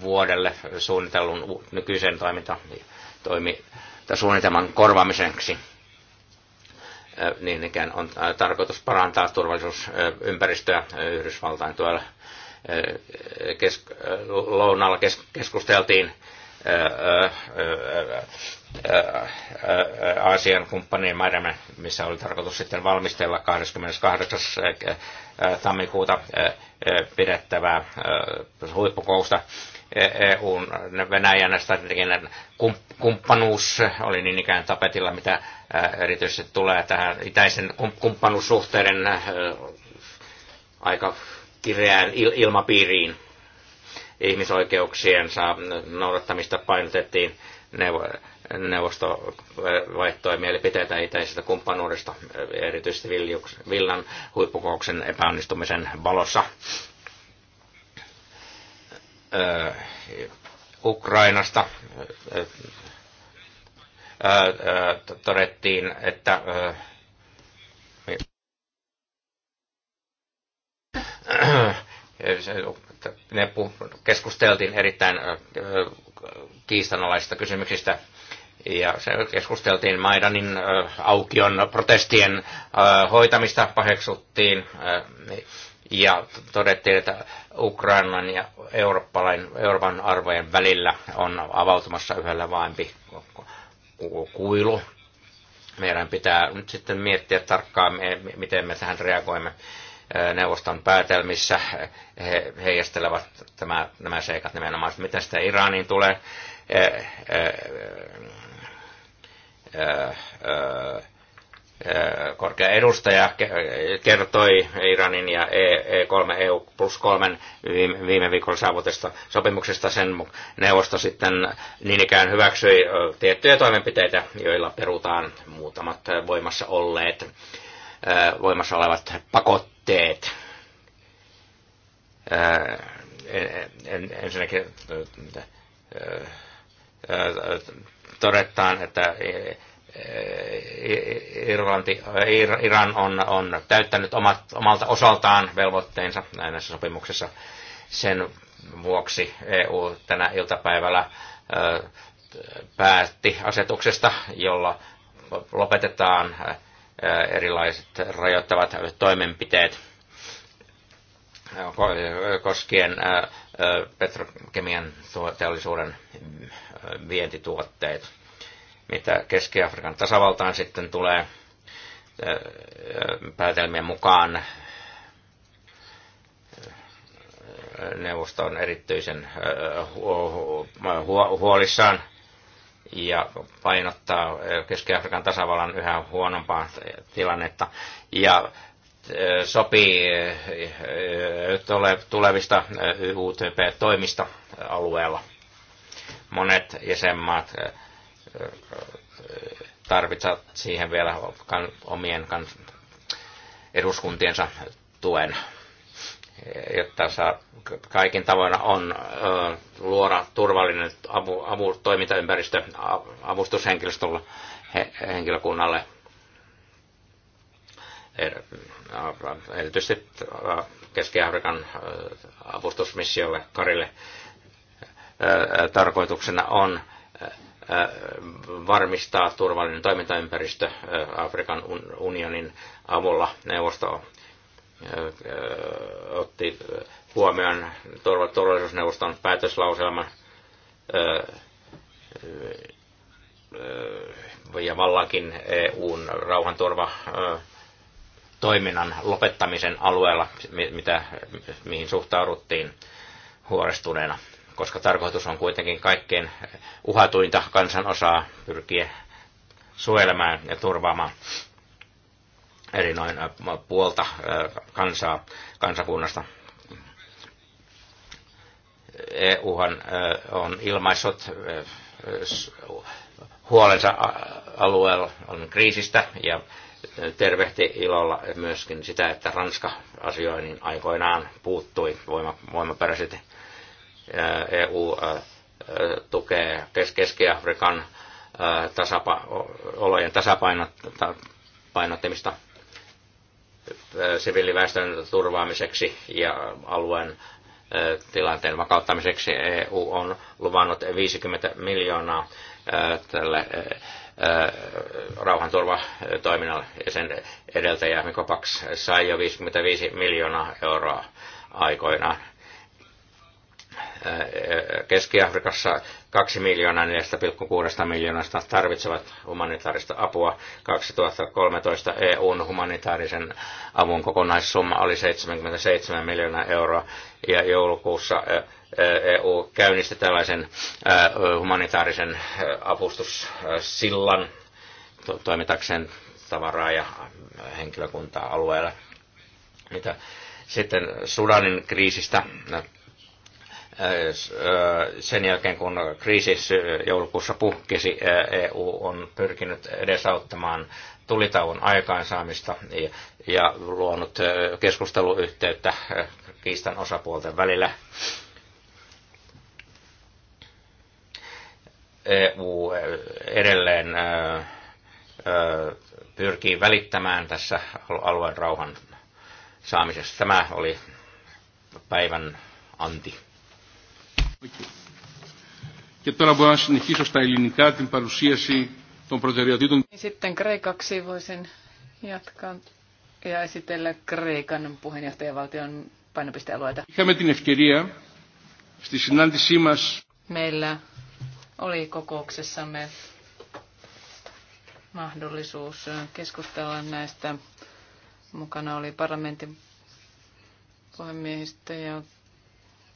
vuodelle suunnitellun nykyisen toiminta, toimi, suunnitelman korvaamiseksi. Niin ikään on tarkoitus parantaa turvallisuusympäristöä Yhdysvaltain tuolla kesk- lounalla kes- keskusteltiin Aasian kumppanien maidemme, missä oli tarkoitus sitten valmistella 28. Eh, eh, tammikuuta eh, pidettävää huippukousta. EUn e Venäjän strateginen kumppanuus oli niin ikään tapetilla, mitä erityisesti tulee tähän itäisen kumppanuussuhteiden aika kireään ilmapiiriin ihmisoikeuksien noudattamista painotettiin neuvosto mielipiteitä itäisestä kumppanuudesta, erityisesti Villan huippukouksen epäonnistumisen valossa. Ukrainasta todettiin, että (clears throat) me keskusteltiin erittäin kiistanalaisista kysymyksistä. Ja se keskusteltiin Maidanin aukion protestien hoitamista, paheksuttiin ja todettiin, että Ukrainan ja Euroopan arvojen välillä on avautumassa yhdellä vaimpi kuilu. Meidän pitää nyt sitten miettiä tarkkaan, miten me tähän reagoimme neuvoston päätelmissä he heijastelevat tämä, nämä seikat nimenomaan. miten sitä Iraniin tulee, eh, eh, eh, korkea edustaja kertoi Iranin ja E3 EU e plus kolmen viime viikolla saavutesta sopimuksesta. Sen neuvosto sitten niin ikään hyväksyi tiettyjä toimenpiteitä, joilla perutaan muutamat voimassa olleet voimassa olevat pakotteet. Ensinnäkin todetaan, että Irlanti, Iran on, on täyttänyt omat, omalta osaltaan velvoitteensa näissä sopimuksessa. Sen vuoksi EU tänä iltapäivällä päätti asetuksesta, jolla lopetetaan Äh, erilaiset rajoittavat toimenpiteet koskien äh, äh, petrokemian teollisuuden vientituotteet. Mitä Keski-Afrikan tasavaltaan sitten tulee päätelmien mukaan, neuvosto on erityisen huolissaan – ja painottaa eh, Keski-Afrikan tasavallan yhä huonompaa tilannetta ja eh, sopii eh, tulevista UTP-toimista alueella. Monet jäsenmaat tarvitsevat siihen vielä omien eduskuntiensa tuen jotta saa kaikin tavoin on ö, luoda turvallinen avu, avu, toimintaympäristö avustushenkilöstölle, he, henkilökunnalle. Er, erityisesti Keski-Afrikan avustusmissiolle Karille tarkoituksena on varmistaa turvallinen toimintaympäristö Afrikan unionin avulla. Neuvosto otti huomioon turvallisuusneuvoston päätöslauselman ja vallakin EUn rauhanturva toiminnan lopettamisen alueella, mitä, mihin suhtauduttiin huolestuneena, koska tarkoitus on kuitenkin kaikkein uhatuinta kansanosaa pyrkiä suojelemaan ja turvaamaan eri noin äh, puolta äh, kansaa, kansakunnasta. EUhan äh, on ilmaissut huolensa alueella on kriisistä ja tervehti ilolla myöskin sitä, että Ranska asioihin aikoinaan puuttui voima, voimaperäisesti. EU tukee Keski-Afrikan tasapa, olojen tasapainottamista siviiliväestön turvaamiseksi ja alueen tilanteen vakauttamiseksi EU on luvannut 50 miljoonaa tälle rauhanturvatoiminnalle ja sen edeltäjä mikopaks sai jo 55 miljoonaa euroa aikoinaan. Keski-Afrikassa 2 miljoonaa 4,6 miljoonasta tarvitsevat humanitaarista apua. 2013 EUn humanitaarisen avun kokonaissumma oli 77 miljoonaa euroa ja joulukuussa EU käynnisti tällaisen humanitaarisen avustussillan toimitakseen tavaraa ja henkilökuntaa alueella. Mitä sitten Sudanin kriisistä no, Äh, sen jälkeen, kun kriisi joulukuussa puhkesi, äh, EU on pyrkinyt edesauttamaan tulitauon aikaansaamista ja luonut äh, keskusteluyhteyttä kiistan osapuolten välillä. EU edelleen pyrkii välittämään tässä alueen rauhan saamisessa. Tämä oli päivän anti. Και τώρα μπορώ να συνεχίσω στα ελληνικά την παρουσίαση των προτεραιοτήτων. Niin sitten kreikaksi voisin jatkaa ja esitellä Kreikan puheenjohtajavaltion painopistealueita. Είχαμε την ευκαιρία στη συνάντησή μας. Meillä oli kokouksessamme mahdollisuus keskustella näistä. Mukana oli parlamentin puhemiehistä ja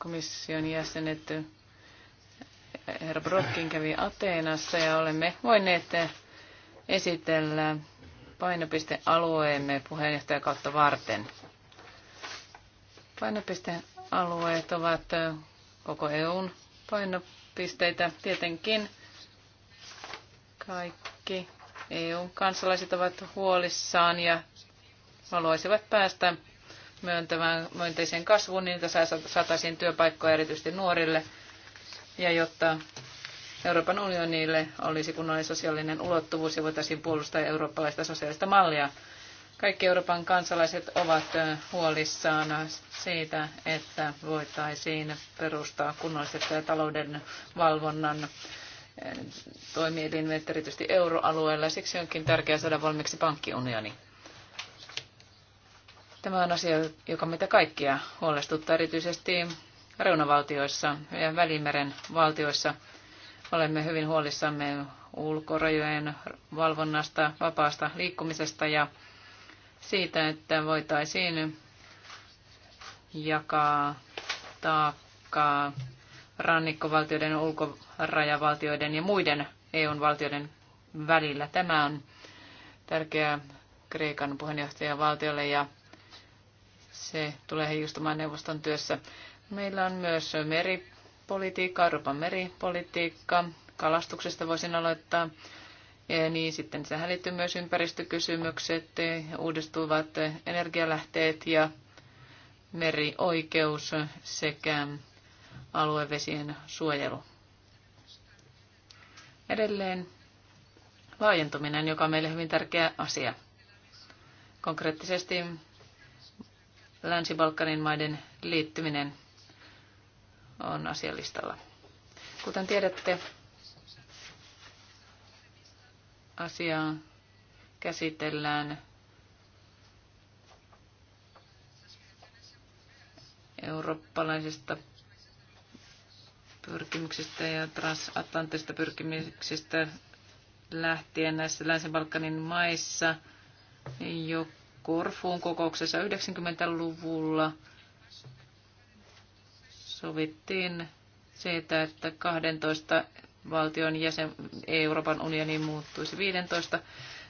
komission jäsenet. Herra Brokkin kävi Ateenassa ja olemme voineet esitellä painopistealueemme kautta varten. Painopistealueet ovat koko EUn painopisteitä tietenkin. Kaikki EUn kansalaiset ovat huolissaan ja haluaisivat päästä myöntämään myönteisen kasvun, niin että saataisiin työpaikkoja erityisesti nuorille ja jotta Euroopan unionille olisi kunnollinen sosiaalinen ulottuvuus ja voitaisiin puolustaa eurooppalaista sosiaalista mallia. Kaikki Euroopan kansalaiset ovat huolissaan siitä, että voitaisiin perustaa kunnolliset talouden valvonnan toimielimet erityisesti euroalueella. Siksi onkin tärkeää saada valmiiksi pankkiunioni. Tämä on asia, joka meitä kaikkia huolestuttaa erityisesti reunavaltioissa ja Välimeren valtioissa. Olemme hyvin huolissamme ulkorajojen valvonnasta, vapaasta liikkumisesta ja siitä, että voitaisiin jakaa taakkaa rannikkovaltioiden, ulkorajavaltioiden ja muiden eu valtioiden välillä. Tämä on tärkeää Kreikan puheenjohtajavaltiolle ja se tulee heijustumaan neuvoston työssä. Meillä on myös meripolitiikka, Euroopan meripolitiikka. Kalastuksesta voisin aloittaa. Ja niin sitten tähän liittyy myös ympäristökysymykset, uudistuvat energialähteet ja merioikeus sekä aluevesien suojelu. Edelleen laajentuminen, joka on meille hyvin tärkeä asia. Konkreettisesti Länsi-Balkanin maiden liittyminen on asialistalla. Kuten tiedätte, asiaa käsitellään eurooppalaisesta pyrkimyksistä ja transatlanttisesta pyrkimyksistä lähtien näissä Länsi-Balkanin maissa, joka Korfuun kokouksessa 90-luvulla sovittiin siitä, että 12 valtion jäsen Euroopan unioni muuttuisi 15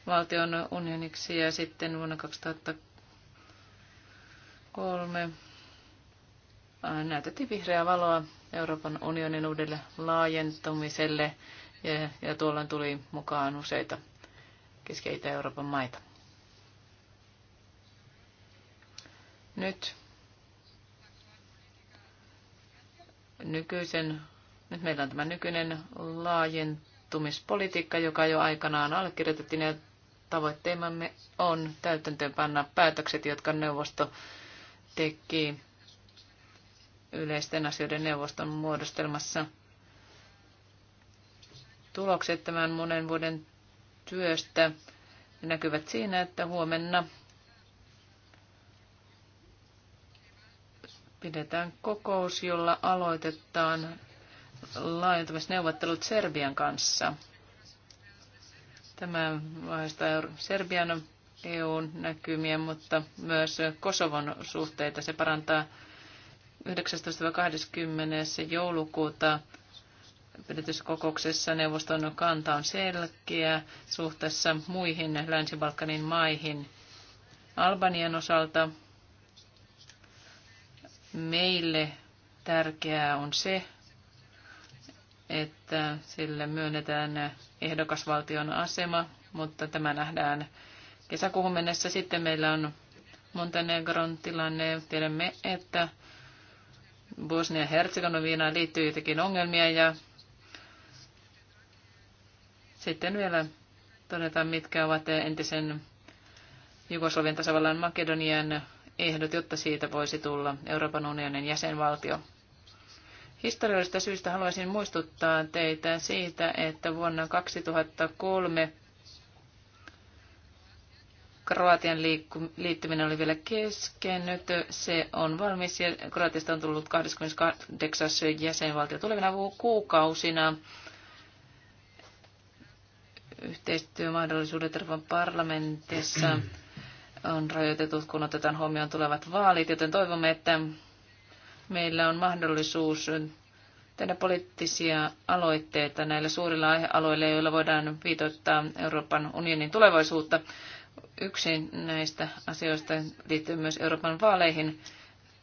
valtion unioniksi ja sitten vuonna 2003 äh, näytettiin vihreää valoa Euroopan unionin uudelle laajentumiselle ja, ja tuolloin tuli mukaan useita keskeitä euroopan maita. Nyt nykyisen, nyt meillä on tämä nykyinen laajentumispolitiikka, joka jo aikanaan allekirjoitettiin ja tavoitteemme on täytäntöönpanna päätökset, jotka neuvosto teki yleisten asioiden neuvoston muodostelmassa. Tulokset tämän monen vuoden työstä näkyvät siinä, että huomenna pidetään kokous, jolla aloitetaan laajentumisneuvottelut Serbian kanssa. Tämä vaiheesta Serbian EUn näkymiä, mutta myös Kosovon suhteita. Se parantaa 19-20. joulukuuta pidetyssä kokouksessa neuvoston kanta on selkeä suhteessa muihin Länsi-Balkanin maihin. Albanian osalta Meille tärkeää on se, että sille myönnetään ehdokasvaltion asema, mutta tämä nähdään kesäkuuhun mennessä. Sitten meillä on Montenegron tilanne. Tiedämme, että Bosnia-Herzegovinaan liittyy jotenkin ongelmia ja sitten vielä todetaan, mitkä ovat entisen Jugoslavian tasavallan Makedonian ehdot, jotta siitä voisi tulla Euroopan unionin jäsenvaltio. Historiallisesta syystä haluaisin muistuttaa teitä siitä, että vuonna 2003 Kroatian liittyminen oli vielä kesken. Nyt se on valmis ja Kroatiasta on tullut 28. jäsenvaltio tulevina kuukausina. Yhteistyömahdollisuudet Euroopan parlamentissa. (clears throat) on rajoitetut, kun otetaan huomioon tulevat vaalit, joten toivomme, että meillä on mahdollisuus tehdä poliittisia aloitteita näillä suurilla aihealueilla, joilla voidaan viitoittaa Euroopan unionin tulevaisuutta. Yksi näistä asioista liittyy myös Euroopan vaaleihin,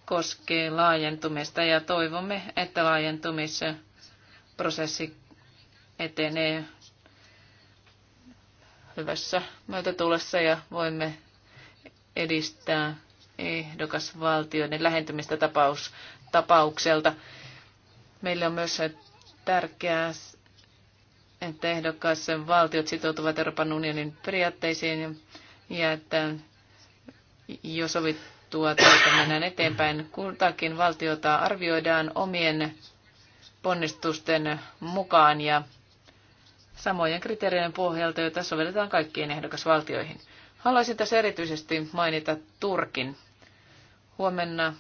koskee laajentumista ja toivomme, että laajentumisprosessi etenee hyvässä myötätulessa ja voimme edistää ehdokasvaltioiden lähentymistä tapaus, tapaukselta. Meille on myös tärkeää, että ehdokkaisen valtiot sitoutuvat Euroopan unionin periaatteisiin ja että jo sovittua tuota mennään eteenpäin. Kultakin valtiota arvioidaan omien ponnistusten mukaan ja samojen kriteerien pohjalta, joita sovelletaan kaikkiin ehdokasvaltioihin. Haluaisin tässä erityisesti mainita Turkin. Huomenna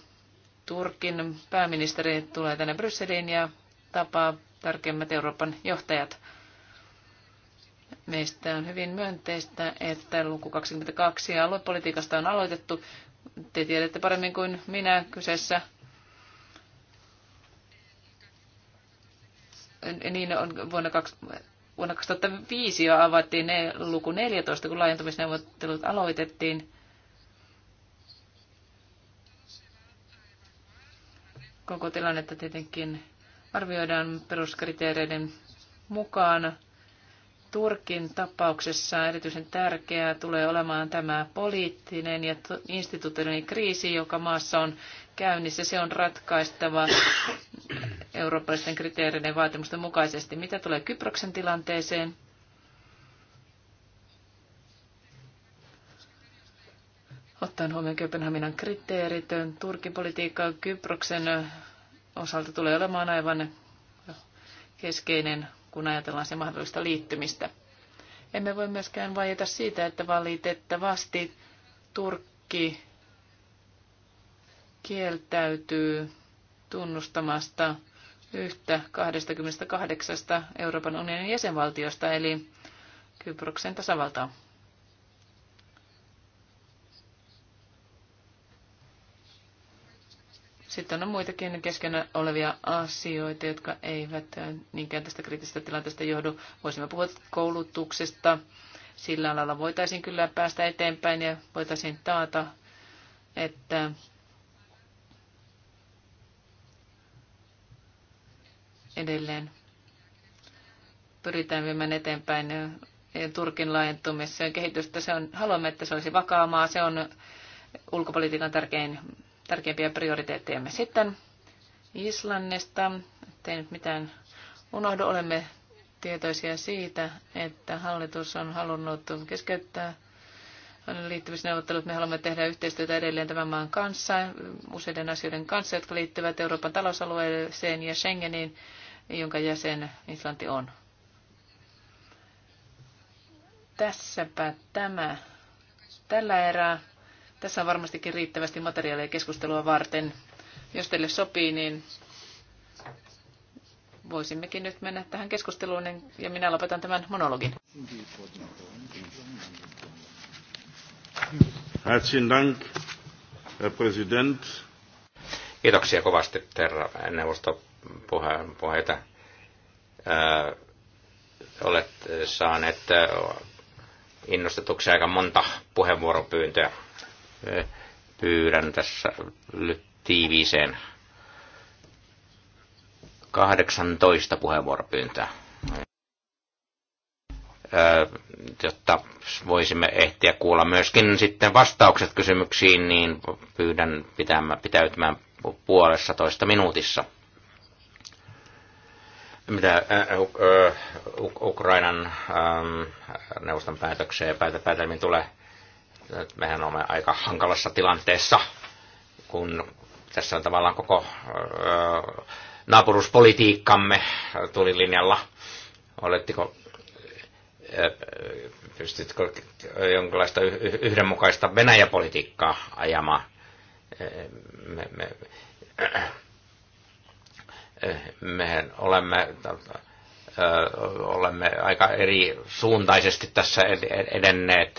Turkin pääministeri tulee tänne Brysseliin ja tapaa tärkeimmät Euroopan johtajat. Meistä on hyvin myönteistä, että luku 22 aluepolitiikasta on aloitettu. Te tiedätte paremmin kuin minä kyseessä. Niin on vuonna Vuonna 2005 jo avattiin ne luku 14, kun laajentumisneuvottelut aloitettiin. Koko tilannetta tietenkin arvioidaan peruskriteereiden mukaan. Turkin tapauksessa erityisen tärkeää tulee olemaan tämä poliittinen ja instituutioiden kriisi, joka maassa on käynnissä. Se on ratkaistava eurooppalaisten kriteereiden vaatimusten mukaisesti. Mitä tulee Kyproksen tilanteeseen? Ottaen huomioon Kööpenhaminan kriteerit, Turkin politiikka Kyproksen osalta tulee olemaan aivan keskeinen, kun ajatellaan se mahdollista liittymistä. Emme voi myöskään vaieta siitä, että valitettavasti Turkki kieltäytyy tunnustamasta yhtä 28 Euroopan unionin jäsenvaltiosta, eli Kyproksen tasavaltaa. Sitten on muitakin keskenä olevia asioita, jotka eivät niinkään tästä kriittisestä tilanteesta johdu. Voisimme puhua koulutuksesta. Sillä alalla voitaisiin kyllä päästä eteenpäin ja voitaisiin taata, että edelleen pyritään viemään eteenpäin Turkin laajentumissa ja kehitystä. Se on, haluamme, että se olisi vakaa maa. Se on ulkopolitiikan tärkein, tärkeimpiä prioriteettejamme. Sitten Islannista. Ei nyt mitään unohdu. Olemme tietoisia siitä, että hallitus on halunnut keskeyttää liittymisneuvottelut. Me haluamme tehdä yhteistyötä edelleen tämän maan kanssa, useiden asioiden kanssa, jotka liittyvät Euroopan talousalueeseen ja Schengeniin jonka jäsen Islanti on. Tässäpä tämä tällä erää. Tässä on varmastikin riittävästi materiaalia keskustelua varten. Jos teille sopii, niin voisimmekin nyt mennä tähän keskusteluun niin- ja minä lopetan tämän monologin. Herzlichen Dank, Herr Präsident. Kiitoksia kovasti, herra neuvosto puheita ää, olet saaneet innostetuksi aika monta puheenvuoropyyntöä. Pyydän tässä nyt tiiviiseen 18 puheenvuoropyyntöä, jotta voisimme ehtiä kuulla myöskin sitten vastaukset kysymyksiin, niin pyydän pitämään, pitäytymään puolessa toista minuutissa mitä Ukrainan neuvoston päätökseen ja päätä, päätelmiin tulee, mehän olemme aika hankalassa tilanteessa, kun tässä on tavallaan koko naapuruspolitiikkamme tulilinjalla. Oletteko pystytkö jonkinlaista yhdenmukaista Venäjäpolitiikkaa ajamaan? Me, me, mehän olemme, olemme aika eri suuntaisesti tässä edenneet.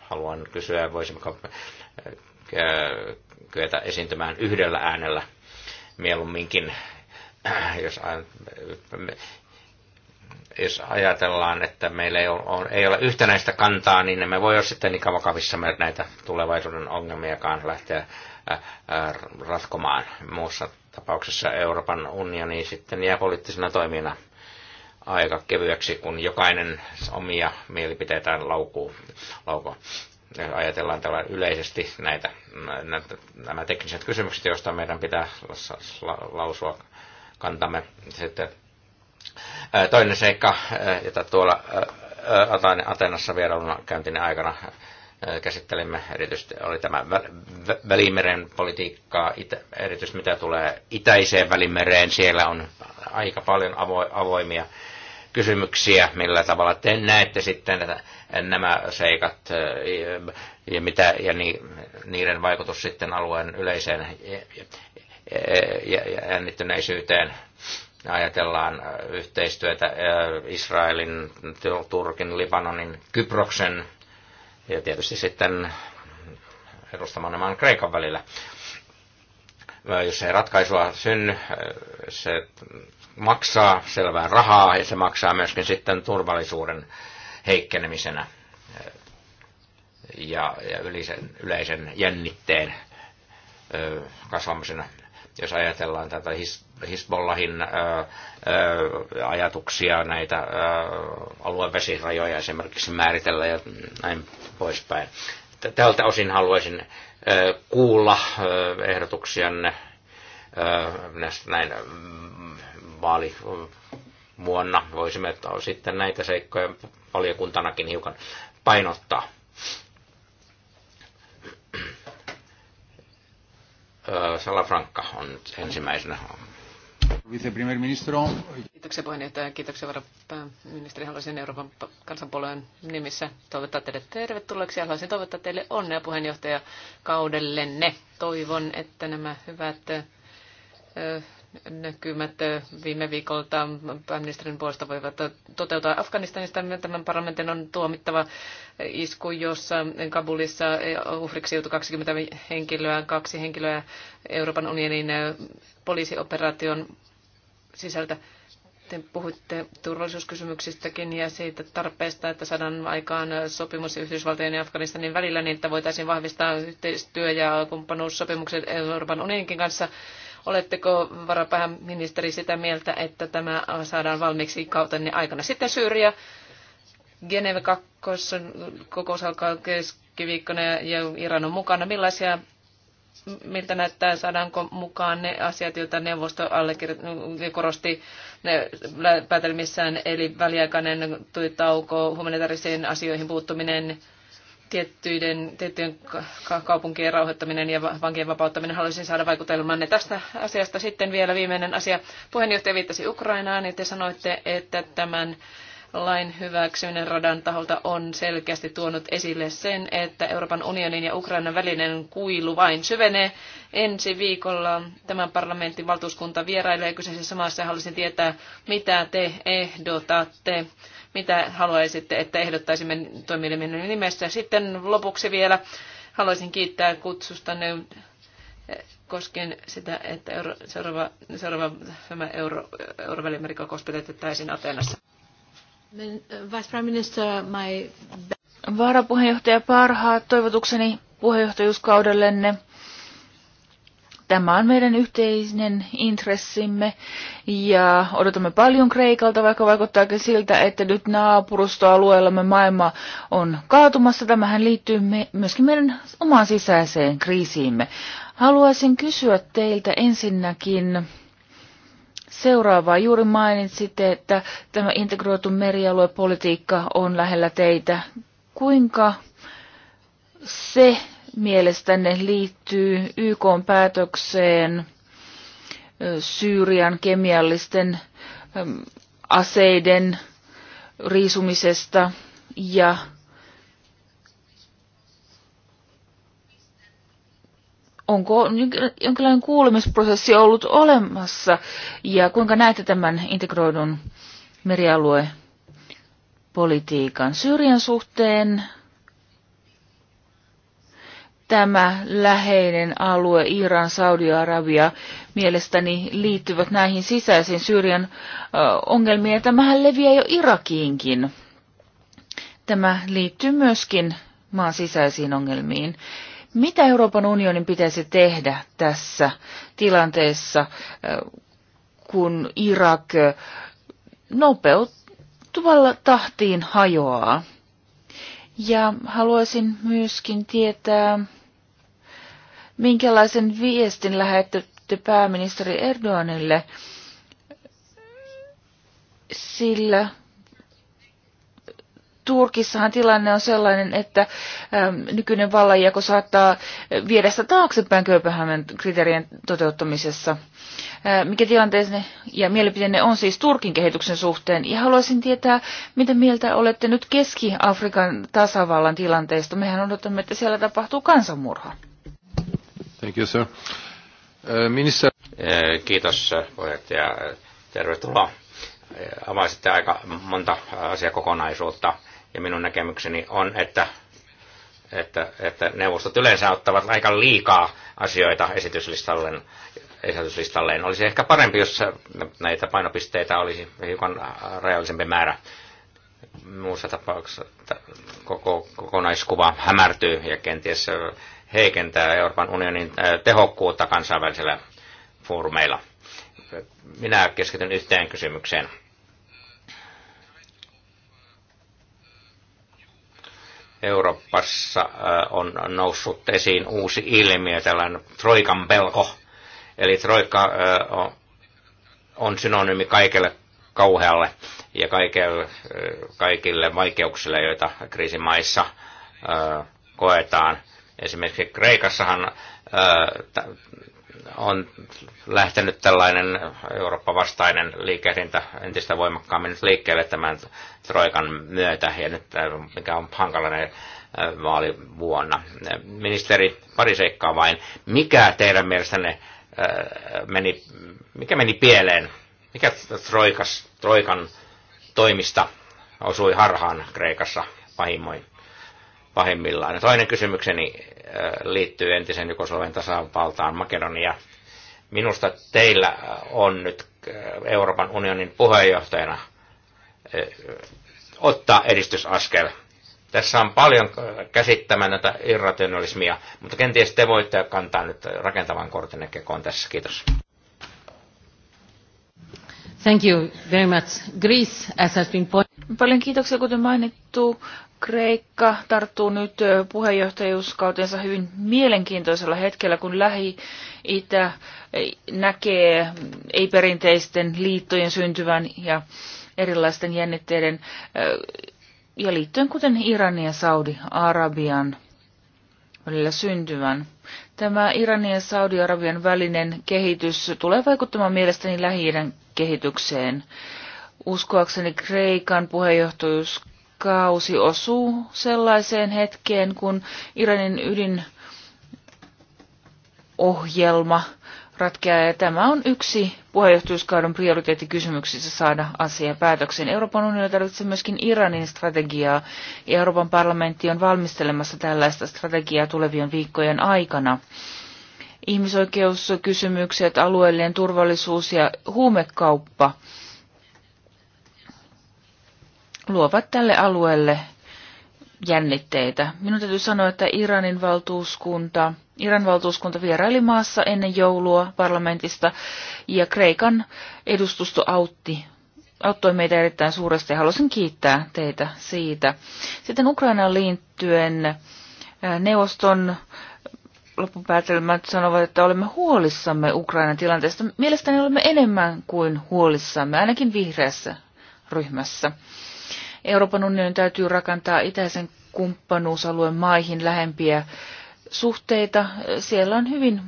Haluan kysyä, voisimmeko kyetä esiintymään yhdellä äänellä mieluumminkin, jos, jos ajatellaan, että meillä ei ole, ei ole yhtenäistä kantaa, niin me voi olla sitten niin vakavissa näitä tulevaisuuden ongelmiakaan lähteä ratkomaan. Muussa tapauksessa Euroopan unioni sitten jää poliittisena toimijana aika kevyeksi, kun jokainen omia mielipiteitään laukuu. laukoo. Jos ajatellaan tällä yleisesti näitä, näitä, nämä tekniset kysymykset, joista meidän pitää lausua kantamme. Sitten toinen seikka, jota tuolla Atenassa vierailun käyntinen aikana Äh, käsittelimme erityisesti oli tämä Välimeren politiikkaa, erityisesti mitä tulee itäiseen Välimereen. Siellä on aika paljon avoimia kysymyksiä, millä tavalla te näette sitten nämä seikat äh, ja, mitä, ja niiden vaikutus sitten alueen yleiseen jännittyneisyyteen. Ajatellaan äh, yhteistyötä Israelin, Turkin, Libanonin, Kyproksen ja tietysti sitten edustamaan maan Kreikan välillä. Jos ei ratkaisua synny, se maksaa selvää rahaa ja se maksaa myöskin sitten turvallisuuden heikkenemisenä ja, ja yleisen, yleisen jännitteen kasvamisena jos ajatellaan tätä Hisbollahin ajatuksia, näitä aluevesirajoja esimerkiksi määritellä ja näin poispäin. Tältä osin haluaisin kuulla ehdotuksianne näin mm, vaali vuonna. Voisimme sitten näitä seikkoja valiokuntanakin hiukan painottaa. Äh, Salafranca on ensimmäisenä. Kiitoksia puheenjohtaja, kiitoksia varapääministeri. Haluaisin Euroopan kansanpuolueen nimissä toivottaa teille tervetulleeksi ja haluaisin toivottaa teille onnea puheenjohtajakaudellenne. Toivon, että nämä hyvät näkymät eh, viime viikolta pääministerin puolesta voivat toteutua Afganistanista. Tämän parlamentin on tuomittava isku, jossa Kabulissa uhriksi joutui 20 henkilöä, kaksi henkilöä Euroopan unionin eh, poliisioperaation sisältä. Te puhuitte turvallisuuskysymyksistäkin ja siitä tarpeesta, että saadaan aikaan sopimus Yhdysvaltojen ja Afganistanin välillä niin, että voitaisiin vahvistaa yhteistyö- ja kumppanuussopimukset Euroopan unioninkin kanssa Oletteko varapääministeri sitä mieltä, että tämä saadaan valmiiksi kautenne aikana? Sitten Syyria. Geneve 2 kokous alkaa keskiviikkona ja Iran on mukana. Millaisia miltä näyttää, saadaanko mukaan ne asiat, joita neuvosto korosti ne päätelmissään, eli väliaikainen tuitauko, humanitaarisiin asioihin puuttuminen, tiettyiden, tiettyjen kaupunkien rauhoittaminen ja vankien vapauttaminen. Haluaisin saada vaikutelmanne tästä asiasta. Sitten vielä viimeinen asia. Puheenjohtaja viittasi Ukrainaan ja te sanoitte, että tämän lain hyväksyminen radan taholta on selkeästi tuonut esille sen, että Euroopan unionin ja Ukrainan välinen kuilu vain syvenee. Ensi viikolla tämän parlamentin valtuuskunta vierailee kyseisessä maassa ja haluaisin tietää, mitä te ehdotatte mitä haluaisitte, että ehdottaisimme toimielimen nimessä. Sitten lopuksi vielä haluaisin kiittää kutsusta, koskien sitä, että euro, seuraava, seuraava tämä euro, eurovälimerikokous pidetettäisiin Atenassa. Varapuheenjohtaja Parhaat, toivotukseni puheenjohtajuuskaudellenne Tämä on meidän yhteinen intressimme ja odotamme paljon Kreikalta, vaikka vaikuttaakin siltä, että nyt naapurustoalueellamme maailma on kaatumassa. Tämähän liittyy me, myöskin meidän omaan sisäiseen kriisiimme. Haluaisin kysyä teiltä ensinnäkin seuraavaa. Juuri mainitsitte, että tämä integroitu merialuepolitiikka on lähellä teitä. Kuinka se mielestänne liittyy YK päätökseen Syyrian kemiallisten aseiden riisumisesta ja onko jonkinlainen kuulemisprosessi ollut olemassa ja kuinka näette tämän integroidun merialuepolitiikan Syyrian suhteen? tämä läheinen alue, Iran, Saudi-Arabia, mielestäni liittyvät näihin sisäisiin Syyrian ongelmiin. Ja tämähän leviää jo Irakiinkin. Tämä liittyy myöskin maan sisäisiin ongelmiin. Mitä Euroopan unionin pitäisi tehdä tässä tilanteessa, kun Irak nopeutuvalla tahtiin hajoaa? Ja haluaisin myöskin tietää, Minkälaisen viestin lähetätte pääministeri Erdoganille? Sillä Turkissahan tilanne on sellainen, että ähm, nykyinen vallanjako saattaa viedä sitä taaksepäin Kööpenhaminan kriteerien toteuttamisessa. Äh, mikä tilanteenne ja mielipiteenne on siis Turkin kehityksen suhteen? Ja haluaisin tietää, mitä mieltä olette nyt Keski-Afrikan tasavallan tilanteesta. Mehän odotamme, että siellä tapahtuu kansanmurha. Thank you, sir. Uh, minister... Eh, kiitos puheenjohtaja. Tervetuloa. Eh, avaisitte aika monta asiakokonaisuutta ja minun näkemykseni on, että, että, että neuvostot yleensä ottavat aika liikaa asioita esityslistalleen. esityslistalleen. Olisi ehkä parempi, jos näitä painopisteitä olisi hiukan rajallisempi määrä. Muussa tapauksessa koko kokonaiskuva hämärtyy ja kenties heikentää Euroopan unionin äh, tehokkuutta kansainvälisillä foorumeilla. Minä keskityn yhteen kysymykseen. Euroopassa äh, on noussut esiin uusi ilmiö, tällainen troikan pelko. Eli troika äh, on synonyymi kaikelle kauhealle ja kaikille, kaikille vaikeuksille, joita kriisimaissa koetaan – Esimerkiksi Kreikassahan on lähtenyt tällainen Eurooppa-vastainen liikehdintä entistä voimakkaammin nyt liikkeelle tämän Troikan myötä, ja nyt, mikä on hankalainen vaalivuonna. Ministeri, pari seikkaa vain. Mikä teidän mielestänne meni, mikä meni pieleen? Mikä Troikas, Troikan toimista osui harhaan Kreikassa pahimmoin? pahimmillaan. Toinen kysymykseni äh, liittyy entisen Jugoslavian tasavaltaan Makedonia. Minusta teillä on nyt äh, Euroopan unionin puheenjohtajana äh, ottaa edistysaskel. Tässä on paljon käsittämätöntä irrationalismia, mutta kenties te voitte kantaa nyt rakentavan kortin kekoon tässä. Kiitos. Paljon kiitoksia, kuten mainittu. Kreikka tarttuu nyt puheenjohtajuuskautensa hyvin mielenkiintoisella hetkellä, kun Lähi-Itä näkee mm, ei-perinteisten liittojen syntyvän ja erilaisten jännitteiden ja liittyen kuten Iranin ja Saudi-Arabian välillä syntyvän. Tämä Iranin ja Saudi-Arabian välinen kehitys tulee vaikuttamaan mielestäni lähi kehitykseen. Uskoakseni Kreikan puheenjohtajuuskausi osuu sellaiseen hetkeen, kun Iranin ydinohjelma ratkeaa, ja tämä on yksi puheenjohtajuuskauden prioriteettikysymyksissä saada asia päätökseen. Euroopan unioni tarvitsee myöskin Iranin strategiaa, ja Euroopan parlamentti on valmistelemassa tällaista strategiaa tulevien viikkojen aikana ihmisoikeuskysymykset, alueellinen turvallisuus ja huumekauppa luovat tälle alueelle jännitteitä. Minun täytyy sanoa, että Iranin valtuuskunta, Iran valtuuskunta vieraili maassa ennen joulua parlamentista ja Kreikan edustusto autti, auttoi meitä erittäin suuresti ja haluaisin kiittää teitä siitä. Sitten Ukrainaan liittyen äh, neuvoston loppupäätelmät sanovat, että olemme huolissamme Ukrainan tilanteesta. Mielestäni olemme enemmän kuin huolissamme, ainakin vihreässä ryhmässä. Euroopan unionin täytyy rakentaa itäisen kumppanuusalueen maihin lähempiä suhteita. Siellä on hyvin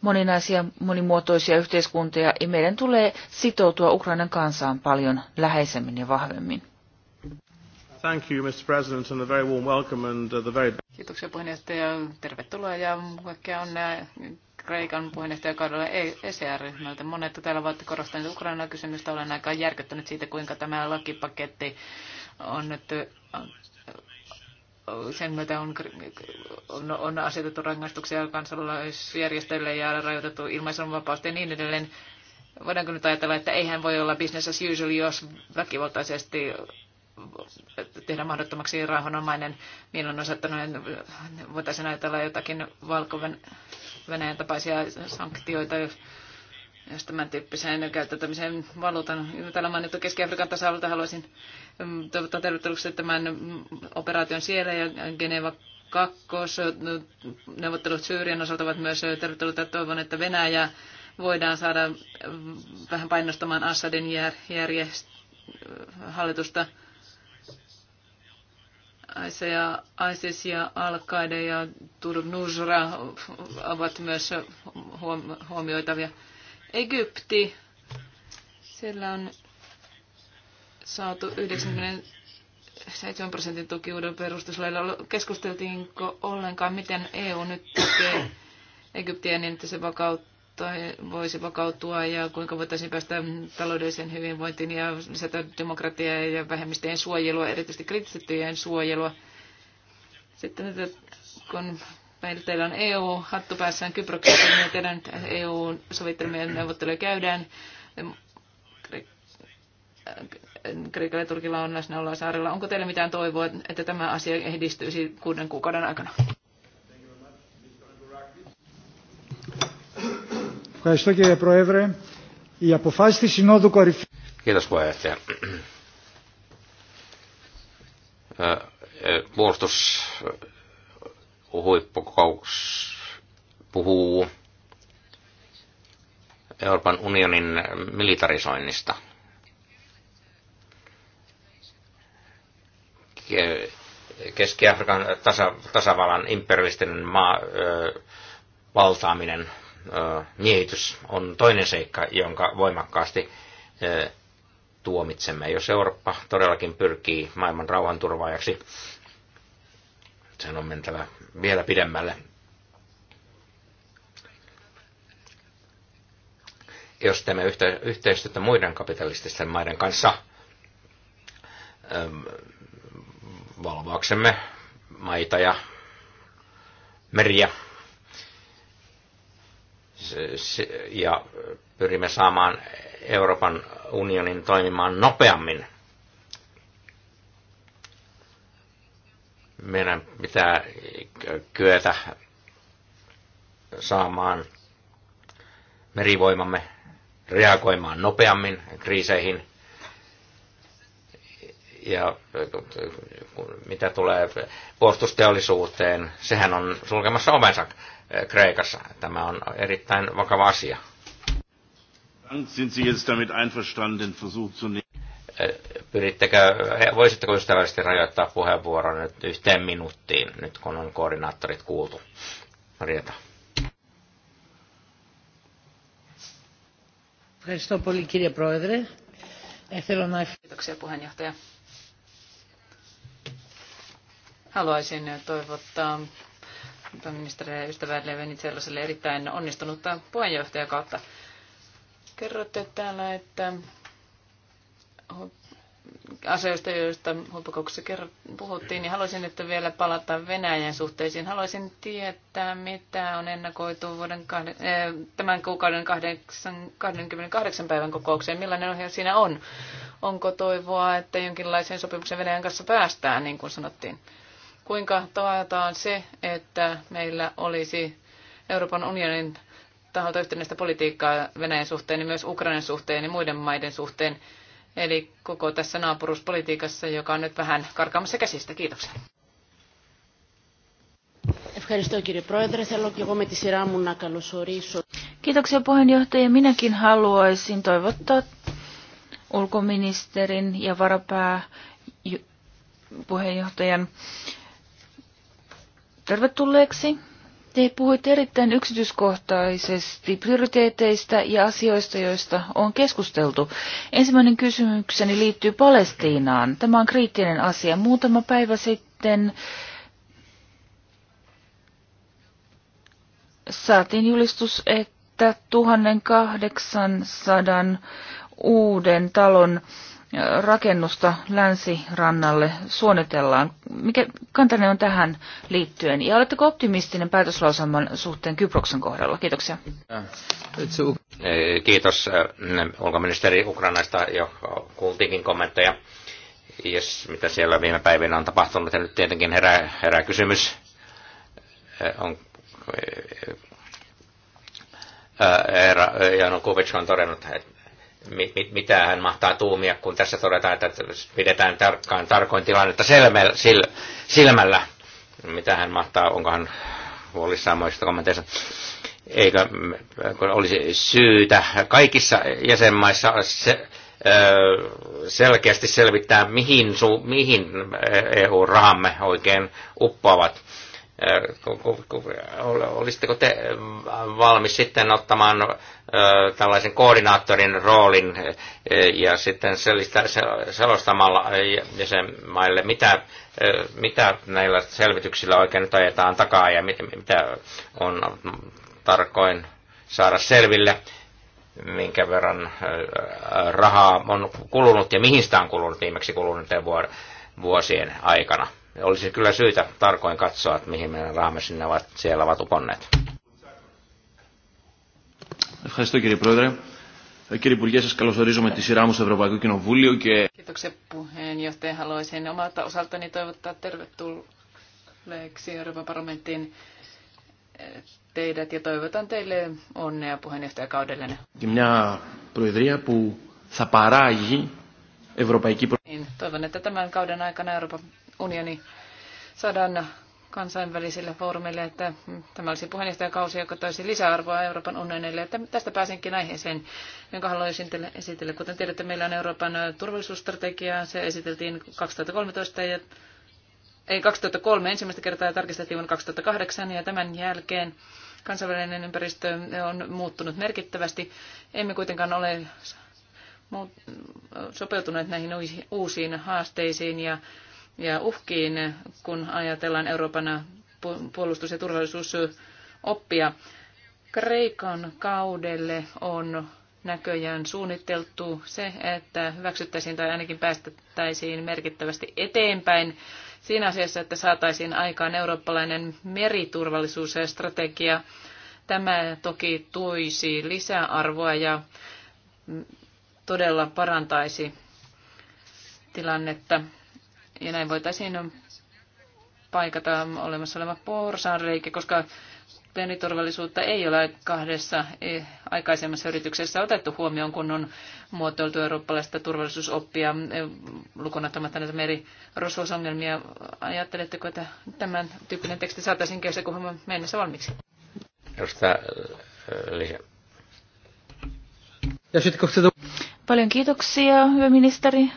moninaisia, monimuotoisia yhteiskuntia ja meidän tulee sitoutua Ukrainan kansaan paljon läheisemmin ja vahvemmin thank you, Mr. President, and a very warm welcome and uh, the very... Kiitoksia puheenjohtaja. Tervetuloa ja kaikkea onnea Kreikan puheenjohtajakaudella ECR-ryhmältä. E Monet täällä ovat korostaneet Ukrainan kysymystä. Olen aika järkyttynyt siitä, kuinka tämä lakipaketti on nyt äh, sen myötä on, on, on asetettu rangaistuksia kansalaisjärjestöille ja rajoitettu ilmaisunvapautta ja niin edelleen. Voidaanko nyt ajatella, että eihän voi olla business as usual, jos väkivaltaisesti tehdä mahdottomaksi rauhanomainen mielenosoittanut. Voitaisiin ajatella jotakin Valko-Venäjän tapaisia sanktioita, jos tämän tyyppiseen käyttäytymiseen valuutan. Täällä mainittu Keski-Afrikan tasavalta haluaisin mm, toivottaa tervetulleeksi tämän operaation siellä ja Geneva kakkos. Neuvottelut Syyrian osalta ovat myös tervetulleita. Toivon, että Venäjä voidaan saada vähän painostamaan Assadin järjestelmää hallitusta ja ISIS ja Al-Qaeda ja Turb Nusra ovat myös huomioitavia. Egypti, siellä on saatu 97 prosentin tuki uuden perustuslailla. Keskusteltiinko ollenkaan, miten EU nyt tekee Egyptiä niin, että se vakauttaa voisi vakautua ja kuinka voitaisiin päästä taloudelliseen hyvinvointiin ja lisätä demokratiaa ja vähemmistöjen suojelua, erityisesti kristittyjen suojelua. Sitten nyt, kun teillä on EU-hattu päässään Kyproksessa, niin teidän eu e sovittelmien neuvotteluja käydään. Kreikalla ja Turkilla on ollaan saarella. Onko teillä mitään toivoa, että tämä asia edistyisi kuuden kuukauden aikana? Ευχαριστώ κύριε Πρόεδρε. Η αποφάση της Συνόδου Κορυφής... Kiitos puheenjohtaja. Puolustushuippukokous puhuu Euroopan unionin militarisoinnista. Keski-Afrikan tasavallan imperialistinen maa, ö, valtaaminen miehitys on toinen seikka, jonka voimakkaasti tuomitsemme. Jos Eurooppa todellakin pyrkii maailman rauhanturvaajaksi, sen on mentävä vielä pidemmälle. Jos teemme yhteistyötä muiden kapitalististen maiden kanssa, valvoaksemme maita ja meriä ja pyrimme saamaan Euroopan unionin toimimaan nopeammin. Meidän pitää kyetä saamaan merivoimamme reagoimaan nopeammin kriiseihin – ja mitä tulee puolustusteollisuuteen, sehän on sulkemassa omensa eh, Kreikassa. Tämä on erittäin vakava asia. Eh, pyrittekö, eh, voisitteko ystävällisesti rajoittaa puheenvuoron nyt yhteen minuuttiin, nyt kun on koordinaattorit kuultu? Rieta. Kiitoksia puheenjohtaja. Haluaisin toivottaa pääministerille ystävälle Venitsellaselle erittäin onnistunutta puheenjohtajakautta. Kerrotte täällä, että asioista, joista huippukokouksessa puhuttiin, niin haluaisin, että vielä palata Venäjän suhteisiin. Haluaisin tietää, mitä on ennakoitu vuoden kahden, eh, tämän kuukauden 8, 28 päivän kokoukseen. Millainen ohje siinä on? Onko toivoa, että jonkinlaiseen sopimuksen Venäjän kanssa päästään, niin kuin sanottiin? Kuinka taataan se, että meillä olisi Euroopan unionin taholta yhtenäistä politiikkaa Venäjän suhteen, ja myös Ukrainan suhteen ja muiden maiden suhteen, eli koko tässä naapuruuspolitiikassa, joka on nyt vähän karkaamassa käsistä. Kiitoksia. Kiitoksia puheenjohtaja. Minäkin haluaisin toivottaa ulkoministerin ja varapää puheenjohtajan tervetulleeksi. Te puhuitte erittäin yksityiskohtaisesti prioriteeteista ja asioista, joista on keskusteltu. Ensimmäinen kysymykseni liittyy Palestiinaan. Tämä on kriittinen asia. Muutama päivä sitten saatiin julistus, että 1800 uuden talon rakennusta länsirannalle suunnitellaan. Mikä kantanne on tähän liittyen? Ja oletteko optimistinen päätöslauselman suhteen Kyproksen kohdalla? Kiitoksia. Kiitos eh, ulkoministeri Ukrainaista jo kuultiinkin kommentteja, Yes, mitä siellä viime päivinä on tapahtunut. Ja nyt tietenkin herää, herää kysymys, eh, on, Eera eh, Janukovic on todennut, että mitä hän mahtaa tuumia, kun tässä todetaan, että pidetään tarkkaan tarkoin tilannetta selmällä, sil, silmällä. Mitä hän mahtaa, onko hän huolissaan muista kommenteista. Eikö olisi syytä kaikissa jäsenmaissa se, selkeästi selvittää, mihin, su, mihin EU-rahamme oikein uppoavat. Olisitteko te valmis sitten ottamaan tällaisen koordinaattorin roolin ja sitten selostamalla jäsenmaille, mitä, mitä näillä selvityksillä oikein nyt ajetaan takaa ja mitä on tarkoin saada selville, minkä verran rahaa on kulunut ja mihin sitä on kulunut viimeksi kuluneiden vuosien aikana. Olisi kyllä syytä tarkoin katsoa, että mihin meidän rahamme sinne ovat, siellä ovat uponneet. Ευχαριστώ κύριε Πρόεδρε. Κύριε Υπουργέ, σα καλωσορίζω με τη σειρά μου στο Ευρωπαϊκό Κοινοβούλιο και... Kiitoksia puheenjohtaja. Haluaisin omalta osaltani toivottaa tervetulleeksi Euroopan parlamenttiin eh, teidät ja toivotan teille onnea puheenjohtajakaudellenne. Και μια προεδρία που θα παράγει ευρωπαϊκή... Niin, toivon, että tämän kauden aikana Euroopan unioni saadaan kansainvälisille foorumille, että tämä olisi puheenjohtajakausi, joka toisi lisäarvoa Euroopan unionille. Että tästä pääsenkin aiheeseen, jonka haluaisin teille esitellä. Kuten tiedätte, meillä on Euroopan turvallisuusstrategia. Se esiteltiin 2013 ja ei 2003 ensimmäistä kertaa ja tarkistettiin vuonna 2008 ja tämän jälkeen kansainvälinen ympäristö on muuttunut merkittävästi. Emme kuitenkaan ole sopeutuneet näihin uusiin haasteisiin ja ja uhkiin, kun ajatellaan Euroopan puolustus- ja turvallisuusoppia. Kreikan kaudelle on näköjään suunniteltu se, että hyväksyttäisiin tai ainakin päästettäisiin merkittävästi eteenpäin siinä asiassa, että saataisiin aikaan eurooppalainen meriturvallisuusstrategia. Tämä toki tuisi lisäarvoa ja todella parantaisi tilannetta. Ja näin voitaisiin paikata olemassa oleva reikä, koska peniturvallisuutta ei ole kahdessa e, aikaisemmassa yrityksessä otettu huomioon, kun on muotoiltu eurooppalaista turvallisuusoppia e, lukunottamatta näitä merirosuusongelmia. Ajatteletteko, että tämän tyyppinen teksti saataisiin kesäkuuhun mennessä valmiiksi? Edustaja e, Lisä. Paljon kiitoksia, hyvä ministeri.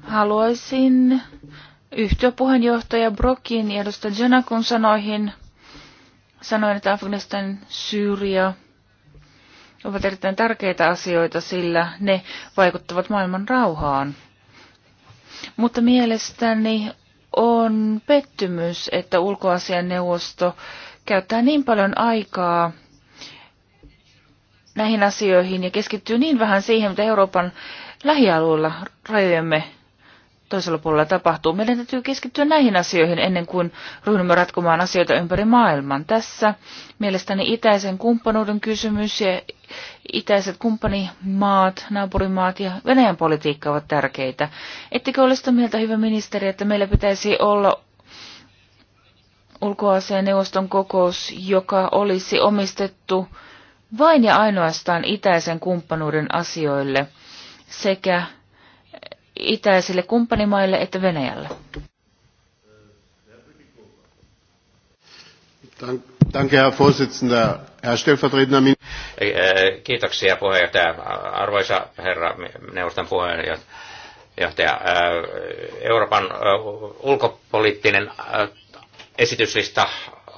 Haluaisin yhtyä puheenjohtaja Brokin ja edustaja Jonakun sanoihin. Sanoin, että Afganistan, Syyria ovat erittäin tärkeitä asioita, sillä ne vaikuttavat maailman rauhaan. Mutta mielestäni on pettymys, että ulkoasianneuvosto käyttää niin paljon aikaa näihin asioihin ja keskittyy niin vähän siihen, mitä Euroopan lähialueella rajojemme toisella puolella tapahtuu. Meidän täytyy keskittyä näihin asioihin ennen kuin ryhdymme ratkomaan asioita ympäri maailman. Tässä mielestäni itäisen kumppanuuden kysymys ja itäiset kumppanimaat, naapurimaat ja Venäjän politiikka ovat tärkeitä. Ettekö ole sitä mieltä, hyvä ministeri, että meillä pitäisi olla ulkoasian neuvoston kokous, joka olisi omistettu vain ja ainoastaan itäisen kumppanuuden asioille – sekä itäisille kumppanimaille että Venäjälle. Äh, äh, kiitoksia puheenjohtaja. Arvoisa herra neuvoston puheenjohtaja, äh, Euroopan ulkopoliittinen esityslista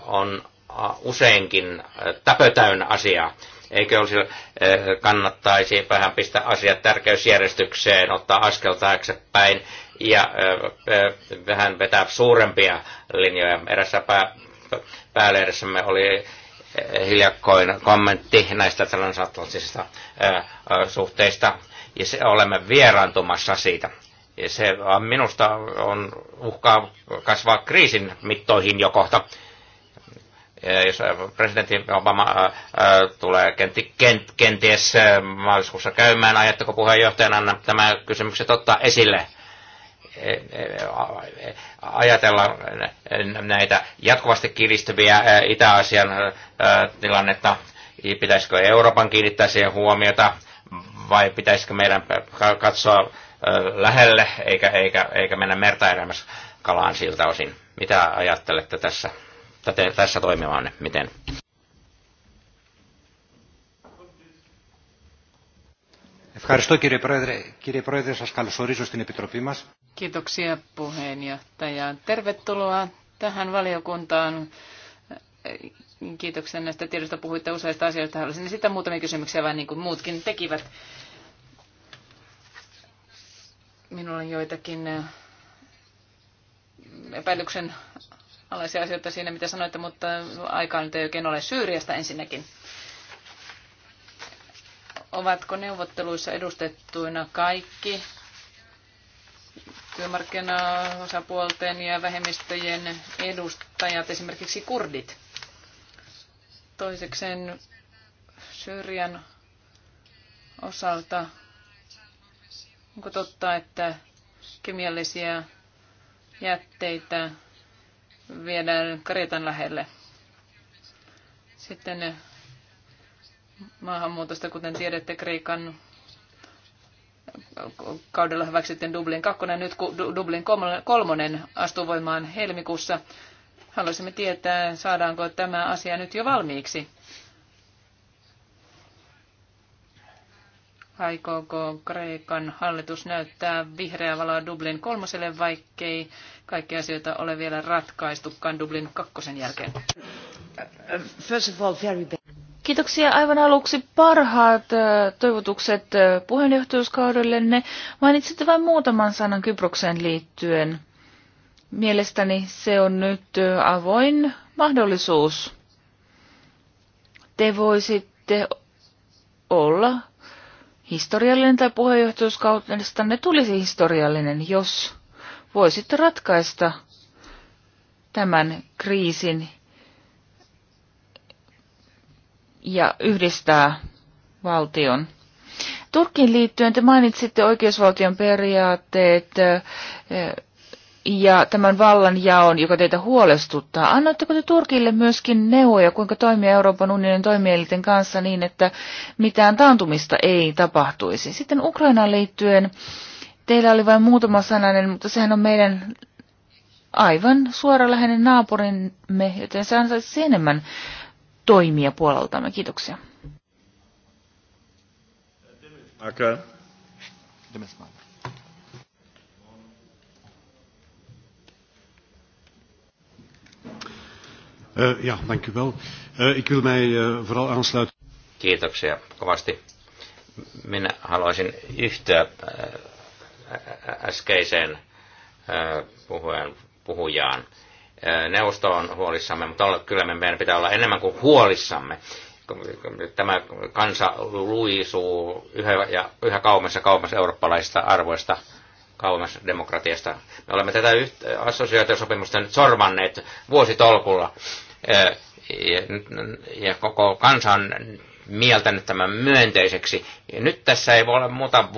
on useinkin täpötäyn asiaa Eikö olisi, eh, kannattaisi vähän pistää asiat tärkeysjärjestykseen, ottaa askel taaksepäin ja eh, eh, vähän vetää suurempia linjoja. Erässä pää, pääleirissämme oli hiljakkoin kommentti näistä transatlanttisista suhteista, ja se, olemme vieraantumassa siitä. Ja se minusta on uhkaa kasvaa kriisin mittoihin jo kohta jos äh, presidentti Obama äh, äh, tulee kenties maaliskuussa käymään, ajatteko puheenjohtajana nämä kysymykset ottaa esille? E, e, e, ajatella näitä jatkuvasti kiristyviä Itä-Asian tilannetta, pitäisikö Euroopan kiinnittää siihen huomiota vai pitäisikö meidän katsoa lähelle eikä, eikä, eikä mennä merta kalaan siltä osin? Mitä ajattelette tässä tätä, tässä toimimaan miten? Ευχαριστώ κύριε Πρόεδρε. Κύριε Πρόεδρε, σας καλωσορίζω στην Επιτροπή μας. Kiitoksia puheenjohtaja. Tervetuloa tähän valiokuntaan. Kiitoksia näistä tiedosta. Puhuitte useista asioista. Haluaisin sitä muutamia kysymyksiä, vaan niin kuin muutkin tekivät. Minulla on joitakin epäilyksen alaisia asioita siinä, mitä sanoitte, mutta aikaa nyt ei oikein ole Syyriasta ensinnäkin. Ovatko neuvotteluissa edustettuina kaikki työmarkkinaosapuolten ja vähemmistöjen edustajat, esimerkiksi kurdit? Toisekseen Syyrian osalta, onko totta, että kemiallisia jätteitä viedään Kreetan lähelle. Sitten maahanmuutosta, kuten tiedätte, Kreikan kaudella hyväksyttiin Dublin 2, nyt kun Dublin 3 astuu voimaan helmikuussa. Haluaisimme tietää, saadaanko tämä asia nyt jo valmiiksi. Aikooko Kreikan hallitus näyttää vihreää valoa Dublin kolmoselle, vaikkei kaikkia asioita ole vielä ratkaistukaan Dublin kakkosen jälkeen? First of all, very bad. Kiitoksia aivan aluksi parhaat toivotukset puheenjohtajuuskaudellenne. Mainitsitte vain muutaman sanan Kyprokseen liittyen. Mielestäni se on nyt avoin mahdollisuus. Te voisitte olla historiallinen tai puheenjohtajuuskautta, ne tulisi historiallinen, jos voisitte ratkaista tämän kriisin ja yhdistää valtion. Turkin liittyen te mainitsitte oikeusvaltion periaatteet, ja tämän vallan jaon, joka teitä huolestuttaa. Annatteko te Turkille myöskin neuvoja, kuinka toimia Euroopan unionin toimielinten kanssa niin, että mitään taantumista ei tapahtuisi? Sitten Ukrainaan liittyen, teillä oli vain muutama sananen, mutta sehän on meidän aivan suora läheinen naapurimme, joten se ansaisi enemmän toimia puoleltamme. Kiitoksia. Okay. Demesmaker. Eh, ja, dank u wel. Eh, ik wil mij eh, vooral aansluiten. Kiitoksia kovasti. Minä haluaisin yhtyä äskeiseen puhujaan. Neuvosto on huolissamme, mutta kyllä meidän pitää olla enemmän kuin huolissamme tämä kansa luisuu yhä, ja yhä kauemmassa kauemmas eurooppalaisista arvoista, kauemmas demokratiasta. Me olemme tätä assosiaatiosopimusta nyt sormanneet vuositolkulla ja koko kansa on mieltänyt tämän myönteiseksi. Ja nyt tässä ei voi olla muuta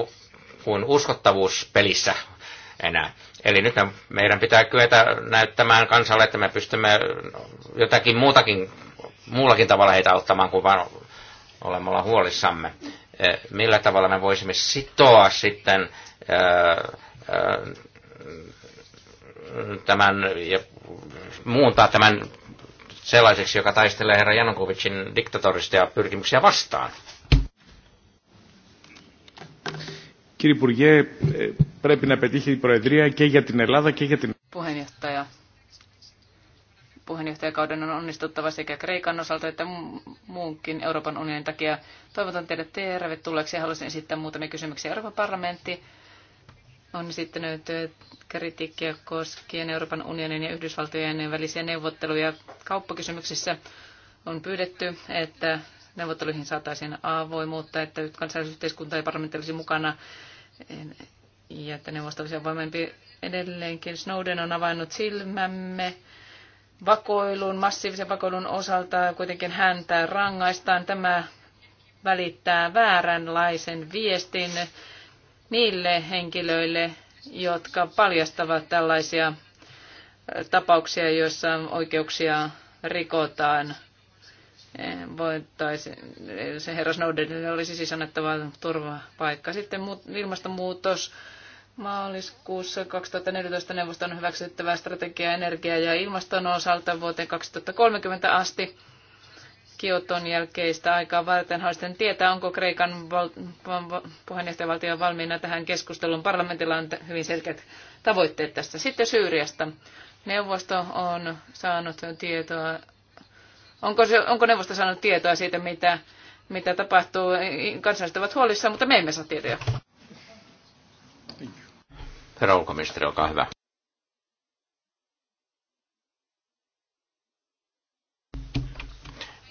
kuin uskottavuus pelissä enää. Eli nyt meidän pitää kyetä näyttämään kansalle, että me pystymme jotakin muutakin, muullakin tavalla heitä auttamaan kuin vain olemalla huolissamme. Millä tavalla me voisimme sitoa sitten tämän ja muuntaa tämän sellaiseksi, joka taistelee herra Janukovicin diktatorista pyrkimyksiä vastaan? Puheenjohtaja. Puheenjohtajakauden on onnistuttava sekä Kreikan osalta että muunkin Euroopan unionin takia. Toivotan teidät tervetulleeksi ja haluaisin esittää muutamia kysymyksiä. Euroopan parlamenttiin on esittänyt eh, kritiikkiä koskien Euroopan unionin ja Yhdysvaltojen välisiä neuvotteluja. Kauppakysymyksissä on pyydetty, että neuvotteluihin saataisiin avoimuutta, että kansallisyhteiskunta ei parlamentti olisi mukana ja että neuvosto olisi avoimempi edelleenkin. Snowden on avannut silmämme vakoilun, massiivisen vakoilun osalta kuitenkin häntä rangaistaan. Tämä välittää vääränlaisen viestin niille henkilöille, jotka paljastavat tällaisia äh, tapauksia, joissa oikeuksia rikotaan. Eh, Voitaisiin, eh, se herra Snowdenille olisi siis annettava turvapaikka. Sitten ilmastonmuutos. Maaliskuussa 2014 neuvoston hyväksyttävää strategiaa energia- ja ilmaston osalta vuoteen 2030 asti Kioton jälkeistä aikaa varten. Haluaisin tietää, onko Kreikan val- puheenjohtajavaltio valmiina tähän keskusteluun. Parlamentilla on hyvin selkeät tavoitteet tästä. Sitten Syyriasta. Neuvosto on saanut tietoa. Onko, se, onko neuvosto saanut tietoa siitä, mitä, mitä tapahtuu? Kansalaiset ovat huolissaan, mutta me emme saa tietoja. Herra ulkoministeri, olkaa hyvä.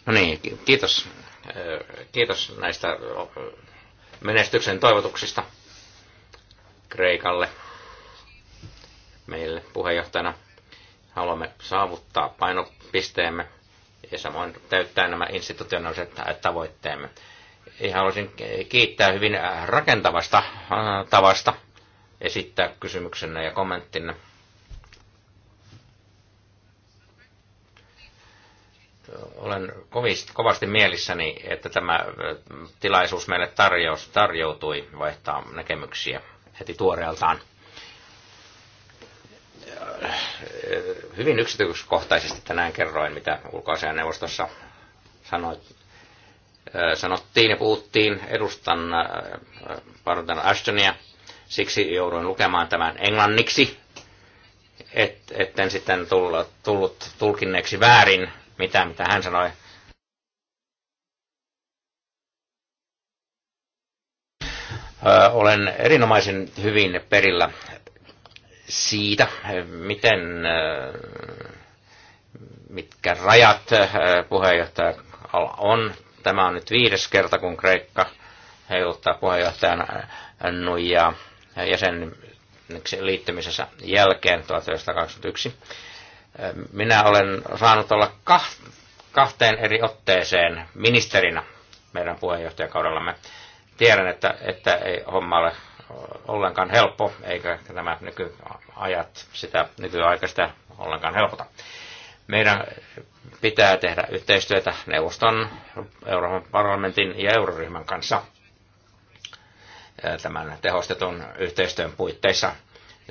No niin, kiitos. Äh, kiitos näistä äh, menestyksen toivotuksista Kreikalle. Meille puheenjohtajana haluamme saavuttaa painopisteemme ja samoin täyttää nämä institutionaaliset tavoitteemme. Ihan haluaisin kiittää hyvin rakentavasta äh, tavasta esittää kysymyksenne ja kommenttinne. olen kovasti mielissäni, että tämä tilaisuus meille tarjous, tarjoutui vaihtaa näkemyksiä heti tuoreeltaan. Hyvin yksityiskohtaisesti tänään kerroin, mitä ulkoasian neuvostossa sanoit, sanottiin ja puhuttiin. Edustan Barton Ashtonia, siksi jouduin lukemaan tämän englanniksi, et, etten sitten tullut, tullut tulkinneeksi väärin mitä, mitä hän sanoi. Olen erinomaisen hyvin perillä siitä, miten, mitkä rajat puheenjohtaja on. Tämä on nyt viides kerta, kun Kreikka heiluttaa puheenjohtajan nuijaa jäsen liittymisessä jälkeen 1921. Minä olen saanut olla kahteen eri otteeseen ministerinä meidän puheenjohtajakaudellamme. Tiedän, että, että ei homma ole ollenkaan helppo, eikä tämä nykyajat sitä nykyaikaista ollenkaan helpota. Meidän pitää tehdä yhteistyötä neuvoston, Euroopan parlamentin ja euroryhmän kanssa tämän tehostetun yhteistyön puitteissa –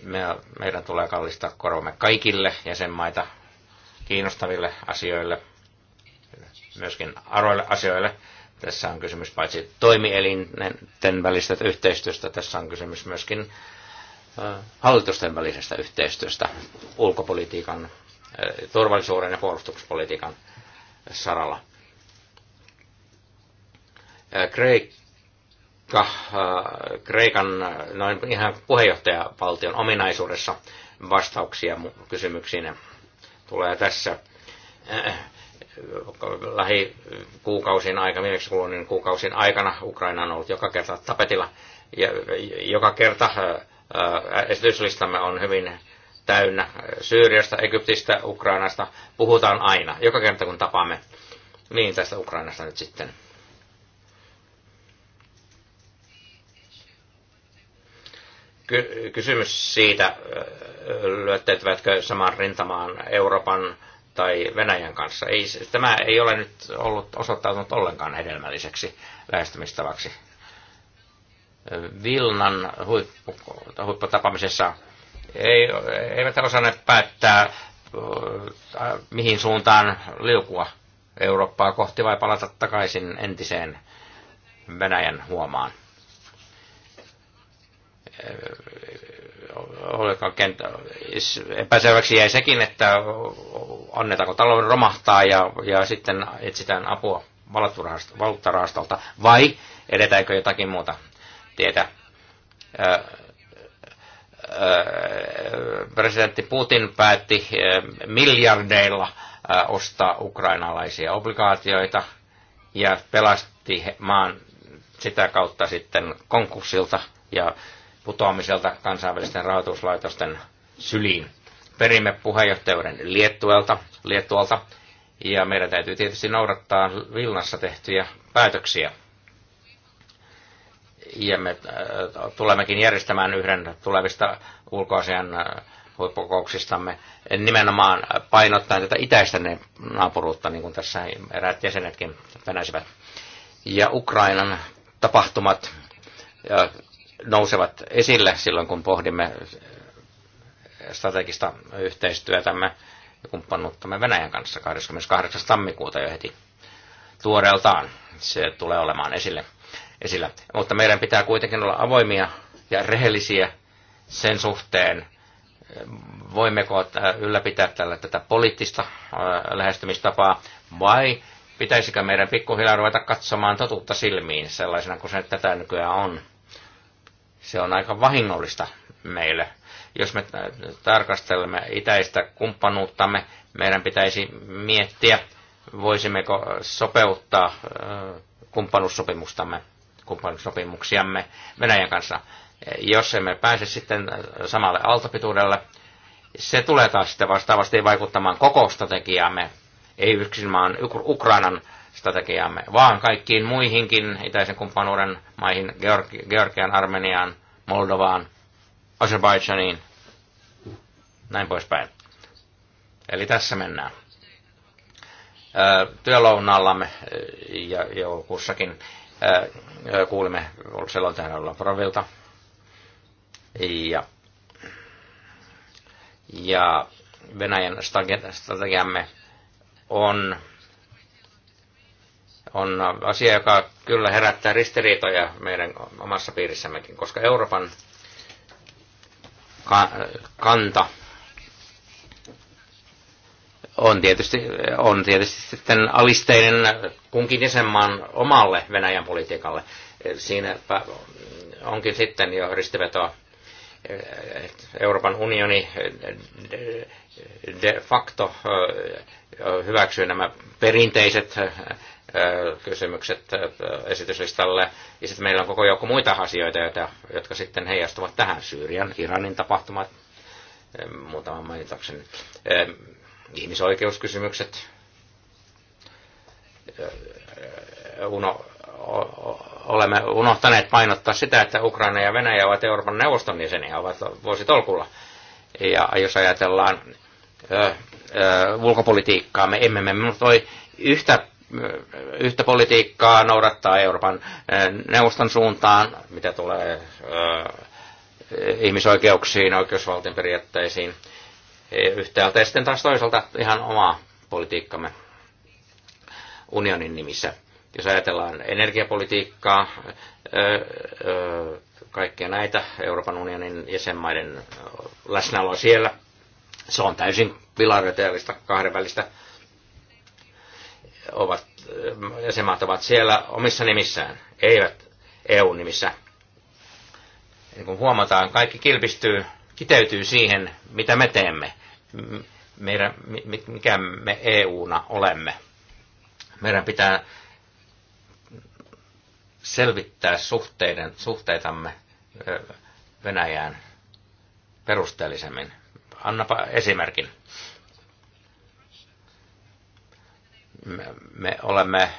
me, meidän tulee kallistaa korvamme kaikille jäsenmaita kiinnostaville asioille, myöskin aroille asioille. Tässä on kysymys paitsi toimielinten välistä yhteistyöstä, tässä on kysymys myöskin hallitusten välisestä yhteistyöstä ulkopolitiikan, turvallisuuden ja puolustuspolitiikan saralla. Kreik- äh, Kreikan noin ihan puheenjohtajavaltion ominaisuudessa vastauksia kysymyksiin tulee tässä äh, lähikuukausien aikana, viimeksi kuluneen kuukausien aikana Ukraina on ollut joka kerta tapetilla. Ja joka kerta esityslistamme on hyvin täynnä. Syyriasta, Egyptistä, Ukrainasta puhutaan aina, joka kerta kun tapaamme. Niin tästä Ukrainasta nyt sitten. ky- kysymys siitä, lyöttäytyvätkö samaan rintamaan Euroopan tai Venäjän kanssa. Ei, tämä ei ole nyt ollut osoittautunut ollenkaan hedelmälliseksi lähestymistavaksi. Vilnan huippu, huipputapaamisessa ei, eivät osanneet päättää, mihin suuntaan liukua Eurooppaa kohti vai palata takaisin entiseen Venäjän huomaan. Äh, ollenkaan kenttä. Epäselväksi jäi sekin, että annetaanko talouden romahtaa ja, ja sitten etsitään apua valuuttarahastolta vai edetäänkö jotakin muuta tietä. Äh, äh, presidentti Putin päätti miljardeilla ostaa ukrainalaisia obligaatioita ja pelasti maan sitä kautta sitten konkurssilta ja putoamiselta kansainvälisten rahoituslaitosten syliin. Perimme puheenjohtajuuden Liettuelta, Liettualta ja meidän täytyy tietysti noudattaa Vilnassa tehtyjä päätöksiä. Ja me äh, tulemmekin järjestämään yhden tulevista ulkoasian äh, huippukouksistamme nimenomaan painottaen tätä itäistä naapuruutta, niin kuin tässä eräät jäsenetkin penäsivät. Ja Ukrainan tapahtumat äh, nousevat esille silloin, kun pohdimme strategista yhteistyötämme ja kumppanuuttamme Venäjän kanssa 28. tammikuuta jo heti tuoreeltaan. Se tulee olemaan esille, esillä. Mutta meidän pitää kuitenkin olla avoimia ja rehellisiä sen suhteen, voimmeko ylläpitää tällä tätä poliittista lähestymistapaa vai pitäisikö meidän pikkuhiljaa ruveta katsomaan totuutta silmiin sellaisena kuin se tätä nykyään on se on aika vahingollista meille. Jos me tarkastelemme itäistä kumppanuuttamme, meidän pitäisi miettiä, voisimmeko sopeuttaa kumppanuussopimustamme, kumppanuussopimuksiamme Venäjän kanssa. Jos emme pääse sitten samalle altapituudelle, se tulee taas sitten vastaavasti vaikuttamaan koko strategiaamme, ei yksin maan Ukrainan strategiaamme, vaan kaikkiin muihinkin itäisen kumppanuuden maihin, Georgian, Armeniaan, Moldovaan, Azerbaijaniin, näin poispäin. Eli tässä mennään. Työlounallamme ja joulukuussakin kuulimme selonteon Lavrovilta. Ja, ja Venäjän strategiamme on on asia, joka kyllä herättää ristiriitoja meidän omassa piirissämmekin, koska Euroopan kanta on tietysti, on tietysti sitten alisteinen kunkin jäsenmaan omalle Venäjän politiikalle. Siinä onkin sitten jo ristivetoa Euroopan unioni de facto hyväksyy nämä perinteiset kysymykset esityslistalle. Ja sitten meillä on koko joukko muita asioita, joita, jotka sitten heijastuvat tähän Syyrian, Iranin tapahtumat, muutaman mainitakseni, ihmisoikeuskysymykset, uno, olemme unohtaneet painottaa sitä, että Ukraina ja Venäjä ovat Euroopan neuvoston jäseniä, ovat vuositolkulla. Ja jos ajatellaan ö, ö, ulkopolitiikkaa, me emme me voi yhtä yhtä politiikkaa noudattaa Euroopan neuvoston suuntaan, mitä tulee ihmisoikeuksiin, oikeusvaltion periaatteisiin e, yhtäältä ja sitten taas toisaalta ihan omaa politiikkamme unionin nimissä. Jos ajatellaan energiapolitiikkaa, kaikkia näitä Euroopan unionin jäsenmaiden läsnäoloa siellä, se on täysin pilareteellista kahdenvälistä ovat, jäsenmaat ovat siellä omissa nimissään, eivät EU-nimissä. Niin kun huomataan, kaikki kilpistyy, kiteytyy siihen, mitä me teemme, meidän, mikä me EU: EU-na olemme. Meidän pitää selvittää suhteiden, suhteitamme Venäjään perusteellisemmin. Annapa esimerkin. me, me olemme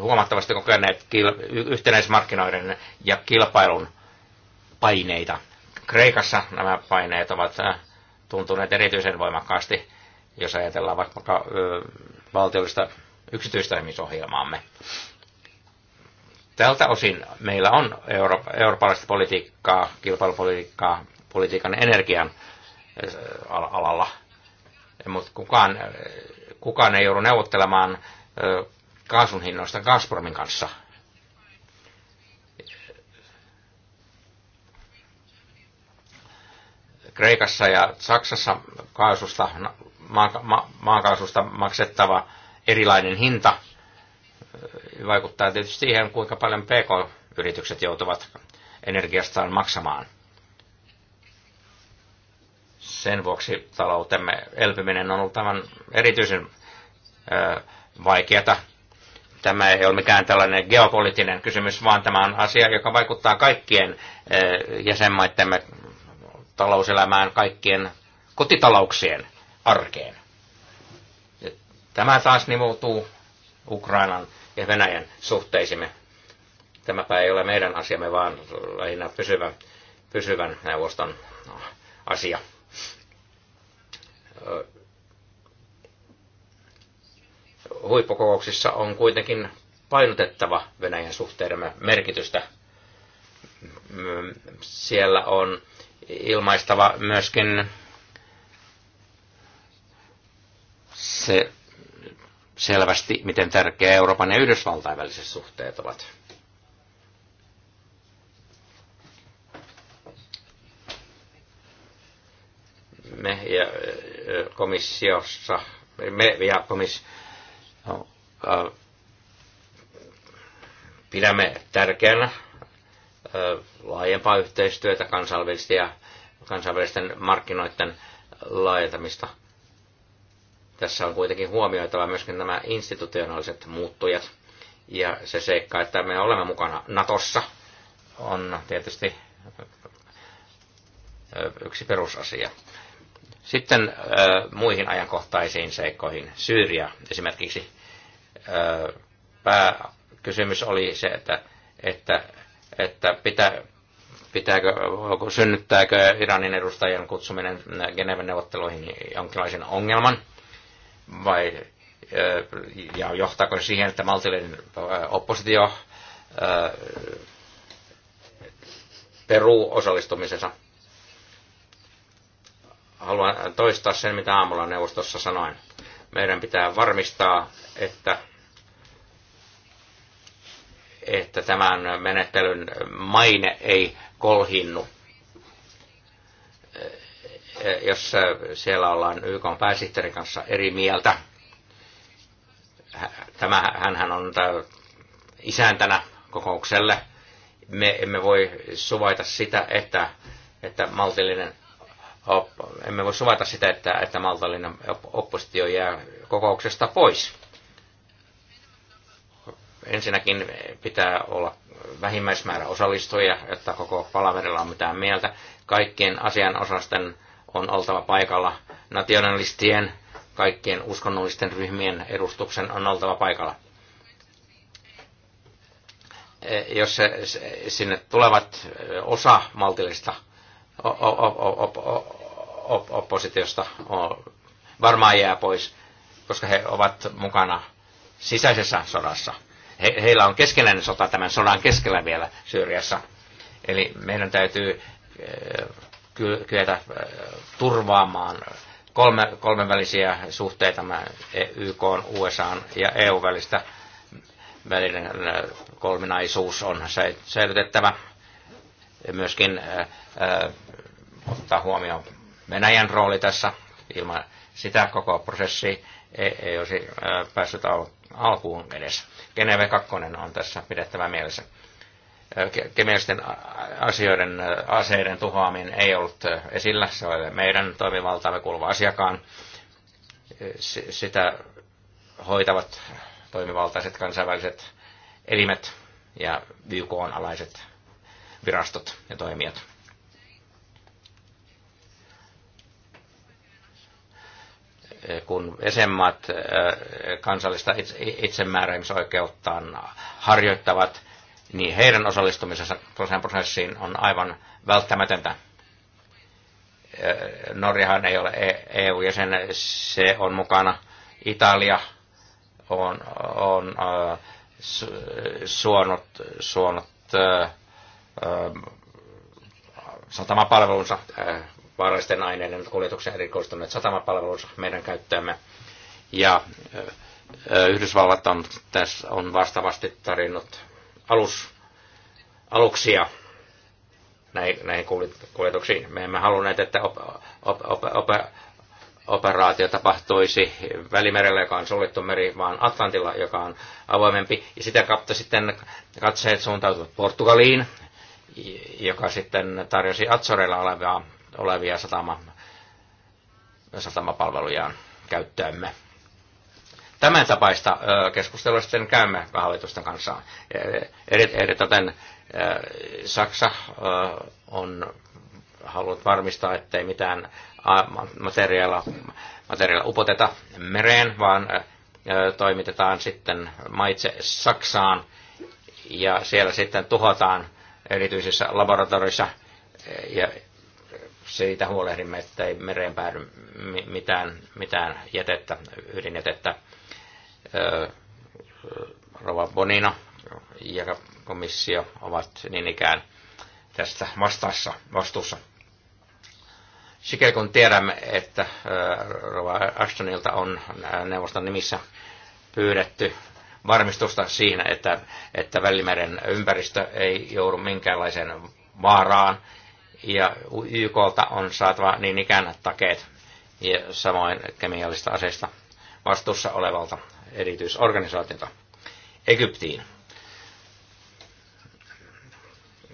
huomattavasti kokeneet kil- yhtenäismarkkinoiden ja kilpailun paineita. Kreikassa nämä paineet ovat tuntuneet erityisen voimakkaasti, jos ajatellaan vaikka valtiollista yksityistämisohjelmaamme. Tältä osin meillä on eurooppalaista politiikkaa, kilpailupolitiikkaa, politiikan energian alalla mutta kukaan, kukaan ei joudu neuvottelemaan kaasun hinnoista Gazpromin kanssa. Kreikassa ja Saksassa kaasusta, ma- ma, maakaasusta maksettava erilainen hinta vaikuttaa tietysti siihen, kuinka paljon pk-yritykset joutuvat energiastaan maksamaan – sen vuoksi taloutemme elpyminen on ollut tämän erityisen vaikeata. Tämä ei ole mikään tällainen geopoliittinen kysymys, vaan tämä on asia, joka vaikuttaa kaikkien jäsenmaittemme talouselämään, kaikkien kotitalouksien arkeen. Tämä taas nivoutuu Ukrainan ja Venäjän suhteisimme. Tämäpä ei ole meidän asiamme, vaan lähinnä pysyvä, pysyvän neuvoston asia huippukokouksissa on kuitenkin painotettava Venäjän suhteiden merkitystä. Siellä on ilmaistava myöskin se selvästi, miten tärkeä Euroopan ja Yhdysvaltain väliset suhteet ovat. Me ja komissiossa, me ja komissio, no, äh, pidämme tärkeänä äh, laajempaa yhteistyötä kansainvälisten ja kansainvälisten markkinoiden laajentamista. Tässä on kuitenkin huomioitava myöskin nämä institutionaaliset muuttujat ja se seikka, että me olemme mukana Natossa, on tietysti äh, yksi perusasia. Sitten ö, muihin ajankohtaisiin seikkoihin. Syyria esimerkiksi. Ö, pääkysymys oli se, että, että, että pitää, pitääkö, synnyttääkö Iranin edustajien kutsuminen Geneven neuvotteluihin jonkinlaisen ongelman vai ja johtaako se siihen, että maltillinen oppositio peruu osallistumisensa haluan toistaa sen, mitä aamulla neuvostossa sanoin. Meidän pitää varmistaa, että, että tämän menettelyn maine ei kolhinnu. Jos siellä ollaan YK pääsihteerin kanssa eri mieltä, tämä, hänhän on isäntänä kokoukselle, me emme voi suvaita sitä, että, että maltillinen emme voi suvata sitä, että, että maltallinen oppositio jää kokouksesta pois. Ensinnäkin pitää olla vähimmäismäärä osallistujia, jotta koko palaverilla on mitään mieltä. Kaikkien asianosasten on oltava paikalla. Nationalistien, kaikkien uskonnollisten ryhmien edustuksen on oltava paikalla. E, jos sinne tulevat e, osa maltillista oppositiosta varmaan jää pois, koska he ovat mukana sisäisessä sodassa. He, heillä on keskeinen sota tämän sodan keskellä vielä Syyriassa. Eli meidän täytyy eh, kyetä eh, turvaamaan kolme, välisiä suhteita e-, YK, USA ja EU välistä välinen eh, kolminaisuus on säilytettävä myöskin ottaa huomioon Venäjän rooli tässä. Ilman sitä koko prosessi ei, ei olisi päässyt alkuun edes. Geneve 2 on tässä pidettävä mielessä. Kemiallisten asioiden, aseiden tuhoaminen ei ollut esillä, se oli meidän toimivaltaamme kuuluva asiakaan. Sitä hoitavat toimivaltaiset kansainväliset elimet ja YK-alaiset virastot ja toimijat. kun esemmat eh, kansallista itsemääräämisoikeuttaan harjoittavat, niin heidän osallistumisensa prosessiin on aivan välttämätöntä. Eh, Norjahan ei ole e- EU-jäsen, se on mukana. Italia on, on eh, suonut, suonut satamapalvelunsa, vaarallisten aineiden kuljetuksen erikoistuneet satamapalvelunsa meidän käyttöömme. Ja Yhdysvallat on, tässä on vastaavasti tarjonnut alus, aluksia näihin, näihin kuljetuksiin. Me emme halunneet, että op, op, op, op, operaatio tapahtuisi Välimerellä, joka on suljettu meri, vaan Atlantilla, joka on avoimempi. Ja sitä kautta sitten katseet suuntautuvat Portugaliin, joka sitten tarjosi Atsoreilla olevia, olevia satama, satamapalvelujaan käyttöömme. Tämän tapaista keskustelua sitten käymme hallitusten kanssa. E, eritoten Saksa on halunnut varmistaa, ettei mitään materiaalia, materiaalia upoteta mereen, vaan toimitetaan sitten maitse Saksaan ja siellä sitten tuhotaan erityisessä laboratoriossa eh, ja siitä huolehdimme, että ei mereen päädy mitään, mitään jätettä, ydinjätettä. Eh, Rova Bonino ja komissio ovat niin ikään tästä vastaassa, vastuussa. Sikäli kun tiedämme, että eh, Rova Ashtonilta on neuvoston nimissä pyydetty varmistusta siinä, että, että Välimeren ympäristö ei joudu minkäänlaiseen vaaraan. Ja YKlta on saatava niin ikään takeet ja samoin kemiallista aseista vastuussa olevalta erityisorganisaatiota Egyptiin.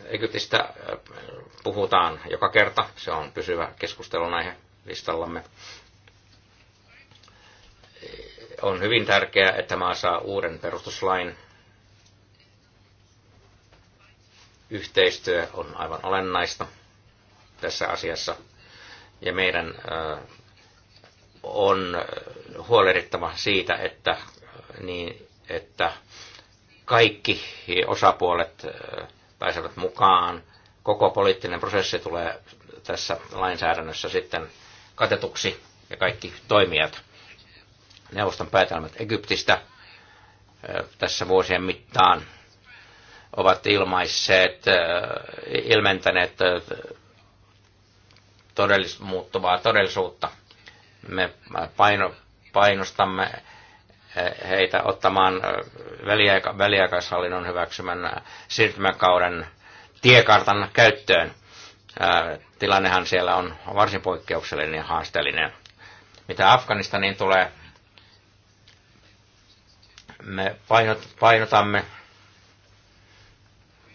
Egyptistä äh, puhutaan joka kerta, se on pysyvä keskustelun aihe listallamme on hyvin tärkeää, että maa saa uuden perustuslain. Yhteistyö on aivan olennaista tässä asiassa. Ja meidän on huolehdittava siitä, että, niin, että kaikki osapuolet pääsevät mukaan. Koko poliittinen prosessi tulee tässä lainsäädännössä sitten katetuksi ja kaikki toimijat neuvoston päätelmät Egyptistä tässä vuosien mittaan ovat ilmaisseet, ilmentäneet todellis, muuttuvaa todellisuutta. Me paino, painostamme heitä ottamaan väliaika, väliaikaishallinnon hyväksymän siirtymäkauden tiekartan käyttöön. Tilannehan siellä on varsin poikkeuksellinen ja haasteellinen. Mitä Afganistaniin tulee, me painot, painotamme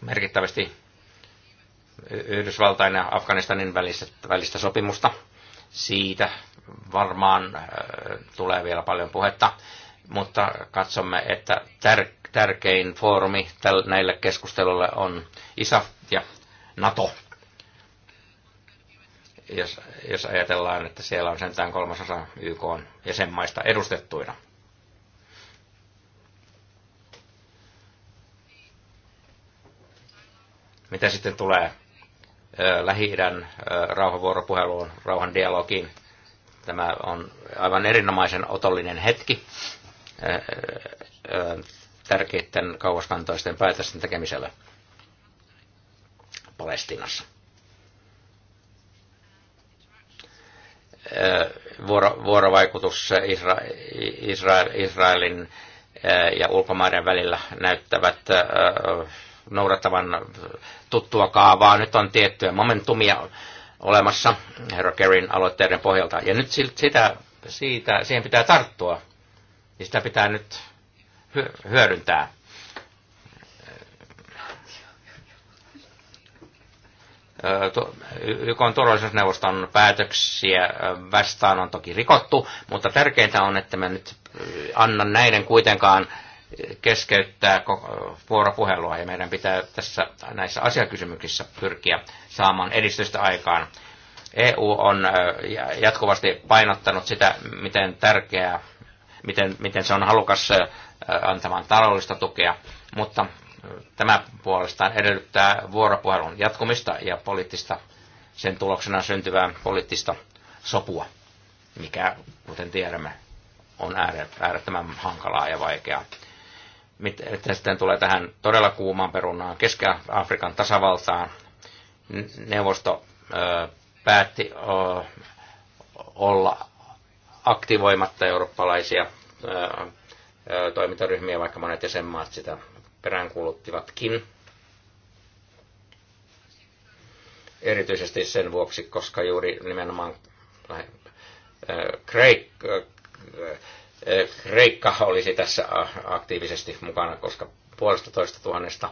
merkittävästi Yhdysvaltain ja Afganistanin välistä, välistä sopimusta. Siitä varmaan äh, tulee vielä paljon puhetta, mutta katsomme, että tär, tärkein foorumi täl, näille keskusteluille on ISAF ja NATO. Jos, jos ajatellaan, että siellä on sentään kolmasosa YK jäsenmaista edustettuina Mitä sitten tulee Lähi-idän rauhanvuoropuheluun, rauhan dialogiin, tämä on aivan erinomaisen otollinen hetki tärkeiden kauaskantoisten päätösten tekemiselle Palestinassa. Vuoro, vuorovaikutus Isra, Israel, Israelin ja ulkomaiden välillä näyttävät noudattavan tuttua kaavaa. Nyt on tiettyjä momentumia olemassa herra Kerin aloitteiden pohjalta. Ja nyt sitä, siitä, siihen pitää tarttua. Ja niin sitä pitää nyt hyödyntää. YK on turvallisuusneuvoston päätöksiä vastaan on toki rikottu, mutta tärkeintä on, että me nyt anna näiden kuitenkaan keskeyttää vuoropuhelua ja meidän pitää tässä näissä asiakysymyksissä pyrkiä saamaan edistystä aikaan. EU on jatkuvasti painottanut sitä, miten tärkeää, miten, miten se on halukas antamaan taloudellista tukea, mutta tämä puolestaan edellyttää vuoropuhelun jatkumista ja poliittista, sen tuloksena syntyvää poliittista sopua, mikä, kuten tiedämme, on äärettömän hankalaa ja vaikeaa miten sitten tulee tähän todella kuumaan perunaan Keski-Afrikan tasavaltaan. Neuvosto päätti olla aktivoimatta eurooppalaisia toimintaryhmiä, vaikka monet jäsenmaat sitä peräänkuuluttivatkin. Erityisesti sen vuoksi, koska juuri nimenomaan Kreik- Kreikka olisi tässä aktiivisesti mukana, koska puolesta toista tuhannesta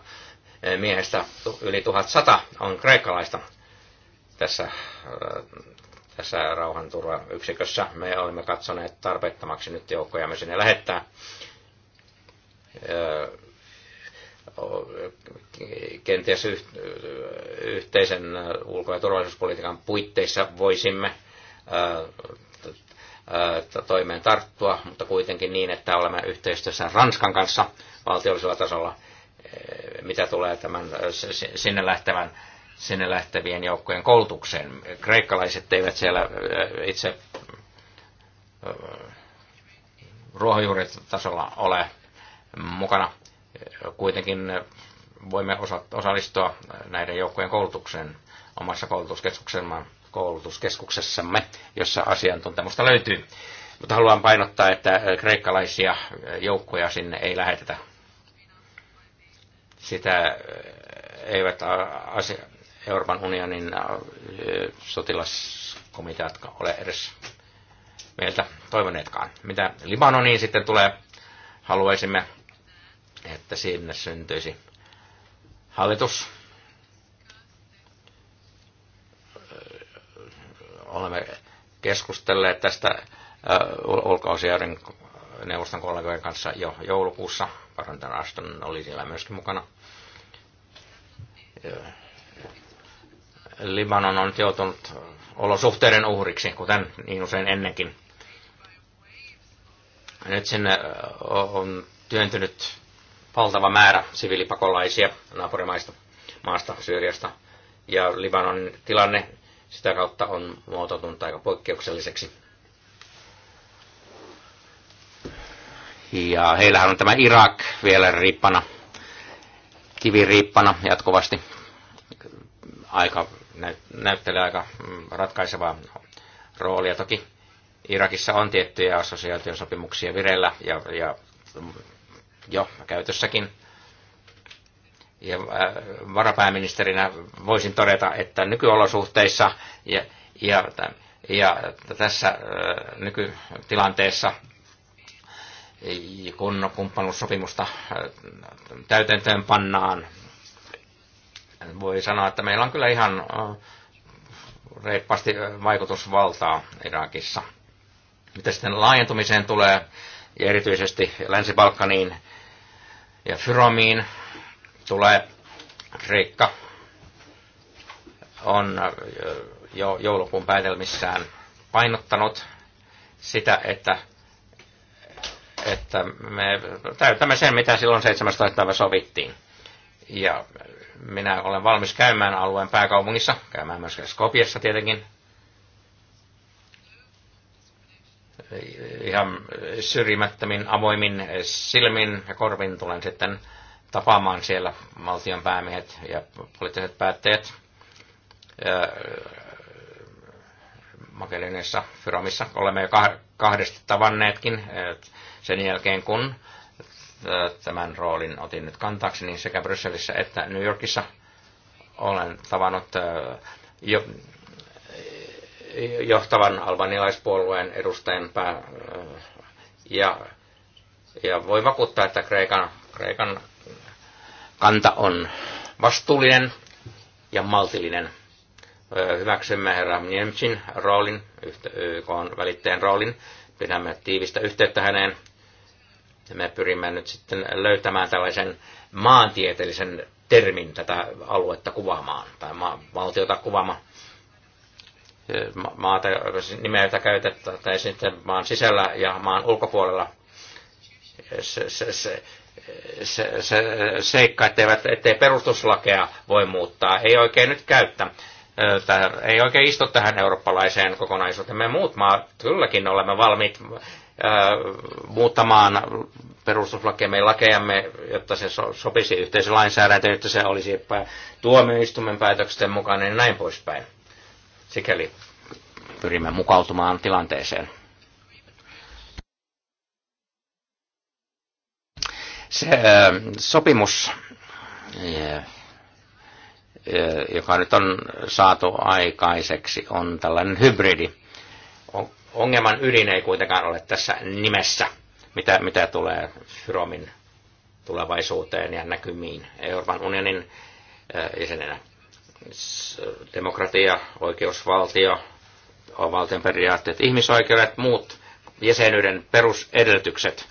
miehestä yli 1100 on kreikkalaista tässä, tässä rauhanturvayksikössä. Me olemme katsoneet tarpeettomaksi nyt joukkoja me sinne lähettää. Kenties yhteisen ulko- ja turvallisuuspolitiikan puitteissa voisimme toimeen tarttua, mutta kuitenkin niin, että olemme yhteistyössä Ranskan kanssa valtiollisella tasolla, mitä tulee tämän sinne lähtevän sinne lähtevien joukkojen koulutukseen. Kreikkalaiset eivät siellä itse ruohonjuuritasolla ole mukana. Kuitenkin voimme osallistua näiden joukkojen koulutukseen omassa koulutuskeskuksessamme koulutuskeskuksessamme, jossa asiantuntemusta löytyy. Mutta haluan painottaa, että kreikkalaisia joukkoja sinne ei lähetetä. Sitä eh, eivät Euroopan unionin eh, sotilaskomiteat ole edes meiltä toivoneetkaan. Mitä Libanoniin sitten tulee, haluaisimme, että sinne syntyisi hallitus, olemme keskustelleet tästä ulkoasioiden neuvoston kollegojen kanssa jo joulukuussa. Parantan Aston oli siellä myöskin mukana. Libanon on joutunut olosuhteiden uhriksi, kuten niin usein ennenkin. Nyt sinne on työntynyt valtava määrä siviilipakolaisia naapurimaista, maasta, Syyriasta. Ja Libanon tilanne sitä kautta on muotoutunut aika poikkeukselliseksi. Ja heillähän on tämä Irak vielä riippana, kiviriippana jatkuvasti. Aika, näyttelee aika mm, ratkaisevaa roolia. Toki Irakissa on tiettyjä assosiaatiosopimuksia vireillä ja, ja jo käytössäkin ja äh, varapääministerinä voisin todeta, että nykyolosuhteissa ja, ja, ja tässä äh, nykytilanteessa, kun kumppanuussopimusta äh, täytäntöön pannaan, voi sanoa, että meillä on kyllä ihan reippaasti vaikutusvaltaa Irakissa. Mitä sitten laajentumiseen tulee, ja erityisesti Länsi-Balkaniin ja Fyromiin, tulee. Riikka on jo joulukuun päätelmissään painottanut sitä, että, että me täytämme sen, mitä silloin 17. päivä sovittiin. Ja minä olen valmis käymään alueen pääkaupungissa, käymään myös Skopiassa tietenkin. Ihan syrjimättömin, avoimin silmin ja korvin tulen sitten tapaamaan siellä valtion päämiehet ja poliittiset päätteet Makedoniassa, Fyromissa. Olemme jo kahdesti tavanneetkin sen jälkeen, kun tämän roolin otin nyt kantaakseni niin sekä Brysselissä että New Yorkissa. Olen tavannut jo, johtavan albanilaispuolueen edustajan pää, ja, ja voi vakuuttaa, että Kreikan, Kreikan kanta on vastuullinen ja maltillinen. Hyväksymme herra Niemcin roolin, YK on välittäjän roolin. Pidämme tiivistä yhteyttä häneen. Me pyrimme nyt sitten löytämään tällaisen maantieteellisen termin tätä aluetta kuvaamaan, tai ma- valtiota kuvaamaan maata nimeltä tai sitten maan sisällä ja maan ulkopuolella. Se, se, se, se, se, seikka, etteivät, ettei perustuslakea voi muuttaa, ei oikein nyt käyttä. Tähän, ei oikein istu tähän eurooppalaiseen kokonaisuuteen. Me muut maat kylläkin olemme valmiit ää, muuttamaan perustuslakemme, lakejamme, jotta se so, sopisi yhteisölainsäädäntöön, jotta se olisi tuomioistuimen päätöksen mukainen ja näin poispäin. Sikäli pyrimme mukautumaan tilanteeseen. Se sopimus, joka nyt on saatu aikaiseksi, on tällainen hybridi. Ongelman ydin ei kuitenkaan ole tässä nimessä, mitä, mitä tulee Fyromin tulevaisuuteen ja näkymiin Euroopan unionin jäsenenä. Demokratia, oikeusvaltio, valtion periaatteet, ihmisoikeudet, muut jäsenyyden perusedellytykset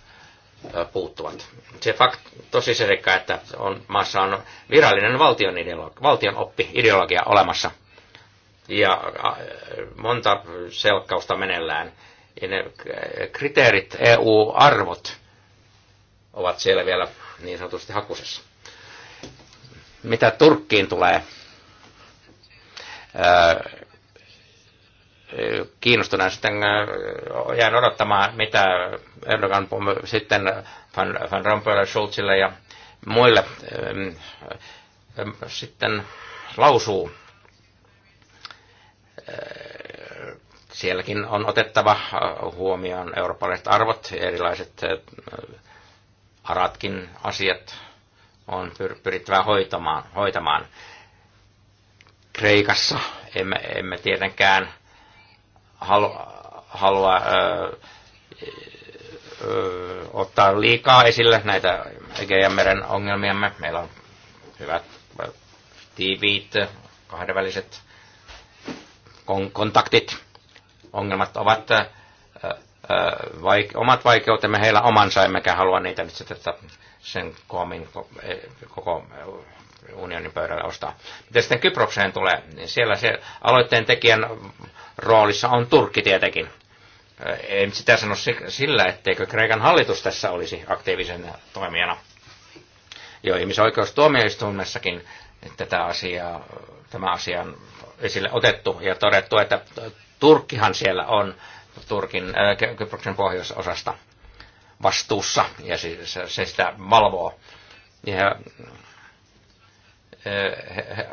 puuttuvat. Se fakt, tosi seikka, että on, maassa on virallinen valtion, ideologi, valtion oppi, ideologia olemassa. Ja monta selkkausta menellään. Ja ne kriteerit, EU-arvot ovat siellä vielä niin sanotusti hakusessa. Mitä Turkkiin tulee, kiinnostuneena sitten äh, jään odottamaan, mitä Erdogan sitten Van, Van Rompuylle, Schulzille ja muille ähm, ähm, sitten lausuu. Äh, sielläkin on otettava äh, huomioon eurooppalaiset arvot, erilaiset aratkin asiat on pyrittävä hoitamaan. hoitamaan. Kreikassa emme, emme tietenkään halua, halua ö, ö, ottaa liikaa esille näitä meren ongelmiamme. Meillä on hyvät tiiviit kahdenväliset kon- kontaktit. Ongelmat ovat ö, vaik- omat vaikeutemme, heillä omansa, emmekä halua niitä nyt sitten sen koomin e, koko unionin pöydällä ostaa. Mitä sitten Kyprokseen tulee, niin siellä se aloitteen tekijän roolissa on Turkki tietenkin. En sitä sano sillä, etteikö Kreikan hallitus tässä olisi aktiivisen toimijana. Jo ihmisoikeustuomioistuimessakin tätä asiaa, tämä asia on esille otettu ja todettu, että Turkkihan siellä on Turkin, Kyproksen pohjoisosasta vastuussa ja se, sitä valvoo. Ja he, he,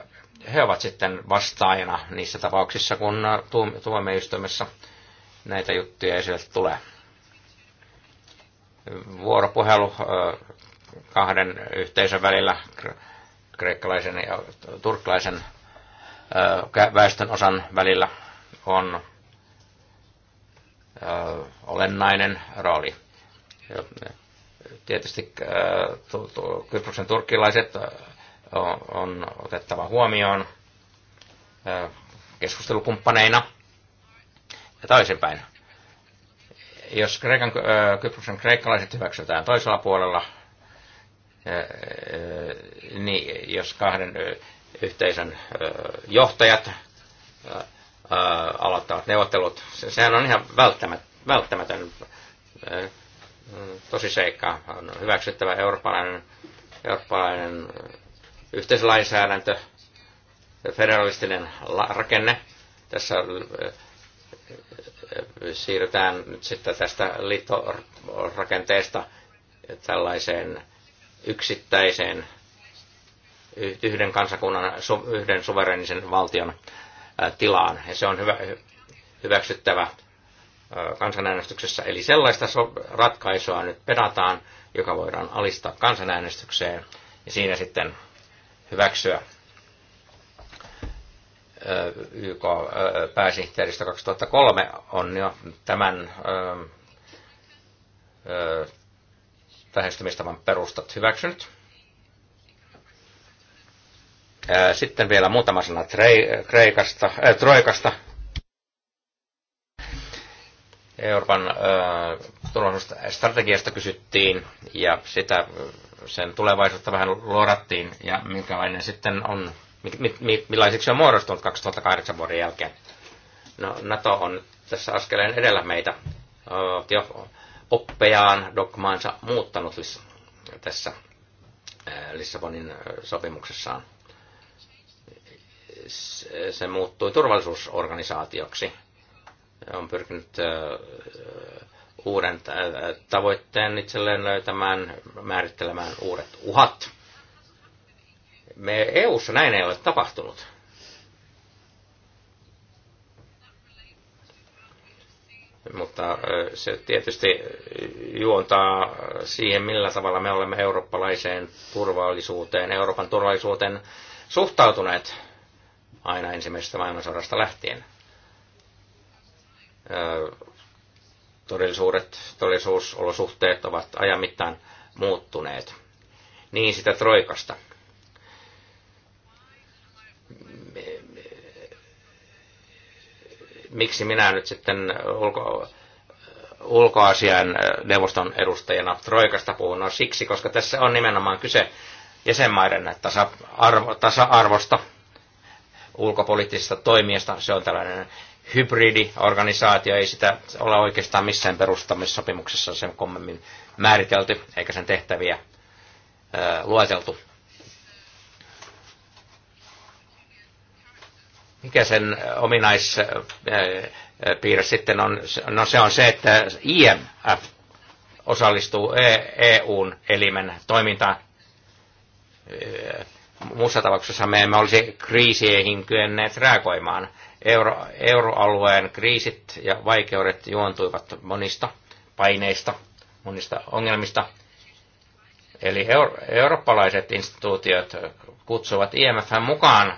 he ovat sitten vastaajana niissä tapauksissa, kun äh, tuomioistuimessa näitä juttuja esille tulee. Vuoropuhelu äh, kahden yhteisön välillä, kreikkalaisen ja turkkalaisen äh, väestön osan välillä on olennainen rooli. Tietysti Kyproksen turkkilaiset on otettava huomioon keskustelukumppaneina ja toisinpäin. Jos Kreikan, Kyproksen kreikkalaiset hyväksytään toisella puolella, niin jos kahden yhteisön johtajat aloittavat neuvottelut, sehän on ihan välttämätön seikka, On hyväksyttävä eurooppalainen, eurooppalainen yhteislainsäädäntö, federalistinen rakenne. Tässä siirrytään nyt sitten tästä liittorakenteesta tällaiseen yksittäiseen yhden kansakunnan, yhden suverenisen valtion tilaan. Ja se on hyvä, hyväksyttävä kansanäänestyksessä. Eli sellaista ratkaisua nyt pedataan, joka voidaan alistaa kansanäänestykseen. Ja siinä sitten hyväksyä YK pääsihteeristä 2003 on jo tämän vähestymistavan perustat hyväksynyt. Sitten vielä muutama sana Kreikasta, äh, Troikasta. Euroopan äh, turvallisuusstrategiasta kysyttiin ja sitä sen tulevaisuutta vähän lorattiin ja minkälainen sitten on, millaisiksi millaiseksi on muodostunut 2008 vuoden jälkeen. No, NATO on tässä askeleen edellä meitä jo oppejaan, dogmaansa muuttanut tässä Lissabonin sopimuksessaan. Se muuttui turvallisuusorganisaatioksi. On pyrkinyt uuden äh, tavoitteen itselleen löytämään, määrittelemään uudet uhat. Me EU:ssa näin ei ole tapahtunut. Mutta äh, se tietysti juontaa siihen, millä tavalla me olemme eurooppalaiseen turvallisuuteen, Euroopan turvallisuuteen suhtautuneet aina ensimmäisestä maailmansodasta lähtien äh, todellisuudet, todellisuusolosuhteet ovat ajan mittaan muuttuneet. Niin sitä troikasta. Miksi minä nyt sitten ulko, ulkoasian neuvoston edustajana troikasta puhun? No siksi, koska tässä on nimenomaan kyse jäsenmaiden tasa-arvosta, tasa toimijasta. Se on tällainen hybridiorganisaatio, ei sitä ole oikeastaan missään perustamissopimuksessa sen kommemmin määritelty, eikä sen tehtäviä lueteltu. Mikä sen ominaispiirre sitten on? No se on se, että IMF osallistuu EUn e elimen toimintaan. Muussa tapauksessa me emme olisi kriisieihin kyenneet reagoimaan – Euro, euroalueen kriisit ja vaikeudet juontuivat monista paineista, monista ongelmista. Eli euro, eurooppalaiset instituutiot kutsuvat IMF mukaan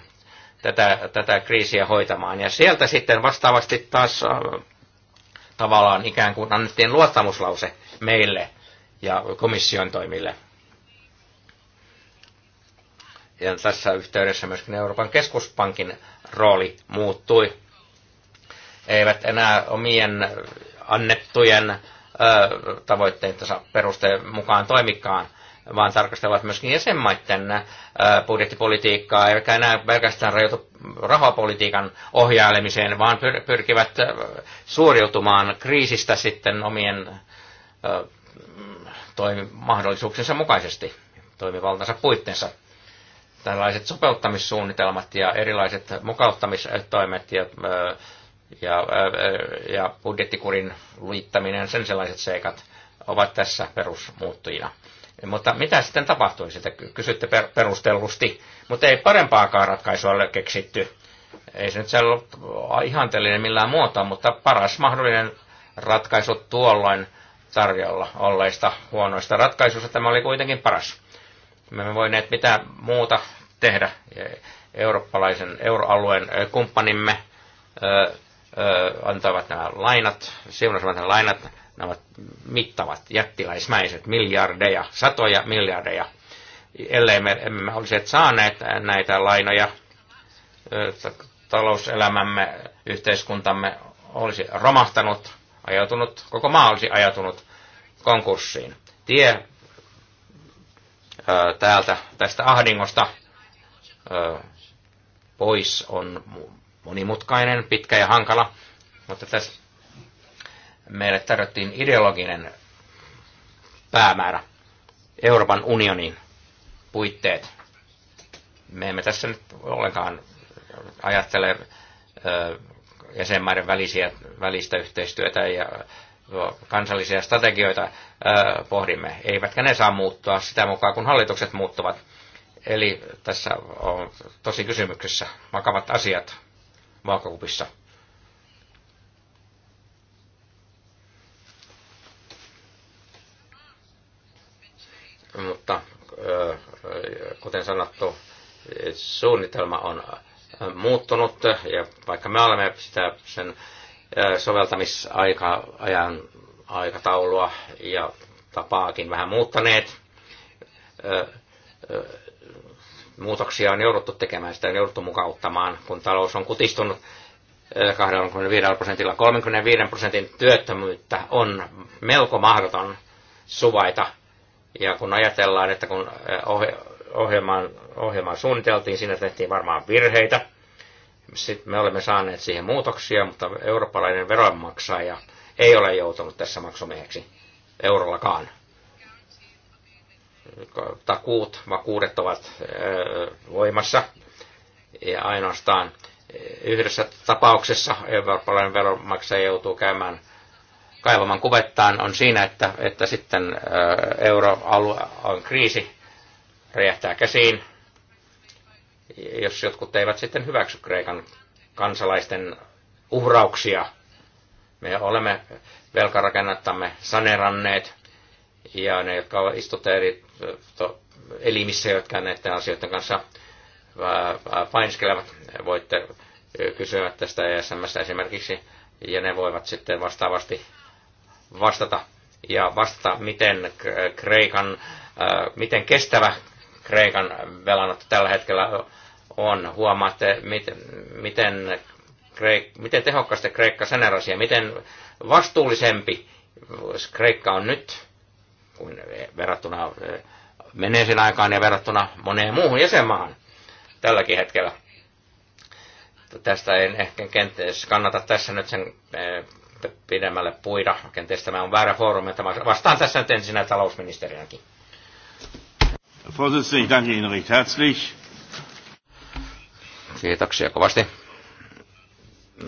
tätä, tätä kriisiä hoitamaan. Ja sieltä sitten vastaavasti taas äh, tavallaan ikään kuin annettiin luottamuslause meille ja komission toimille ja tässä yhteydessä myöskin Euroopan keskuspankin rooli muuttui. Eivät enää omien annettujen tavoitteiden perusteen mukaan toimikaan, vaan tarkastelevat myöskin jäsenmaiden budjettipolitiikkaa, eivätkä enää pelkästään rajoitu rahapolitiikan ohjailemiseen, vaan pyrkivät suoriutumaan kriisistä sitten omien toimi- mahdollisuuksensa mukaisesti toimivaltansa puitteissa tällaiset sopeuttamissuunnitelmat ja erilaiset mukauttamistoimet ja, ja, ja budjettikurin luittaminen, sen sellaiset seikat ovat tässä perusmuuttujina. Mutta mitä sitten tapahtui sitä, kysytte perustellusti. Mutta ei parempaakaan ratkaisua ole keksitty. Ei se nyt ole ihanteellinen millään muuta, mutta paras mahdollinen ratkaisu tuolloin tarjolla olleista huonoista ratkaisuista tämä oli kuitenkin paras. Me emme voineet mitään muuta tehdä eurooppalaisen euroalueen kumppanimme antavat nämä lainat, siunasivat nämä lainat, nämä ovat mittavat, jättiläismäiset, miljardeja, satoja miljardeja. Ellei me emme olisi saaneet näitä lainoja, talouselämämme, yhteiskuntamme olisi romahtanut, ajautunut, koko maa olisi ajautunut konkurssiin. Tie täältä tästä ahdingosta pois on monimutkainen, pitkä ja hankala, mutta tässä meille tarjottiin ideologinen päämäärä, Euroopan unionin puitteet. Me emme tässä nyt ollenkaan ajattele jäsenmaiden välisiä, välistä yhteistyötä ja kansallisia strategioita pohdimme, eivätkä ne saa muuttua sitä mukaan, kun hallitukset muuttuvat. Eli tässä on tosi kysymyksessä vakavat asiat vaakakupissa. Mutta kuten sanottu, suunnitelma on muuttunut ja vaikka me olemme sitä sen soveltamisajan aikataulua ja tapaakin vähän muuttaneet. Muutoksia on jouduttu tekemään, sitä on jouduttu mukauttamaan, kun talous on kutistunut 25 prosentilla. 35 prosentin työttömyyttä on melko mahdoton suvaita. Ja kun ajatellaan, että kun ohjelmaa ohjelmaan suunniteltiin, siinä tehtiin varmaan virheitä – sitten me olemme saaneet siihen muutoksia, mutta eurooppalainen veronmaksaja ei ole joutunut tässä maksumieheksi eurollakaan. Takuut, vakuudet ovat voimassa ja ainoastaan yhdessä tapauksessa eurooppalainen veronmaksaja joutuu käymään kaivaman kuvettaan on siinä, että, että sitten euroalue on kriisi, räjähtää käsiin, jos jotkut eivät sitten hyväksy Kreikan kansalaisten uhrauksia. Me olemme velkarakennettamme saneranneet ja ne, jotka istutte eri elimissä, jotka näiden asioiden kanssa painiskelevat, voitte kysyä tästä ESMS esimerkiksi, ja ne voivat sitten vastaavasti vastata ja vastata, miten Kreikan, miten kestävä Kreikan velanotto tällä hetkellä on. Huomaatte, miten, miten, Kreik, miten tehokkaasti Kreikka sanerasi ja miten vastuullisempi Kreikka on nyt kuin verrattuna menneeseen aikaan ja verrattuna moneen muuhun jäsenmaahan tälläkin hetkellä. Tästä ei ehkä kenties kannata tässä nyt sen eh, pidemmälle puida. Kenties tämä on väärä foorumi. Vastaan tässä nyt ensinnä talousministeriönkin. Vorsitzende, ich danke Ihnen recht herzlich. Kiitoksia kovasti.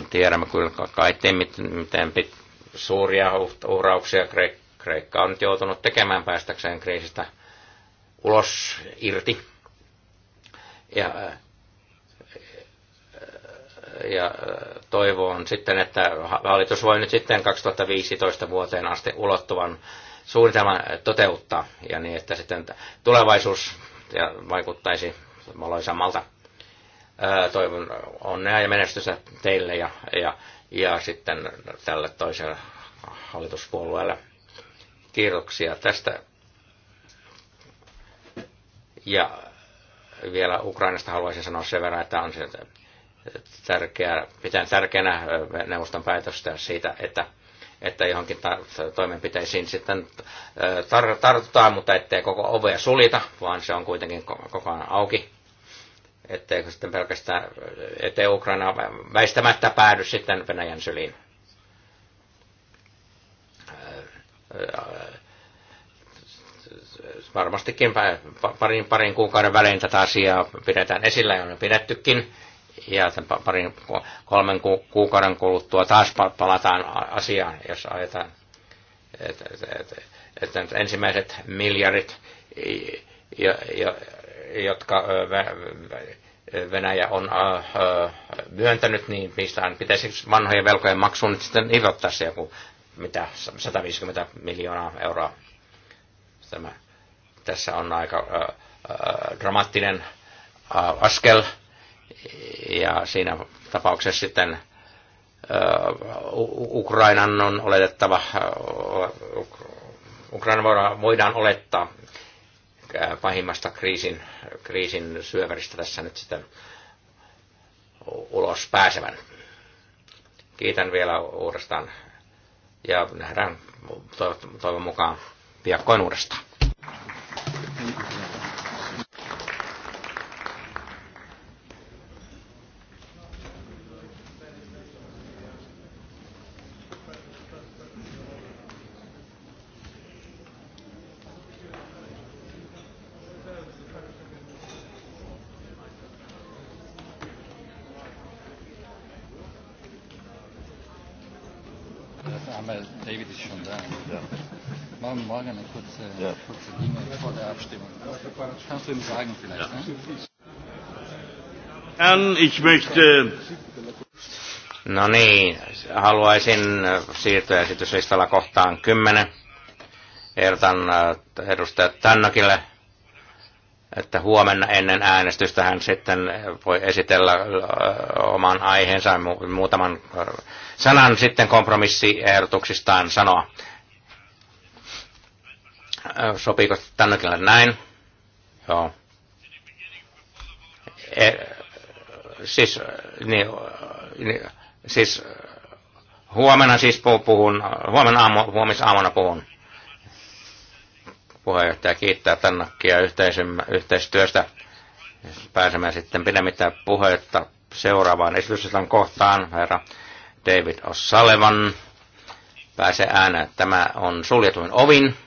Tiedämme kyllä kaikki, miten suuria uhrauksia Kreikka on joutunut tekemään päästäkseen kriisistä ulos irti. Ja, äh, ja äh, toivo on sitten, että hallitus voi nyt sitten 2015 vuoteen asti ulottuvan suunnitelma toteuttaa ja niin, että sitten tulevaisuus ja vaikuttaisi valoisammalta. Toivon onnea ja menestystä teille ja, ja, ja sitten tälle toiselle hallituspuolueelle. Kiitoksia tästä. Ja vielä Ukrainasta haluaisin sanoa sen verran, että on se tärkeää, pitää tärkeänä neuvoston päätöstä siitä, että että johonkin tar- toimenpiteisiin sitten tar- tartutaan, mutta ettei koko ovea sulita, vaan se on kuitenkin koko ajan auki. Ettei sitten pelkästään, ettei Ukraina väistämättä päädy sitten Venäjän syliin. Varmastikin parin, parin kuukauden välein tätä asiaa pidetään esillä ja on pidettykin ja parin kolmen kuukauden kuluttua taas palataan asiaan, jos ajetaan että, et, et, et ensimmäiset miljardit, jo, jo, jotka Venäjä on myöntänyt, niin mistään pitäisi vanhojen velkojen maksuun nyt sitten irrottaa se joku mitä, 150 miljoonaa euroa. Tämä, tässä on aika ää, ää, dramaattinen ää, askel ja siinä tapauksessa sitten Ukrainan on oletettava, Ukraina voidaan olettaa pahimmasta kriisin, kriisin syöväristä tässä nyt sitten ulos pääsevän. Kiitän vielä uudestaan ja nähdään toivon mukaan piakkoin uudestaan. Schröder eine kurze ja. kurze mail vor der Abstimmung. Kannst du ihm sagen vielleicht? Ja. Ne? Herren, ich möchte... No niin, haluaisin äh, siirtyä esityslistalla kohtaan 10. Ehdotan äh, edustajat Tannokille, että huomenna ennen äänestystä hän sitten äh, voi esitellä oman aiheensa muutaman sanan sitten kompromissiehdotuksistaan sanoa. Äh, sopiiko tännekin näin? Joo. E, siis, niin, niin, siis huomenna siis puhun, huomenna aamu, huomisaamuna puhun. Puheenjohtaja kiittää Tannakia yhteistyöstä. Pääsemme sitten pidemmittä puhetta seuraavaan esityslistan kohtaan, herra David O'Sullivan pääse ääneen. Tämä on suljetuin ovin.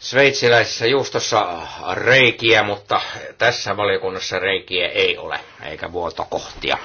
sveitsiläisessä juustossa reikiä, mutta tässä valiokunnassa reikiä ei ole, eikä vuotokohtia.